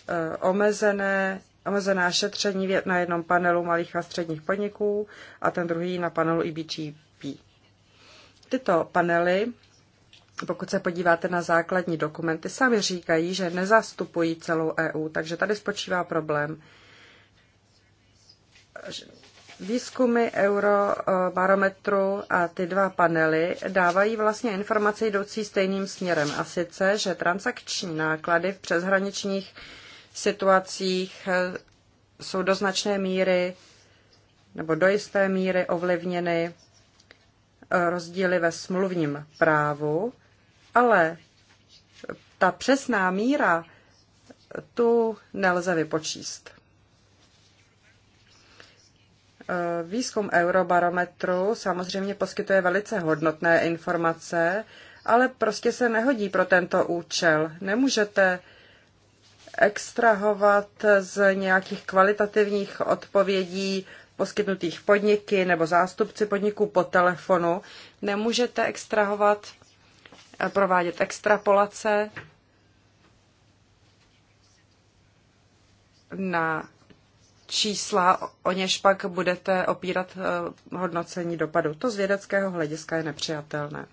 e, omezené, omezená šetření na jednom panelu malých a středních podniků a ten druhý na panelu IBGP. Tyto panely, pokud se podíváte na základní dokumenty, sami říkají, že nezastupují celou EU, takže tady spočívá problém Výzkumy Eurobarometru a ty dva panely dávají vlastně informace jdoucí stejným směrem. A sice, že transakční náklady v přeshraničních situacích eh, jsou do značné míry nebo do jisté míry ovlivněny eh, rozdíly ve smluvním právu, ale ta přesná míra tu nelze vypočíst. Eh, výzkum Eurobarometru samozřejmě poskytuje velice hodnotné informace, ale prostě se nehodí pro tento účel. Nemůžete extrahovat z nějakých kvalitativních odpovědí poskytnutých podniky nebo zástupci podniků po telefonu. Nemůžete extrahovat, eh, provádět extrapolace na čísla, o něž pak budete opírat eh, hodnocení dopadu. To z vědeckého hlediska je nepřijatelné.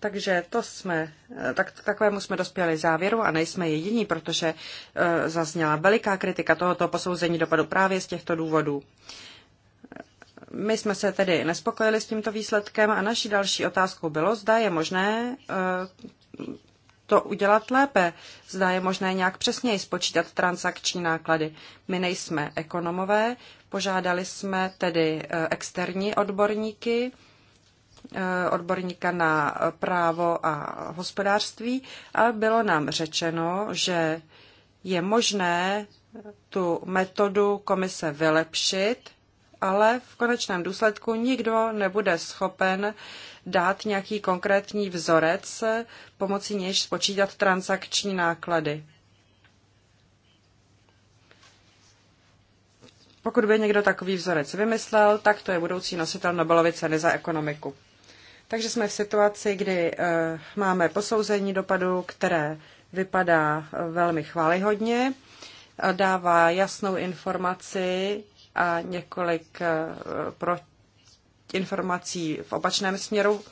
Takže to jsme, eh, tak, takovému jsme dospěli závěru a nejsme jediní, protože e, zazněla veliká kritika tohoto posouzení dopadu právě z těchto důvodů. My jsme se tedy nespokojili s tímto výsledkem a naší další otázkou bylo, zda je možné e, to udělat lépe. Zda je možné nějak přesněji spočítat transakční náklady. My nejsme ekonomové, požádali jsme tedy eh, externí odborníky, eh, odborníka na právo a hospodářství a bylo nám řečeno, že je možné tu metodu komise vylepšit, ale v konečném důsledku nikdo nebude schopen uh, dát nějaký konkrétní vzorec, pomocí nějž spočítat transakční náklady. Pokud by někdo takový vzorec vymyslel, tak to je budoucí nositel Nobelovy ceny za ekonomiku. Takže jsme v situaci, kdy eh, máme posouzení dopadu, které vypadá eh, velmi chválihodně, eh, dává jasnou informaci a několik proč informací v opačném směru.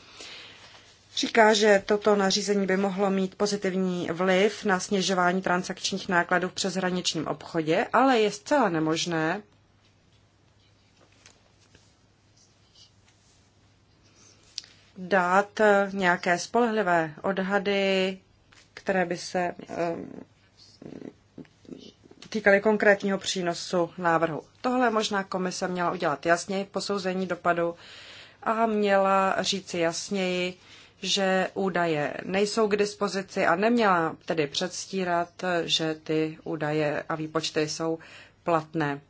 Říká, že toto nařízení by mohlo mít pozitivní vliv na snižování transakčních nákladů v přeshraničním obchodě, ale je zcela nemožné, dát nějaké spolehlivé odhady, které by se eh, týkaly konkrétního přínosu návrhu. Tohle možná komise měla udělat jasněji, posouzení dopadu a měla říci jasněji, že údaje nejsou k dispozici a neměla tedy předstírat, že ty údaje a výpočty jsou platné.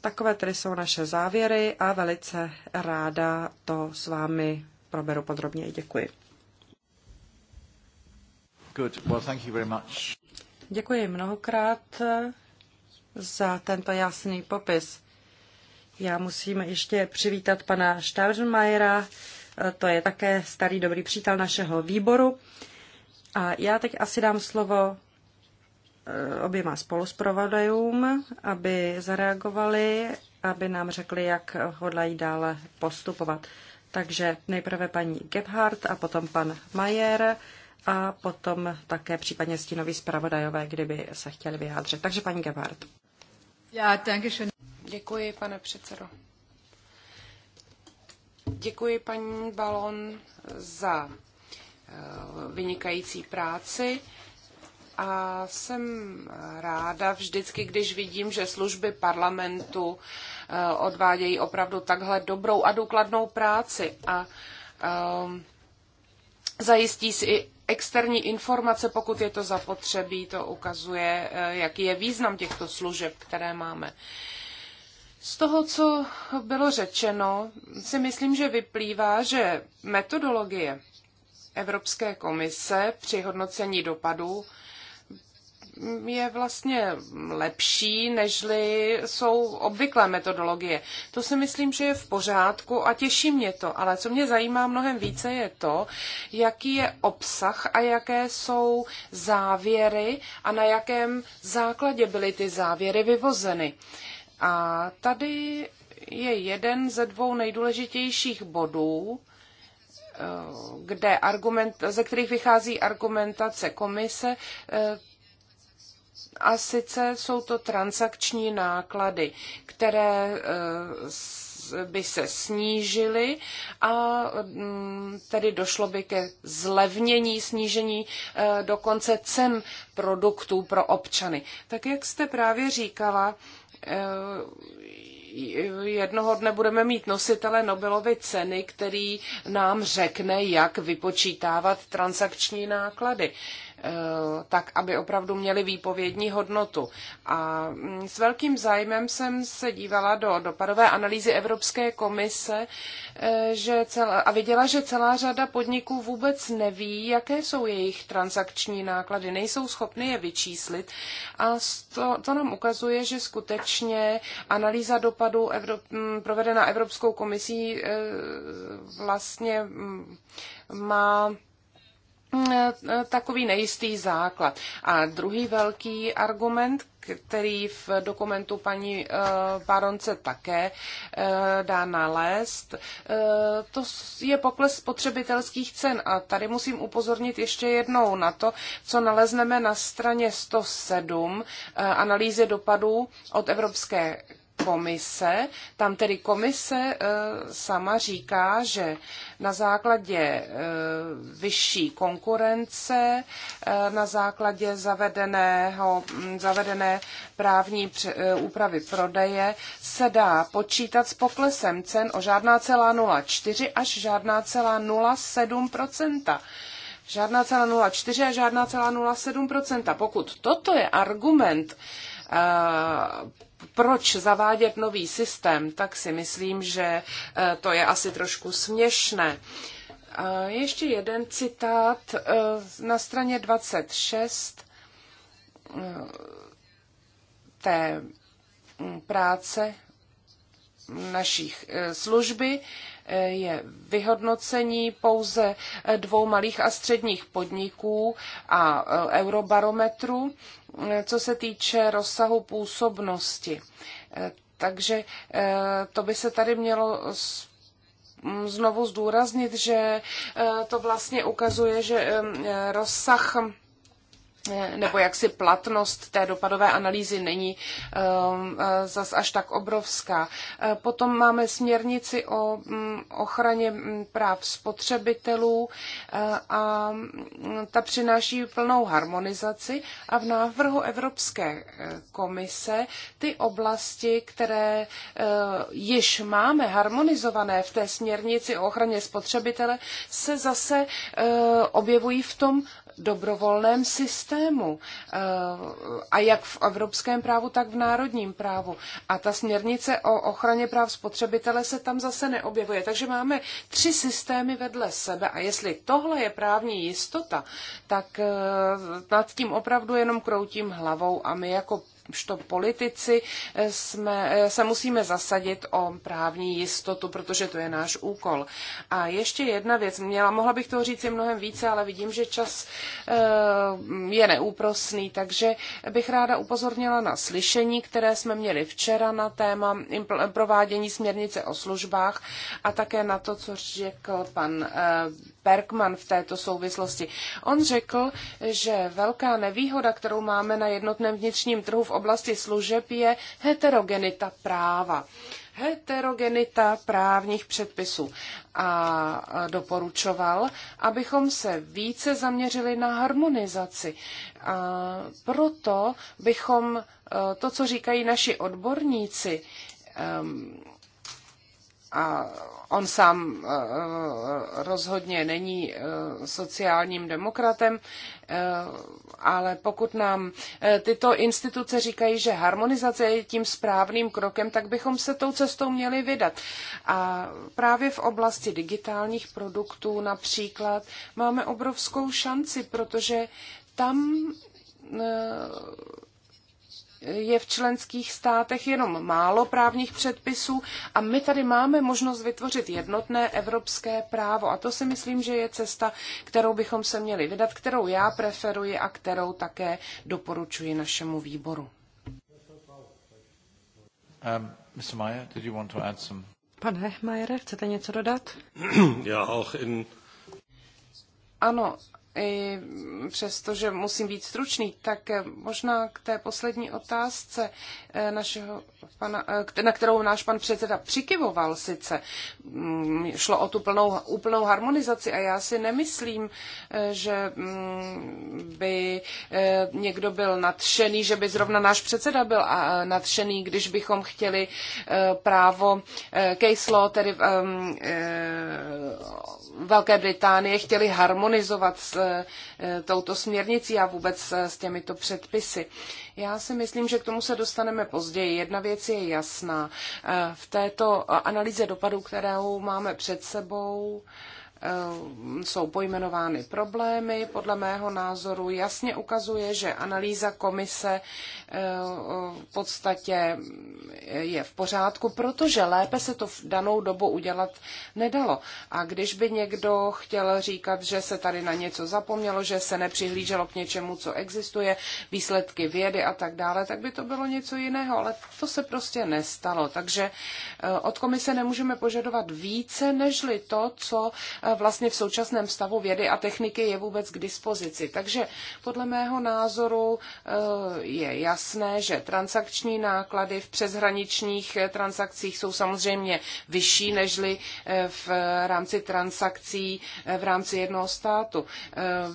Takové tedy jsou naše závěry a velice ráda to s vámi proberu podrobněji. Děkuji. Good. Well, thank you very much. Děkuji mnohokrát za tento jasný popis. Já musím ještě přivítat pana Stavrmajera, to je také starý dobrý přítel našeho výboru. A já teď asi dám slovo eh, oběma spoluzprovodajům, aby zareagovali, aby nám řekli, jak hodlají dále postupovat. Takže nejprve paní Gebhardt a potom pan Majer a potom také případně stínoví zpravodajové, kdyby se chtěli vyjádřit. Takže paní Gebhardt. Já taky Děkuji, pane předsedo. Děkuji paní Balon za eh, vynikající práci a jsem ráda vždycky, když vidím, že služby parlamentu eh, odvádějí opravdu takhle dobrou a důkladnou práci a eh, zajistí si externí informace, pokud je to zapotřebí, to ukazuje, eh, jaký je význam těchto služeb, které máme. Z toho, co bylo řečeno, si myslím, že vyplývá, že metodologie Evropské komise při hodnocení dopadů je vlastně lepší, nežli jsou obvyklé metodologie. To si myslím, že je v pořádku a těší mě to, ale co mě zajímá mnohem více je to, jaký je obsah a jaké jsou závěry a na jakém základě byly ty závěry vyvozeny. A tady je jeden ze dvou nejdůležitějších bodů, eh, kde argument, ze kterých vychází argumentace komise, eh, a sice jsou to transakční náklady, které eh, by se snížily a mm, tedy došlo by ke zlevnění, snížení eh, dokonce cen produktů pro občany. Tak jak jste právě říkala, eh, jednoho dne budeme mít nositele Nobelovy ceny, který nám řekne, jak vypočítávat transakční náklady. Eh, tak aby opravdu měly výpovědní hodnotu. A mm, s velkým zájmem jsem se dívala do dopadové analýzy Evropské komise eh, že celá, a viděla, že celá řada podniků vůbec neví, jaké jsou jejich transakční náklady, nejsou schopny je vyčíslit a to, to nám ukazuje, že skutečně analýza dopadu Evro, mm, provedená Evropskou komisí eh, vlastně mm, má takový nejistý základ. A druhý velký argument, který v dokumentu paní eh, Baronce také eh, dá nalézt, eh, to je pokles spotřebitelských cen. A tady musím upozornit ještě jednou na to, co nalezneme na straně 107 analýzy dopadů od Evropské komise. Tam tedy komise e, sama říká, že na základě e, vyšší konkurence, e, na základě zavedeného, zavedené právní úpravy prodeje se dá počítat s poklesem cen o žádná celá 0,4 až žádná celá 0,7 žádná celá 0,4 a žádná celá 0,7 Pokud toto je argument proč zavádět nový systém, tak si myslím, že e, to je asi trošku směšné. A ještě jeden citát e, na straně 26 e, té práce našich služby je vyhodnocení pouze dvou malých a středních podniků a eurobarometru, co se týče rozsahu působnosti. Takže eh, to by se tady mělo znovu zdůraznit, že eh, to vlastně ukazuje, že eh, rozsah nebo jak si platnost té dopadové analýzy není um, eh, zas až tak obrovská. Eh, potom máme směrnici o mm, ochraně mm, práv spotřebitelů eh, a mm, ta přináší plnou harmonizaci a v návrhu Evropské komise ty oblasti, které již máme harmonizované v té směrnici o ochraně spotřebitele, se zase objevují v tom dobrovolném systému eh, a jak v evropském právu, tak v národním právu. A ta směrnice o ochraně práv spotřebitele se tam zase neobjevuje. Takže máme tři systémy vedle sebe a jestli tohle je právní jistota, tak eh, nad tím opravdu jenom kroutím hlavou a my jako jakožto politici eh, jsme, eh, se musíme zasadit o právní jistotu, protože to je náš úkol. A ještě jedna věc, měla, mohla bych toho říct i mnohem více, ale vidím, že čas eh, je neúprosný, takže bych ráda upozornila na slyšení, které jsme měli včera na téma provádění směrnice o službách a také na to, co řekl pan Perkman v této souvislosti. On řekl, že velká nevýhoda, kterou máme na jednotném vnitřním trhu v oblasti služeb, je heterogenita práva heterogenita právních předpisů a doporučoval, abychom se více zaměřili na harmonizaci. A proto bychom e, to, co říkají naši odborníci, a On sám eh, rozhodně není eh, sociálním demokratem, eh, ale pokud nám tyto instituce říkají, že harmonizace je tím správným krokem, tak bychom se tou cestou měli vydat. A právě v oblasti digitálních produktů například máme obrovskou šanci, protože tam je v členských státech jenom málo právních předpisů a my tady máme možnost vytvořit jednotné evropské právo. A to si myslím, že je cesta, kterou bychom se měli vydat, kterou já preferuji a kterou také doporučuji našemu výboru. Um, Mr. Meyer, did you want to add some... Pane Majere, chcete něco dodat? Já auch in... Ano, i přesto, že musím být stručný, tak možná k té poslední otázce eh, našeho pana, eh, na kterou náš pan předseda přikyvoval sice. Mm, šlo o tu plnou, úplnou harmonizaci a já si nemyslím, eh, že mm, by někdo byl nadšený, že by zrovna náš předseda byl nadšený, když bychom chtěli právo case law, tedy ehm, Velké Británie, chtěli harmonizovat s Eh, touto směrnicí a vůbec eh, s těmito předpisy. Já si myslím, že k tomu se dostaneme později. Jedna věc je jasná. Eh, v této analýze dopadů, kterou máme před sebou, Eh, jsou pojmenovány problémy. Podle mého názoru jasně ukazuje, že analýza komise eh, v podstatě je v pořádku, protože lépe se to v danou dobu udělat nedalo. A když by někdo chtěl říkat, že se tady na něco zapomnělo, že se nepřihlíželo k něčemu, co existuje, výsledky vědy a tak dále, tak by to bylo něco jiného, ale to se prostě nestalo. Takže eh, od komise nemůžeme požadovat více, nežli to, co vlastně v současném stavu vědy a techniky je vůbec k dispozici. Takže podle mého názoru eh, je jasné, že transakční náklady v přeshraničních eh, transakcích jsou samozřejmě vyšší nežli eh, v rámci transakcí v rámci jednoho státu.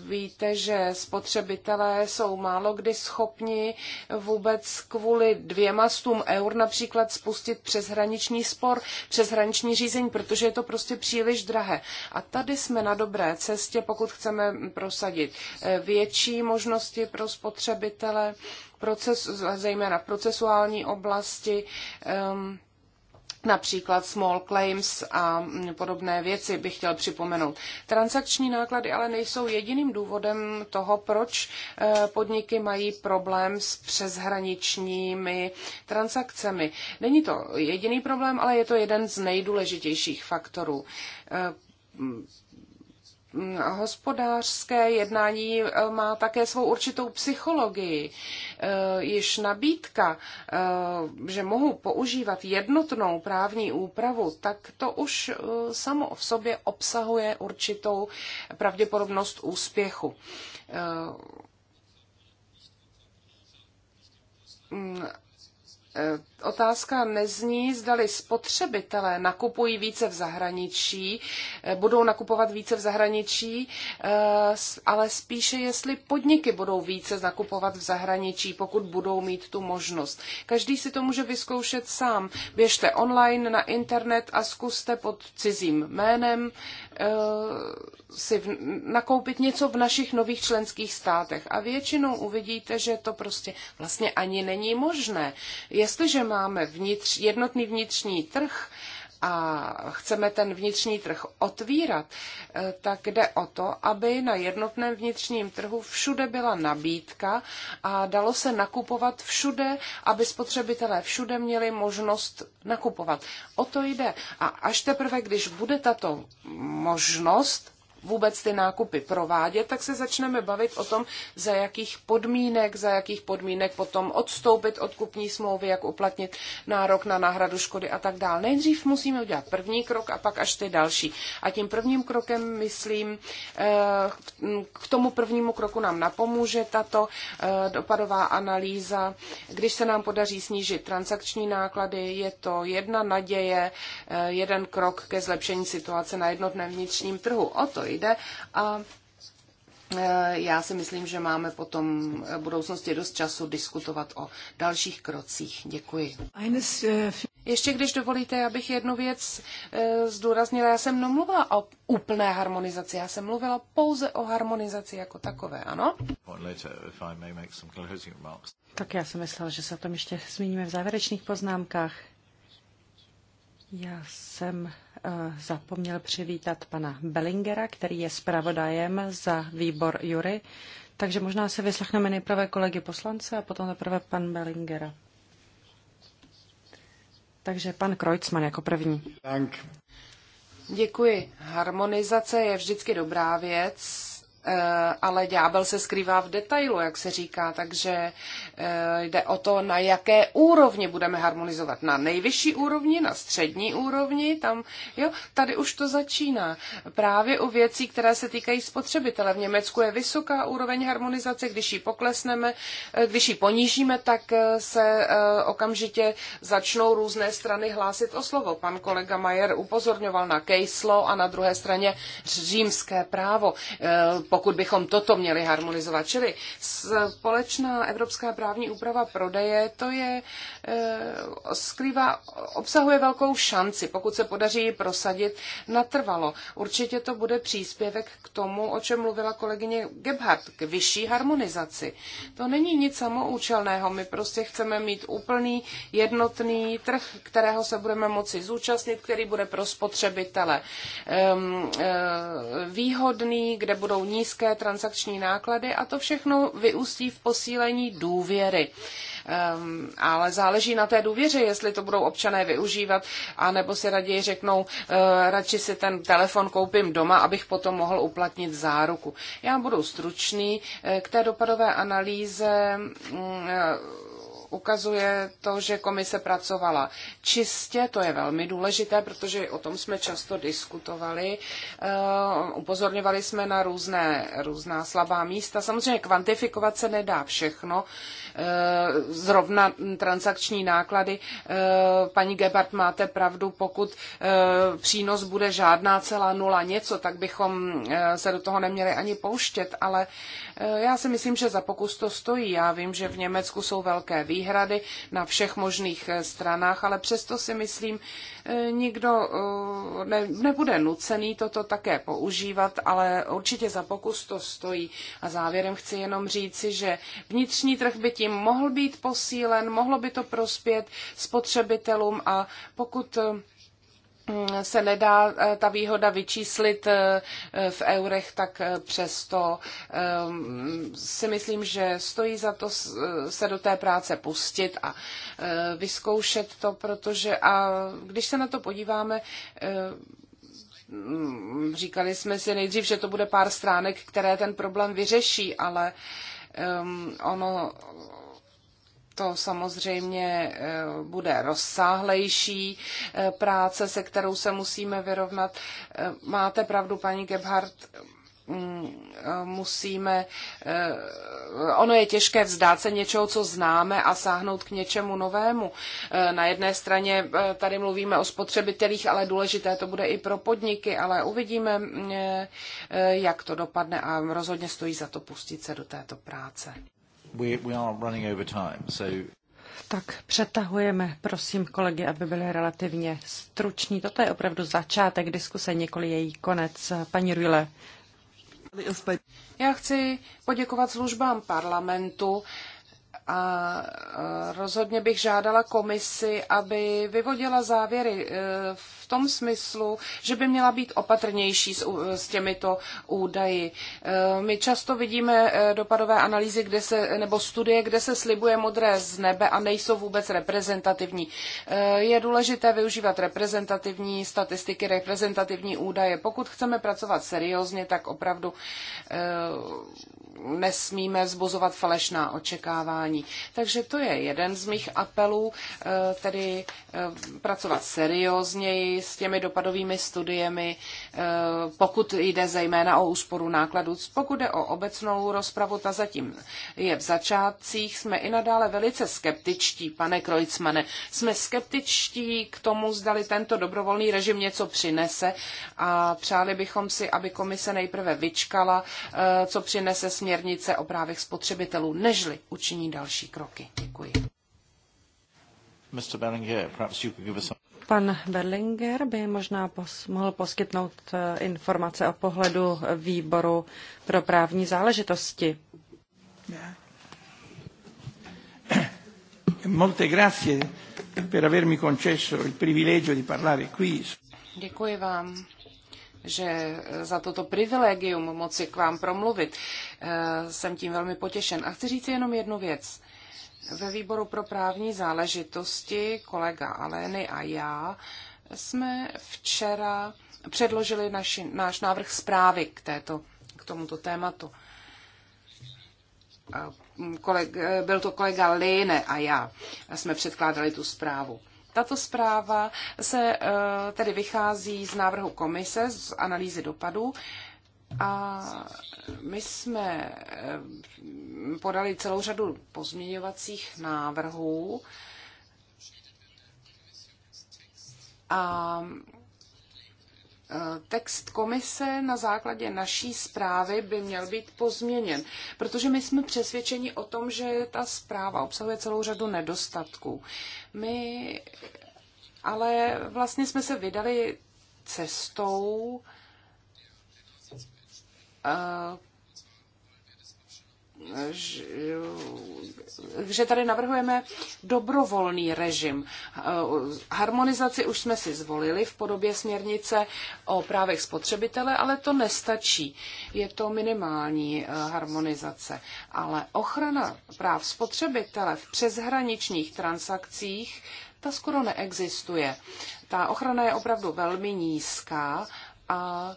Víte, že spotřebitelé jsou málo kdy schopni vůbec kvůli dvěma stům eur například spustit přeshraniční spor, přeshraniční řízení, protože je to prostě příliš drahé. A tady jsme na dobré cestě, pokud chceme prosadit eh, větší možnosti pro spotřebitele, proces, zejména v procesuální oblasti, ehm, například small claims a mm, podobné věci bych chtěl připomenout. Transakční náklady ale nejsou jediným důvodem toho, proč eh, podniky mají problém s přeshraničními transakcemi. Není to jediný problém, ale je to jeden z nejdůležitějších faktorů. Eh, hospodářské jednání eh, má také svou určitou psychologii. Eh, již nabídka, eh, že mohu používat jednotnou právní úpravu, tak to už samo v sobě obsahuje určitou pravděpodobnost úspěchu. Mm, otázka nezní, zdali spotřebitelé nakupují více v zahraničí, eh, budou nakupovat více v zahraničí, eh, ale spíše jestli podniky budou více nakupovat v zahraničí, pokud budou mít tu možnost. Každý si to může vyzkoušet sám. Běžte online na internet a zkuste pod cizím jménem eh, si nakoupit něco v našich nových členských státech. A většinou uvidíte, že to prostě vlastně ani není možné. Jestliže máme vnitř, jednotný vnitřní trh, a chceme ten vnitřní trh otvírat, eh, tak jde o to, aby na jednotném vnitřním trhu všude byla nabídka a dalo se nakupovat všude, aby spotřebitelé všude měli možnost nakupovat. O to jde. A až teprve, když bude tato možnost, vůbec ty nákupy provádět, tak se začneme bavit o tom, za jakých podmínek, za jakých podmínek potom odstoupit od kupní smlouvy, jak uplatnit nárok na náhradu škody a tak dále. Nejdřív musíme udělat první krok a pak až ty další. A tím prvním krokem, myslím, eh, k tomu prvnímu kroku nám napomůže tato eh, dopadová analýza. Když se nám podaří snížit transakční náklady, je to jedna naděje, eh, jeden krok ke zlepšení situace na jednotném vnitřním trhu. O to jde a e, já si myslím, že máme potom v budoucnosti dost času diskutovat o dalších krocích. Děkuji. E, ještě když dovolíte, abych jednu věc e, zdůraznila. Já jsem nemluvila o úplné harmonizaci, já jsem mluvila pouze o harmonizaci jako takové, ano? Tak já jsem myslela, že se o tom ještě zmíníme v závěrečných poznámkách. Já jsem Eh, zapomněl přivítat pana Bellingera, který je zpravodajem za výbor Jury. Takže možná se vyslechneme nejprve kolegy poslance a potom teprve pan Bellingera. Takže pan Kreutzmann jako první. Dank. Děkuji. Harmonizace je vždycky dobrá věc Eh, ale ďábel se skrývá v detailu, jak se říká, takže eh, jde o to, na jaké úrovni budeme harmonizovat. Na nejvyšší úrovni, na střední úrovni, tam, jo, tady už to začíná. Právě u věcí, které se týkají spotřebitele. V Německu je vysoká úroveň harmonizace, když ji poklesneme, eh, když ji ponížíme, tak se okamžitě začnou různé strany hlásit o slovo. Pan kolega Majer upozorňoval na case law a na druhé straně římské právo. Po pokud bychom toto měli harmonizovat. Čili společná evropská právní úprava prodeje, to je, e, skrývá, obsahuje velkou šanci, pokud se podaří ji prosadit natrvalo. Určitě to bude příspěvek k tomu, o čem mluvila kolegyně Gebhardt, k vyšší harmonizaci. To není nic samoučelného, my prostě chceme mít úplný jednotný trh, kterého se budeme moci zúčastnit, který bude pro spotřebitele e, výhodný, kde budou nízké nízké transakční náklady a to všechno vyústí v posílení důvěry. Um, ale záleží na té důvěře, jestli to budou občané využívat, anebo si raději řeknou, uh, radši si ten telefon koupím doma, abych potom mohl uplatnit záruku. Já budu stručný. Eh, k té dopadové analýze um, ukazuje to, že komise pracovala čistě, to je velmi důležité, protože o tom jsme často diskutovali. Eh, upozorňovali jsme na různé, různá slabá místa. Samozřejmě kvantifikovat se nedá všechno, eh, zrovna transakční náklady. Eh, paní Gebhardt, máte pravdu, pokud přínos bude žádná celá nula něco, tak bychom se do toho neměli ani pouštět, ale já si myslím, že za pokus to stojí. Já vím, že v Německu jsou velké výzvy, výhrady na všech možných eh, stranách, ale přesto si myslím, eh, nikdo eh, ne, nebude nucený toto také používat, ale určitě za pokus to stojí. A závěrem chci jenom říci, že vnitřní trh by tím mohl být posílen, mohlo by to prospět spotřebitelům a pokud se nedá eh, ta výhoda vyčíslit eh, eh, v eurech, tak přesto ehm, si myslím, že stojí za to se do té práce pustit a vyzkoušet to, protože a když se na to podíváme, ehm, říkali jsme si nejdřív, že to bude pár stránek, které ten problém vyřeší, ale ehm, ono to samozřejmě eh, bude rozsáhlejší eh, práce, se kterou se musíme vyrovnat. Eh, máte pravdu, paní Gebhardt, mm, musíme, ono je těžké vzdát se něčeho, co známe a sáhnout k něčemu novému. Na jedné straně tady mluvíme o spotřebitelích, ale důležité to bude i pro podniky, ale uvidíme, mm, jak to dopadne a rozhodně stojí za to pustit se do této práce. We, we are running over time, so... Tak přetahujeme, prosím kolegy, aby byly relativně struční. Toto je opravdu začátek diskuse, nikoli její konec. Paní Rüle. Já chci poděkovat službám parlamentu a rozhodně bych žádala komisi, aby vyvodila závěry e, v v tom smyslu, že by měla být opatrnější s, s těmito údaji. E, my často vidíme e, dopadové analýzy kde se, nebo studie, kde se slibuje modré z nebe a nejsou vůbec reprezentativní. E, je důležité využívat reprezentativní statistiky, reprezentativní údaje. Pokud chceme pracovat seriózně, tak opravdu nesmíme vzbuzovat falešná očekávání. Takže to je jeden z mých apelů, tedy pracovat seriózněji, s těmi dopadovými studiemi, eh, pokud jde zejména o úsporu nákladů. Pokud jde o obecnou rozpravu, ta zatím je v začátcích. Jsme i nadále velice skeptičtí, pane Krojcmane. Jsme skeptičtí k tomu, zdali tento dobrovolný režim něco přinese a přáli bychom si, aby komise nejprve vyčkala, eh, co přinese směrnice o právech spotřebitelů, nežli učiní další kroky. Děkuji. Mr. Bellinger, perhaps you could give us Pan Berlinger by možná pos, mohl poskytnout eh, informace o pohledu výboru pro právní záležitosti. Molte grazie per avermi concesso il privilegio di parlare qui. Děkuji vám že eh, za toto privilegium moci k vám promluvit. Eh, jsem tím velmi potěšen. A chci říct jenom jednu věc. Ve výboru pro právní záležitosti kolega Aleny a já jsme včera předložili naši, náš návrh zprávy k, této, k tomuto tématu. Mm, koleg, byl to kolega Líne a já jsme předkládali tu zprávu. Tato zpráva se e, tedy vychází z návrhu komise, z analýzy dopadů a my jsme eh, podali celou řadu pozměňovacích návrhů a eh, text komise na základě naší zprávy by měl být pozměněn, protože my jsme přesvědčeni o tom, že ta zpráva obsahuje celou řadu nedostatků. My ale vlastně jsme se vydali cestou, že tady navrhujeme dobrovolný režim. Harmonizaci už jsme si zvolili v podobě směrnice o právech spotřebitele, ale to nestačí. Je to minimální e, harmonizace. Ale ochrana práv spotřebitele v přeshraničních transakcích ta skoro neexistuje. Ta ochrana je opravdu velmi nízká a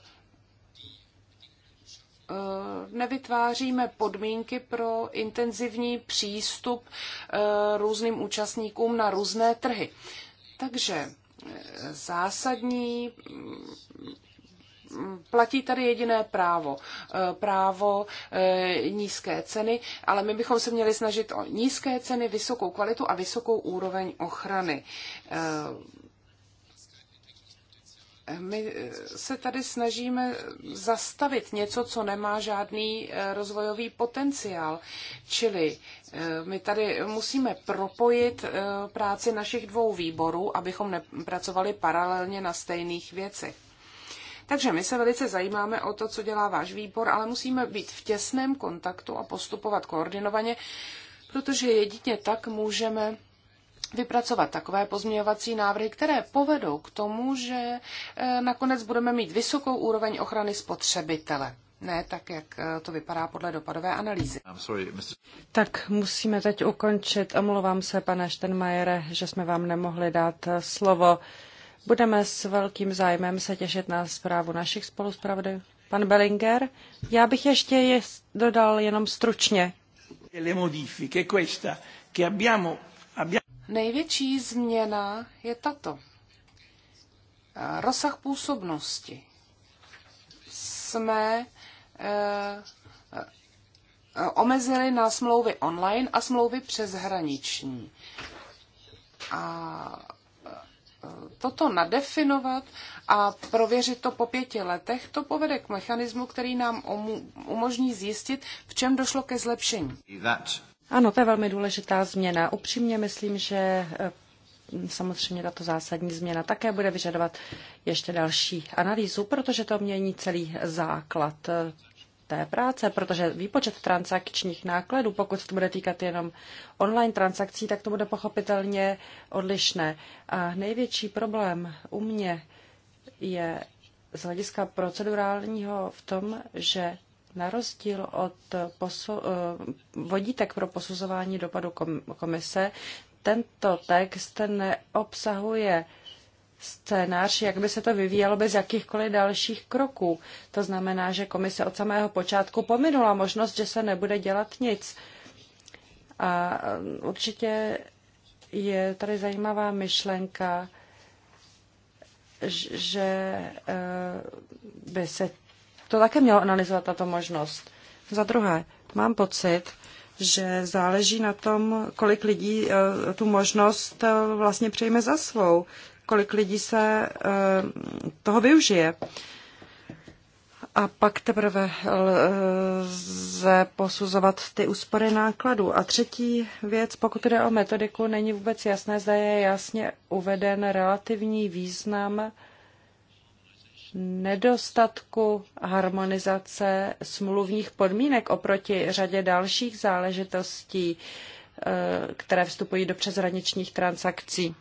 Eh, nevytváříme podmínky pro intenzivní přístup eh, různým účastníkům na různé trhy. Takže eh, zásadní mm, platí tady jediné právo. Právo nízké ceny, ale my bychom se měli snažit o nízké ceny, vysokou kvalitu a vysokou úroveň ochrany. My se tady snažíme zastavit něco, co nemá žádný eh, rozvojový potenciál. Čili eh, my tady musíme propojit eh, práci našich dvou výborů, abychom nepracovali paralelně na stejných věcech. Takže my se velice zajímáme o to, co dělá váš výbor, ale musíme být v těsném kontaktu a postupovat koordinovaně, protože jedině tak můžeme vypracovat takové pozměňovací návrhy, které povedou k tomu, že eh, nakonec budeme mít vysokou úroveň ochrany spotřebitele. Ne tak, jak eh, to vypadá podle dopadové analýzy. Sorry, tak musíme teď ukončit. Omlouvám se, pane Štenmajere, že jsme vám nemohli dát eh, slovo. Budeme s velkým zájmem se těšit na zprávu našich spoluspravodajů. Pan Bellinger, já bych ještě je dodal jenom stručně. Le modifiche questa che abbiamo Největší změna je tato. Rozsah působnosti. Jsme e, e, omezili na smlouvy online a smlouvy přeshraniční. A e, toto nadefinovat a prověřit to po pěti letech, to povede k mechanismu, který nám umožní zjistit, v čem došlo ke zlepšení. Ano, to je velmi důležitá změna. Upřímně myslím, že eh, samozřejmě tato zásadní změna také bude vyžadovat ještě další analýzu, protože to mění celý základ eh, té práce, protože výpočet transakčních nákladů, pokud to bude týkat jenom online transakcí, tak to bude pochopitelně odlišné. A největší problém u mě je z hlediska procedurálního v tom, že na rozdíl od posu, eh, vodítek pro posuzování dopadu komise, tento text neobsahuje scénář, jak by se to vyvíjelo bez jakýchkoliv dalších kroků. To znamená, že komise od samého počátku pominula možnost, že se nebude dělat nic. A eh, určitě je tady zajímavá myšlenka, že eh, by se to také mělo analyzovat tato možnost. Za druhé, mám pocit, že záleží na tom, kolik lidí eh, tu možnost eh, vlastně přejme za svou, kolik lidí se eh, toho využije. A pak teprve lze posuzovat ty úspory nákladů. A třetí věc, pokud jde o metodiku, není vůbec jasné, zda je jasně uveden relativní význam nedostatku harmonizace smluvních podmínek oproti řadě dalších záležitostí, eh, které vstupují do přeshraničních transakcí.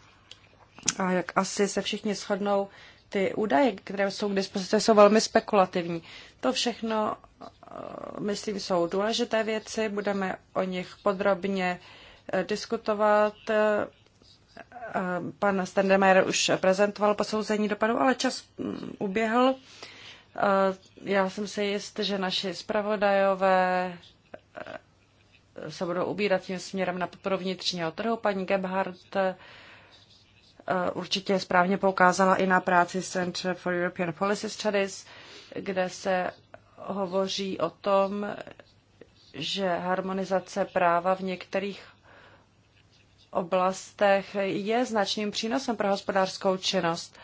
A jak asi se všichni shodnou, ty údaje, které jsou k dispozici, jsou velmi spekulativní. To všechno, eh, myslím, jsou důležité věci, budeme o nich podrobně eh, diskutovat. Eh, pan Standemeyer už prezentoval posouzení dopadu, ale čas mm, uběhl. Eh, já jsem si jist, že naši zpravodajové eh, se budou ubírat tím směrem na podporu vnitřního trhu. Paní Gebhardt určitě správně poukázala i na práci Center for European Policy Studies, kde se hovoří o tom, že harmonizace práva v některých oblastech je značným přínosem pro hospodářskou činnost.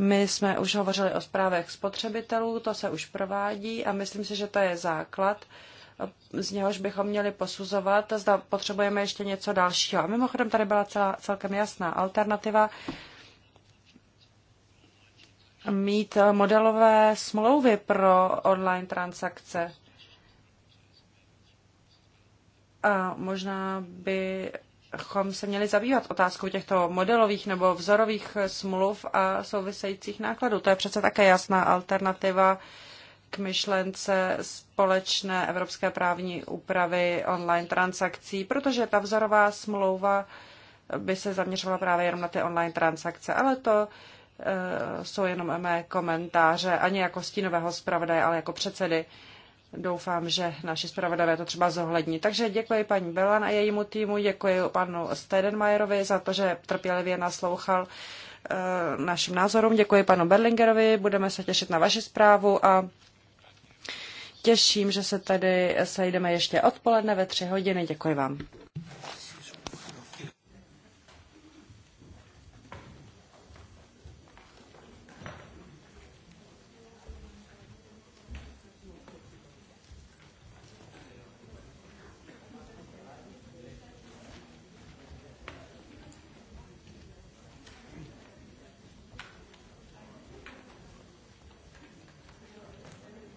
My jsme už hovořili o zprávech spotřebitelů, to se už provádí a myslím si, že to je základ, z něhož bychom měli posuzovat, zda potřebujeme ještě něco dalšího. A mimochodem tady byla celá, celkem jasná alternativa mít modelové smlouvy pro online transakce. A možná by bychom se měli zabývat otázkou těchto modelových nebo vzorových smluv a souvisejících nákladů. To je přece také jasná alternativa k myšlence společné evropské právní úpravy online transakcí, protože ta vzorová smlouva by se zaměřovala právě jenom na ty online transakce, ale to e, jsou jenom mé komentáře, ani jako stínového zpravodaje, ale jako předsedy Doufám, že naši zpravodavé to třeba zohlední. Takže děkuji paní Belan a jejímu týmu, děkuji panu Stedenmajerovi za to, že trpělivě naslouchal eh, našim názorům. Děkuji panu Berlingerovi, budeme se těšit na vaši zprávu a těším, že se tady sejdeme ještě odpoledne ve tři hodiny. Děkuji vám.